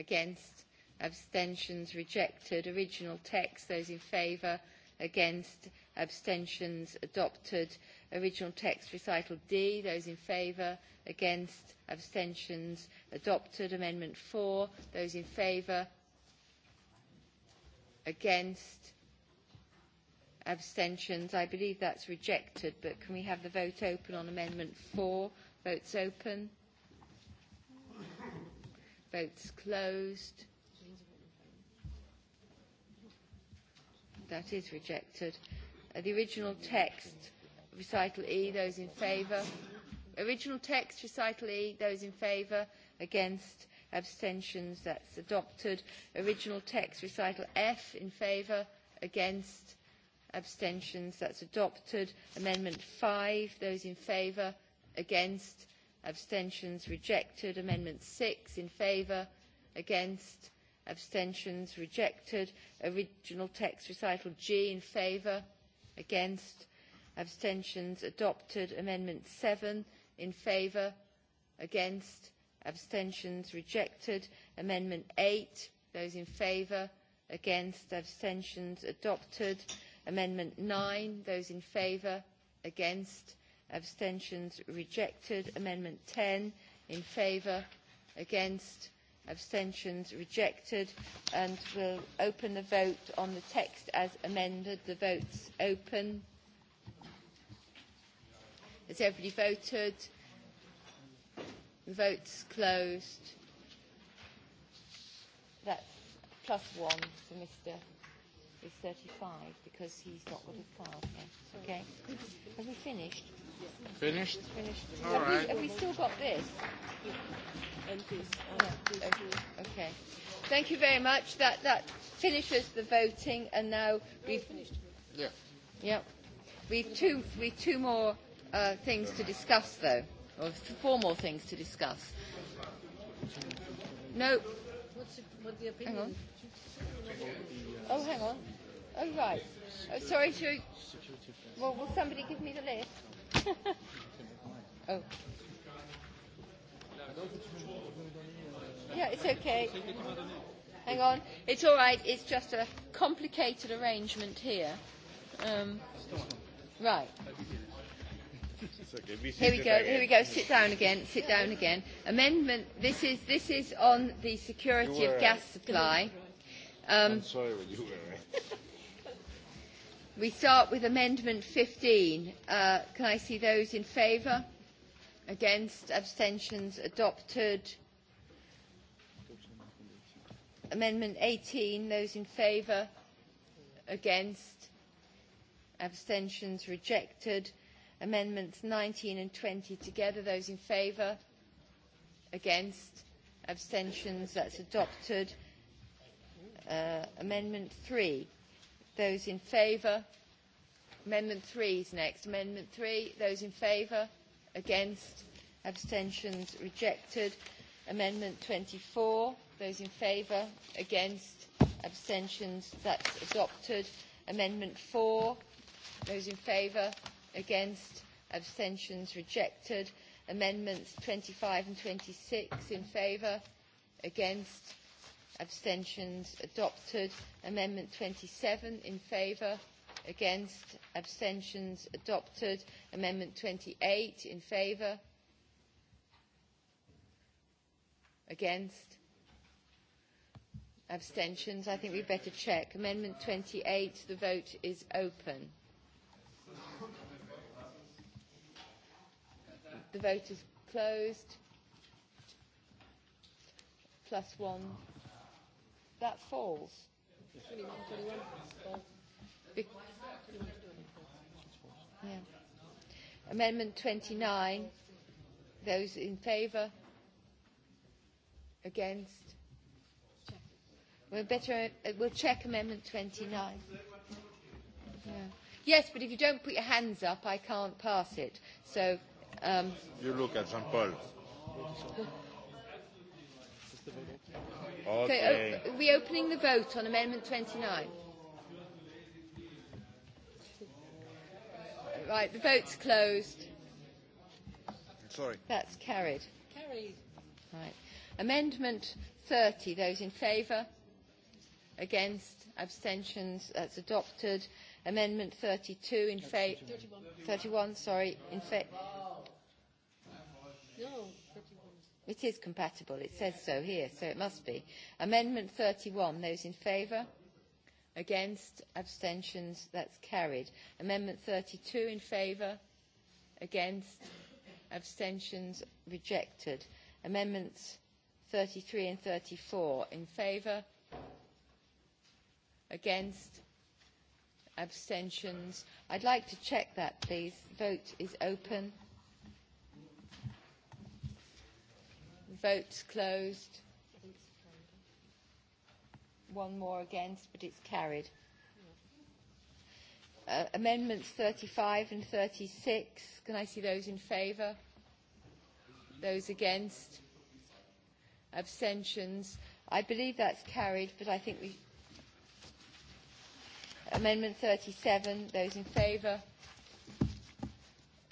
Speaker 1: against, abstentions rejected. Original text, those in favour, against, abstentions adopted. Original text recital D, those in favour, against, abstentions adopted. Amendment 4, those in favour, against, abstentions. I believe that's rejected, but can we have the vote open on Amendment 4? Votes open. Votes closed. That is rejected. Uh, the original text, recital E, those in favour. Original text, recital E, those in favour. Against, abstentions, that's adopted. Original text, recital F, in favour. Against, abstentions, that's adopted. Amendment 5, those in favour. Against, abstentions rejected amendment six, in favour against abstentions rejected original text recital g in favour against abstentions adopted amendment seven, in favour against abstentions rejected amendment eight, those in favour against abstentions adopted amendment nine, those in favour against abstentions rejected amendment 10 in favour against abstentions rejected and we'll open the vote on the text as amended the votes open has everybody voted the votes closed that's plus one for mr is 35 because he's not got his card yet. Okay. Have we finished? Finished? finished. All have, right. we, have we still got this? Yeah. And this. yeah. this okay. Thank you very much. That, that finishes the voting, and now we've... Finished. Yeah. Yep. We've two, we've two more uh, things to discuss, though, or four more things to discuss. No. What's the, what the opinion? Hang
Speaker 14: on. Oh, hang on.
Speaker 1: Oh, right. Oh, sorry to... Well, will somebody give me the list?
Speaker 14: oh. Yeah, it's okay.
Speaker 1: Hang on. It's all right. It's just a complicated arrangement here. Um, right.
Speaker 14: Here we go. Here we go. Sit down
Speaker 1: again. Sit down again. Amendment. This is this is on the security of gas supply. Um, I'm
Speaker 14: sorry, you were right.
Speaker 1: We start with Amendment 15. Uh, can I see those in favour? Against? Abstentions? Adopted. Amendment 18. Those in favour? Against? Abstentions? Rejected. Amendments 19 and 20 together. Those in favour? Against? Abstentions? That's adopted. Uh, amendment 3 Those in favour? Amendment three is next. Amendment three. those in favour? Against? Abstentions? Rejected. Amendment twenty-four. those in favour? Against? Abstentions? That's adopted. Amendment four. those in favour? Against? Abstentions? Rejected. Amendments twenty-five and twenty-six. in favour? Against? abstentions adopted amendment 27 in favour against abstentions adopted amendment 28 in favour against abstentions i think we better check amendment 28 the vote is open the vote is closed plus one That falls. yeah. Amendment 29. Those in favour? Against? We're better, uh, we'll check Amendment 29. Yeah. Yes, but if you don't put your hands up, I can't pass it. So. Um,
Speaker 14: you look at Jean Paul. Okay. Uh, okay.
Speaker 1: Are we opening the vote on Amendment 29? Right, the vote's closed. Sorry. That's carried. Carried. Right. Amendment 30, those in favour? Against? Abstentions? That's adopted. Amendment 32 in favour? 31. 31, sorry. In favour? No. It is compatible. It says so here, so it must be. Amendment 31, those in favour? Against? Abstentions? That's carried. Amendment 32 in favour? Against? Abstentions? Rejected. Amendments 33 and 34 in favour? Against? Abstentions? I'd like to check that, please. Vote is open. Votes closed. One more against, but it's carried. Uh, amendments 35 and 36. Can I see those in favour? Those against? Abstentions? I believe that's carried, but I think we... Amendment 37. Those in favour?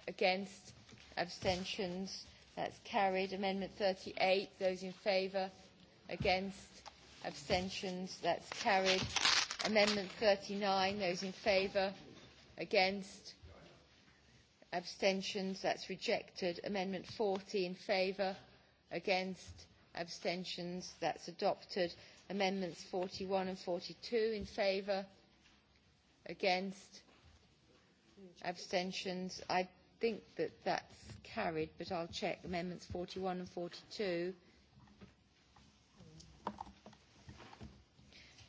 Speaker 1: Against? Abstentions? That's carried. Amendment 38, those in favour, against, abstentions, that's carried. Amendment 39, those in favour, against, abstentions, that's rejected. Amendment 40, in favour, against, abstentions, that's adopted. Amendments 41 and 42, in favour, against, abstentions. I think that that's carried, but I'll check amendments 41 and 42.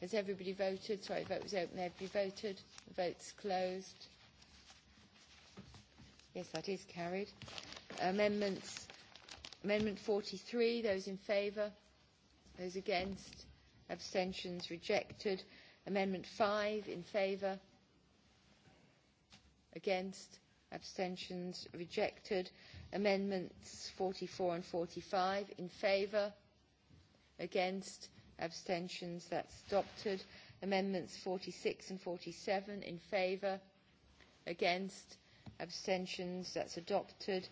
Speaker 1: Has everybody voted? Sorry, vote was open. Everybody voted. Votes closed. Yes, that is carried. Amendments, Amendment 43, those in favour, those against, abstentions rejected. Amendment 5, in favour, against, abstentions rejected. Amendments 44 and 45 in favour, against, abstentions, that's adopted. Amendments 46 and 47 in favour, against, abstentions, that's adopted.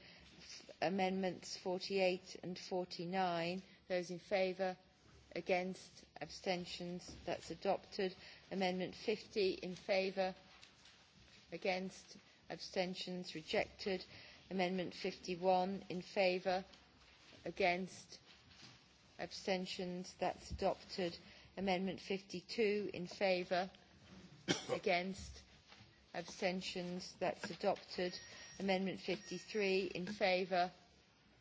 Speaker 1: amendments 48 and 49, those in favour, against, abstentions, that's adopted. Amendment 50 in favour, against, abstentions rejected. Amendment 51 in favour, against, abstentions, that's adopted. Amendment 52 in favour, against, abstentions, that's adopted. Amendment 53 in favour,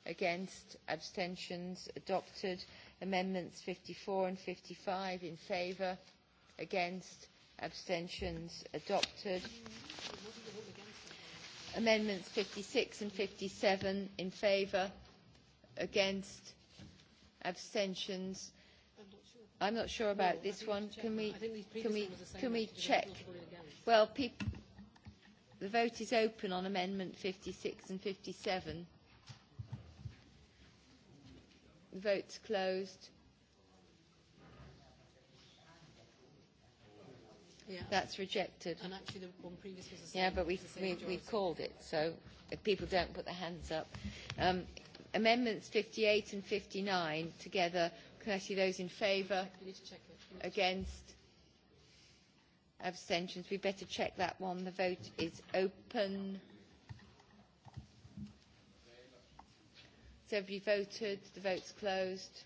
Speaker 1: against, abstentions, adopted. Amendments 54 and 55 in favour, against, abstentions, adopted. Mm -hmm. Amendments 56 and 57 in favour, against, abstentions.
Speaker 14: I'm not sure about no, this one. Can we, can we, can we check? Well,
Speaker 1: people, the vote is open on Amendment 56 and 57. The vote's closed Yeah. That's rejected. And actually, the one previous was the same. Yeah, but we we we called it. So if people don't put their hands up. Um, amendments 58 and 59 together. Can I see those in favour? You need to check it. Against. Abstentions. We better check that one. The vote is open. So everybody voted. The vote's closed.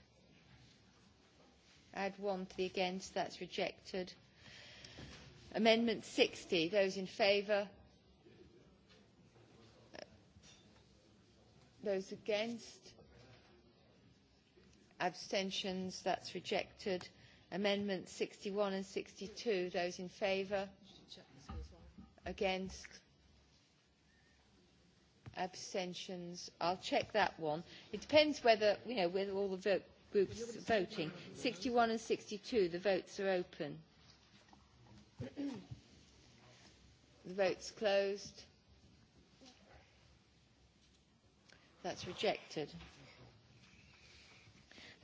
Speaker 1: Add one to the against. That's rejected. Amendment 60, those in favour? Those against? Abstentions, that's rejected. Amendment 61 and 62, those in favour? Against? Abstentions, I'll check that one. It depends whether, you know, whether all the vote groups are voting. 61 and 62, the votes are open. The vote's closed. That's rejected.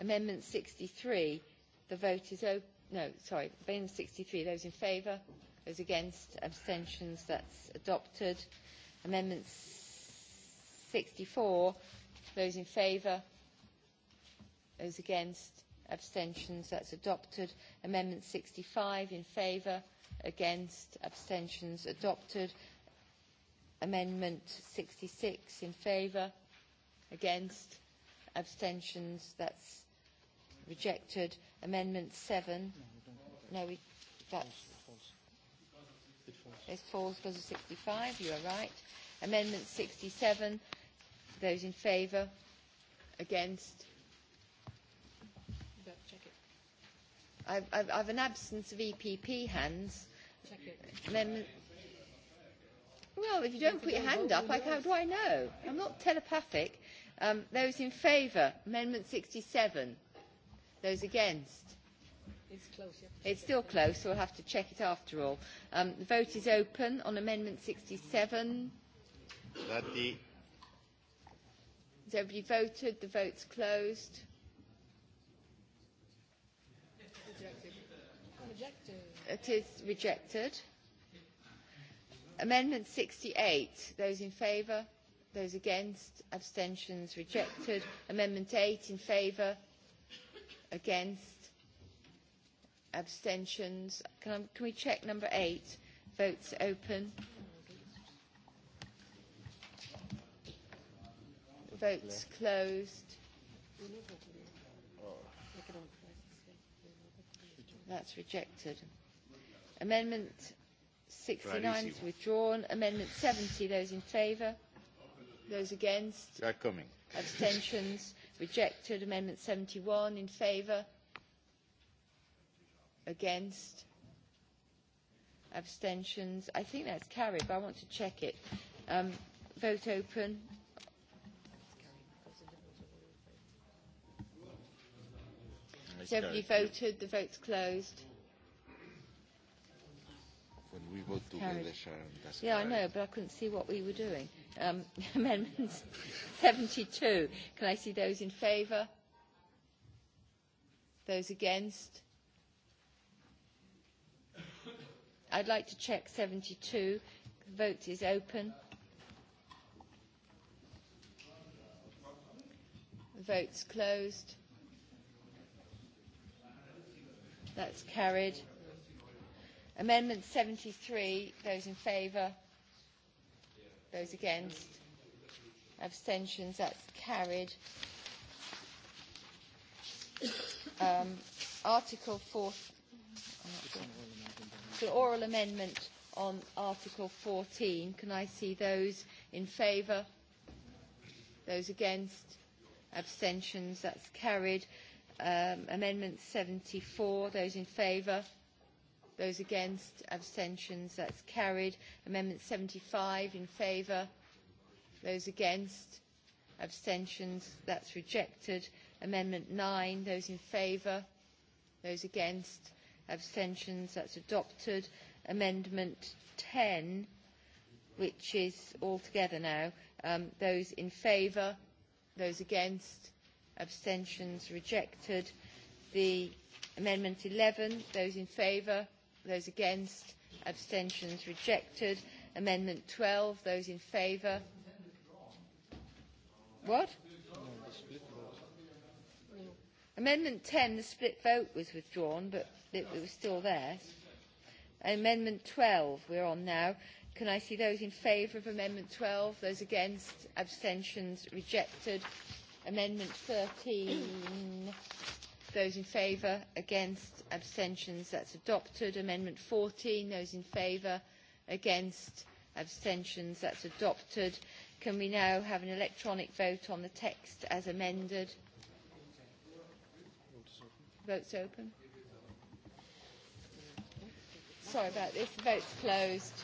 Speaker 1: Amendment 63. The vote is open. No, sorry. Amendment 63. Those in favour? Those against? Abstentions? That's adopted. Amendment 64. Those in favour? Those against? Abstentions? That's adopted. Amendment 65. In favour? against abstentions adopted amendment 66 in favour against abstentions that's rejected amendment 7 no we that's it falls because of 65 you are right amendment 67 those in favour against I've, I've, I've an absence of EPP hands Then, well, if you don't put your hand up, like, how do I know? I'm not telepathic. Um, those in favour, Amendment 67. Those against?
Speaker 14: It's close. Yeah. It's still close,
Speaker 1: so we'll have to check it after all. Um, the vote is open on Amendment 67. That the... Has everybody voted? The vote's closed. It is rejected. Amendment 68. Those in favour? Those against? Abstentions rejected. Amendment 8 in favour? Against? Abstentions? Can, I, can we check number 8? Votes open. Votes closed. That's rejected. Amendment 69 is withdrawn. Amendment 70, those in favour? Those against? coming. Abstentions? Rejected. Amendment 71 in favour? Against? Abstentions? I think that's carried, but I want to check it. Um, vote open. So everybody voted? The vote's closed
Speaker 15: we vote together, Sharon. That's
Speaker 1: yeah, correct. I know, but I couldn't see what we were doing. Um, amendments 72. Can I see those in favour? Those against? I'd like to check 72. The vote is open. The vote's closed. That's carried. Amendment 73, those in favour? Those against? Abstentions, that's carried. Um, Article 4, the oral amendment on Article 14. Can I see those in favour? Those against? Abstentions, that's carried. Um, amendment 74, those in favour? Those against? Abstentions? That's carried. Amendment 75 in favour? Those against? Abstentions? That's rejected. Amendment 9, those in favour? Those against? Abstentions? That's adopted. Amendment 10, which is all together now. Um, those in favour? Those against? Abstentions? Rejected. The Amendment 11, those in favour? Those against? Abstentions rejected. Amendment 12. Those in favour? What? Amendment 10, the split vote was withdrawn, but it, it was still there. Amendment 12, we're on now. Can I see those in favour of Amendment 12? Those against? Abstentions? Rejected. Amendment 13 those in favour, against, abstentions, that's adopted. Amendment 14, those in favour, against, abstentions, that's adopted. Can we now have an electronic vote on the text as amended?
Speaker 14: Votes open.
Speaker 1: Sorry about this. Votes closed.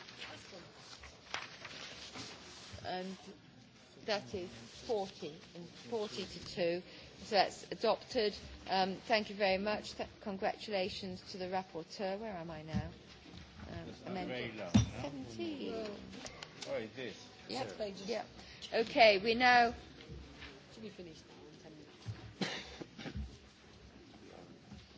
Speaker 1: And that is 40, and 40 to 2. So that's adopted. Um, thank you very much. Th- congratulations to the rapporteur. Where am I now? Um, amendment long,
Speaker 14: 17. No? Oh, is this? Yep. yep.
Speaker 1: Okay, we now. To be finished.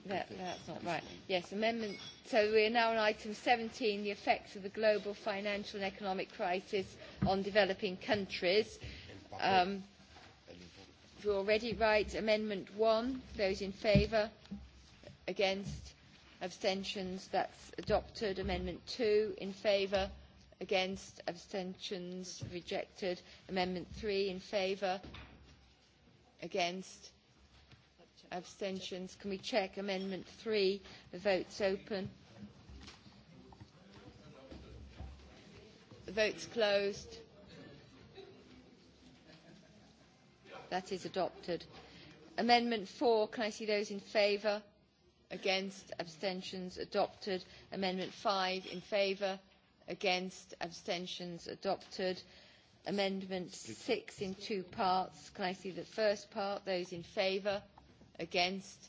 Speaker 1: That, that's not right. Yes, amendment. So we are now on item 17, the effects of the global financial and economic crisis on developing countries. Um, We've already right Amendment one. Those in favour? Against? Abstentions? That's adopted. Amendment two. In favour? Against? Abstentions? Rejected. Amendment three. In favour? Against? Abstentions? Can we check Amendment three? The vote's open. The vote's closed That is adopted. Amendment 4, can I see those in favour? Against, abstentions, adopted. Amendment 5, in favour? Against, abstentions, adopted. Amendment 6 in two parts. Can I see the first part? Those in favour? Against,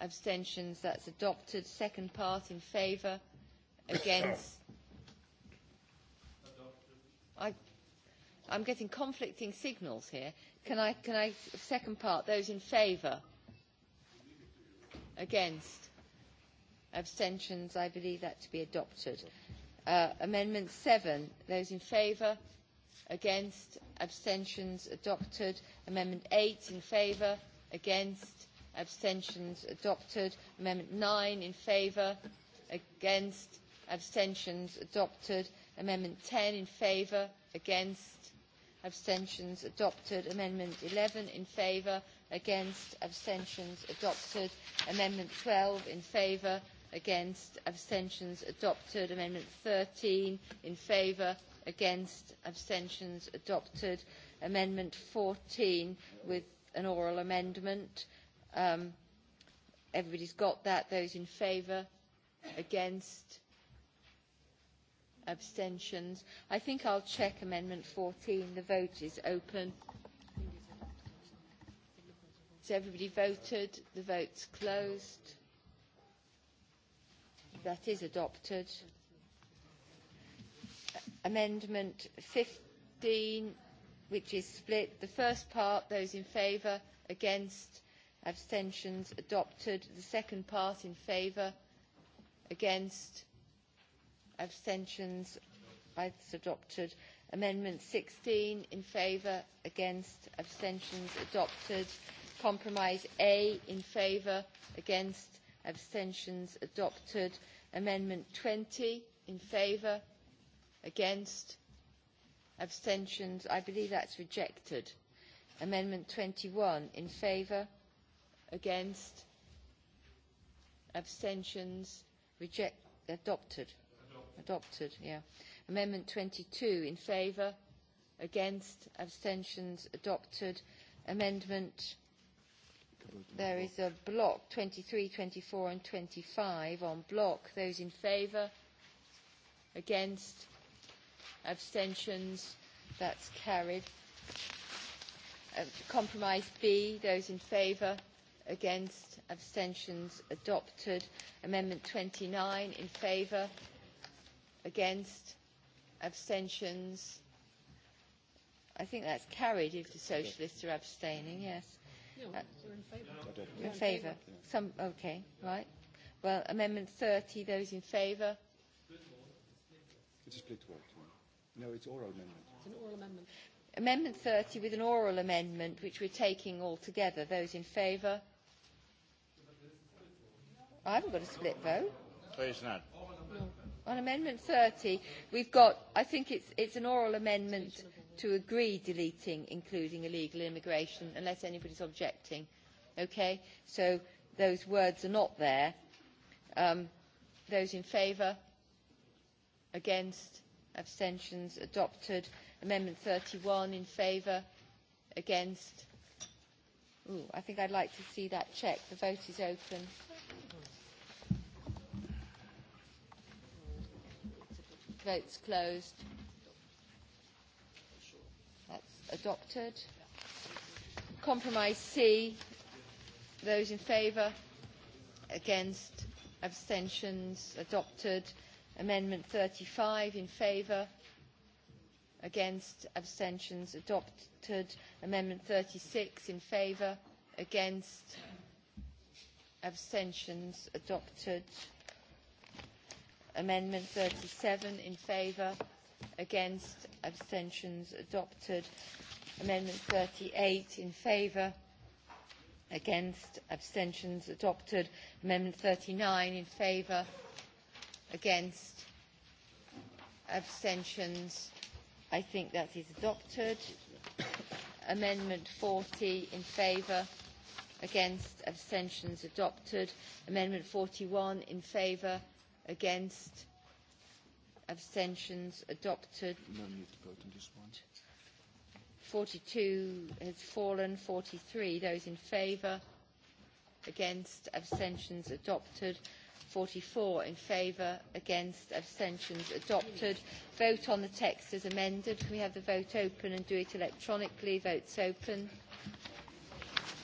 Speaker 1: abstentions, that's adopted. Second part, in favour? Against, I, I'm getting conflicting signals here. Can I, can I, second part, those in favour? Against? Abstentions, I believe that to be adopted. Uh, amendment 7, those in favour? Against? Abstentions, adopted. Amendment 8, in favour? Against? Abstentions, adopted. Amendment 9, in favour? Against? Abstentions, adopted. Amendment 10, in favour? Against? abstentions adopted amendment 11 in favour against abstentions adopted amendment 12 in favour against abstentions adopted amendment 13 in favour against abstentions adopted amendment 14 with an oral amendment um, everybody's got that those in favour against abstentions. I think I'll check Amendment 14. The vote is open. Has everybody voted? The vote's closed. That is adopted. Amendment 15, which is split. The first part, those in favour, against, abstentions, adopted. The second part, in favour, against, abstentions that's adopted amendment 16 in favour against abstentions adopted compromise a in favour against abstentions adopted amendment 20 in favour against abstentions i believe that's rejected amendment 21 in favour against abstentions reject adopted Adopted, yeah. Amendment 22 in favour, against, abstentions, adopted. Amendment, there is a block, 23, 24 and 25 on block. Those in favour, against, abstentions, that's carried. Uh, compromise B, those in favour, against, abstentions, adopted. Amendment 29 in favour, Against? Abstentions? I think that's carried if the socialists are abstaining, yes. uh,
Speaker 14: in favour. In favour.
Speaker 1: Some, okay, right. Well, Amendment 30, those in favour?
Speaker 14: It's a split vote. No, it's oral amendment. It's an oral amendment.
Speaker 1: Amendment 30 with an oral amendment, which we're taking all together. Those in favour? I haven't got a split vote. Please not on amendment 30 we've got i think it's is an oral amendment to agree deleting including illegal immigration unless anybody's objecting okay so those words are not there um, those in favour against abstentions adopted amendment 31 in favour against Ooh, I think I'd like to see that check. The vote is open. Votes closed. That's adopted. Compromise C. Those in favour? Against? Abstentions? Adopted. Amendment 35 in favour? Against? Abstentions? Adopted. Amendment 36 in favour? Against? Abstentions? Adopted. Amendment thirty seven in favour, against, abstentions adopted. Amendment thirty eight in favour, against, abstentions adopted. Amendment thirty nine in favour, against, abstentions. I think that is adopted. Amendment forty in favour, against, abstentions adopted. Amendment forty one in favour, Against? Abstentions? Adopted. No need to vote on this one. 42 has fallen. 43, those in favour? Against? Abstentions? Adopted. 44 in favour, against, abstentions adopted. Vote on the text as amended. Can we have the vote open and do it electronically? Votes open.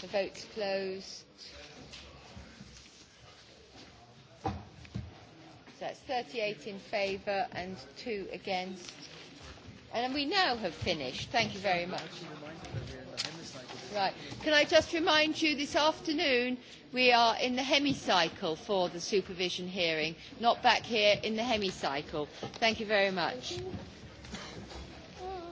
Speaker 1: The vote's closed. That's 38 in favour and two against. And we now have finished. Thank you very much. Right. Can I just remind you this afternoon we are in the hemicycle for the supervision hearing, not back here in the hemicycle. Thank you very much.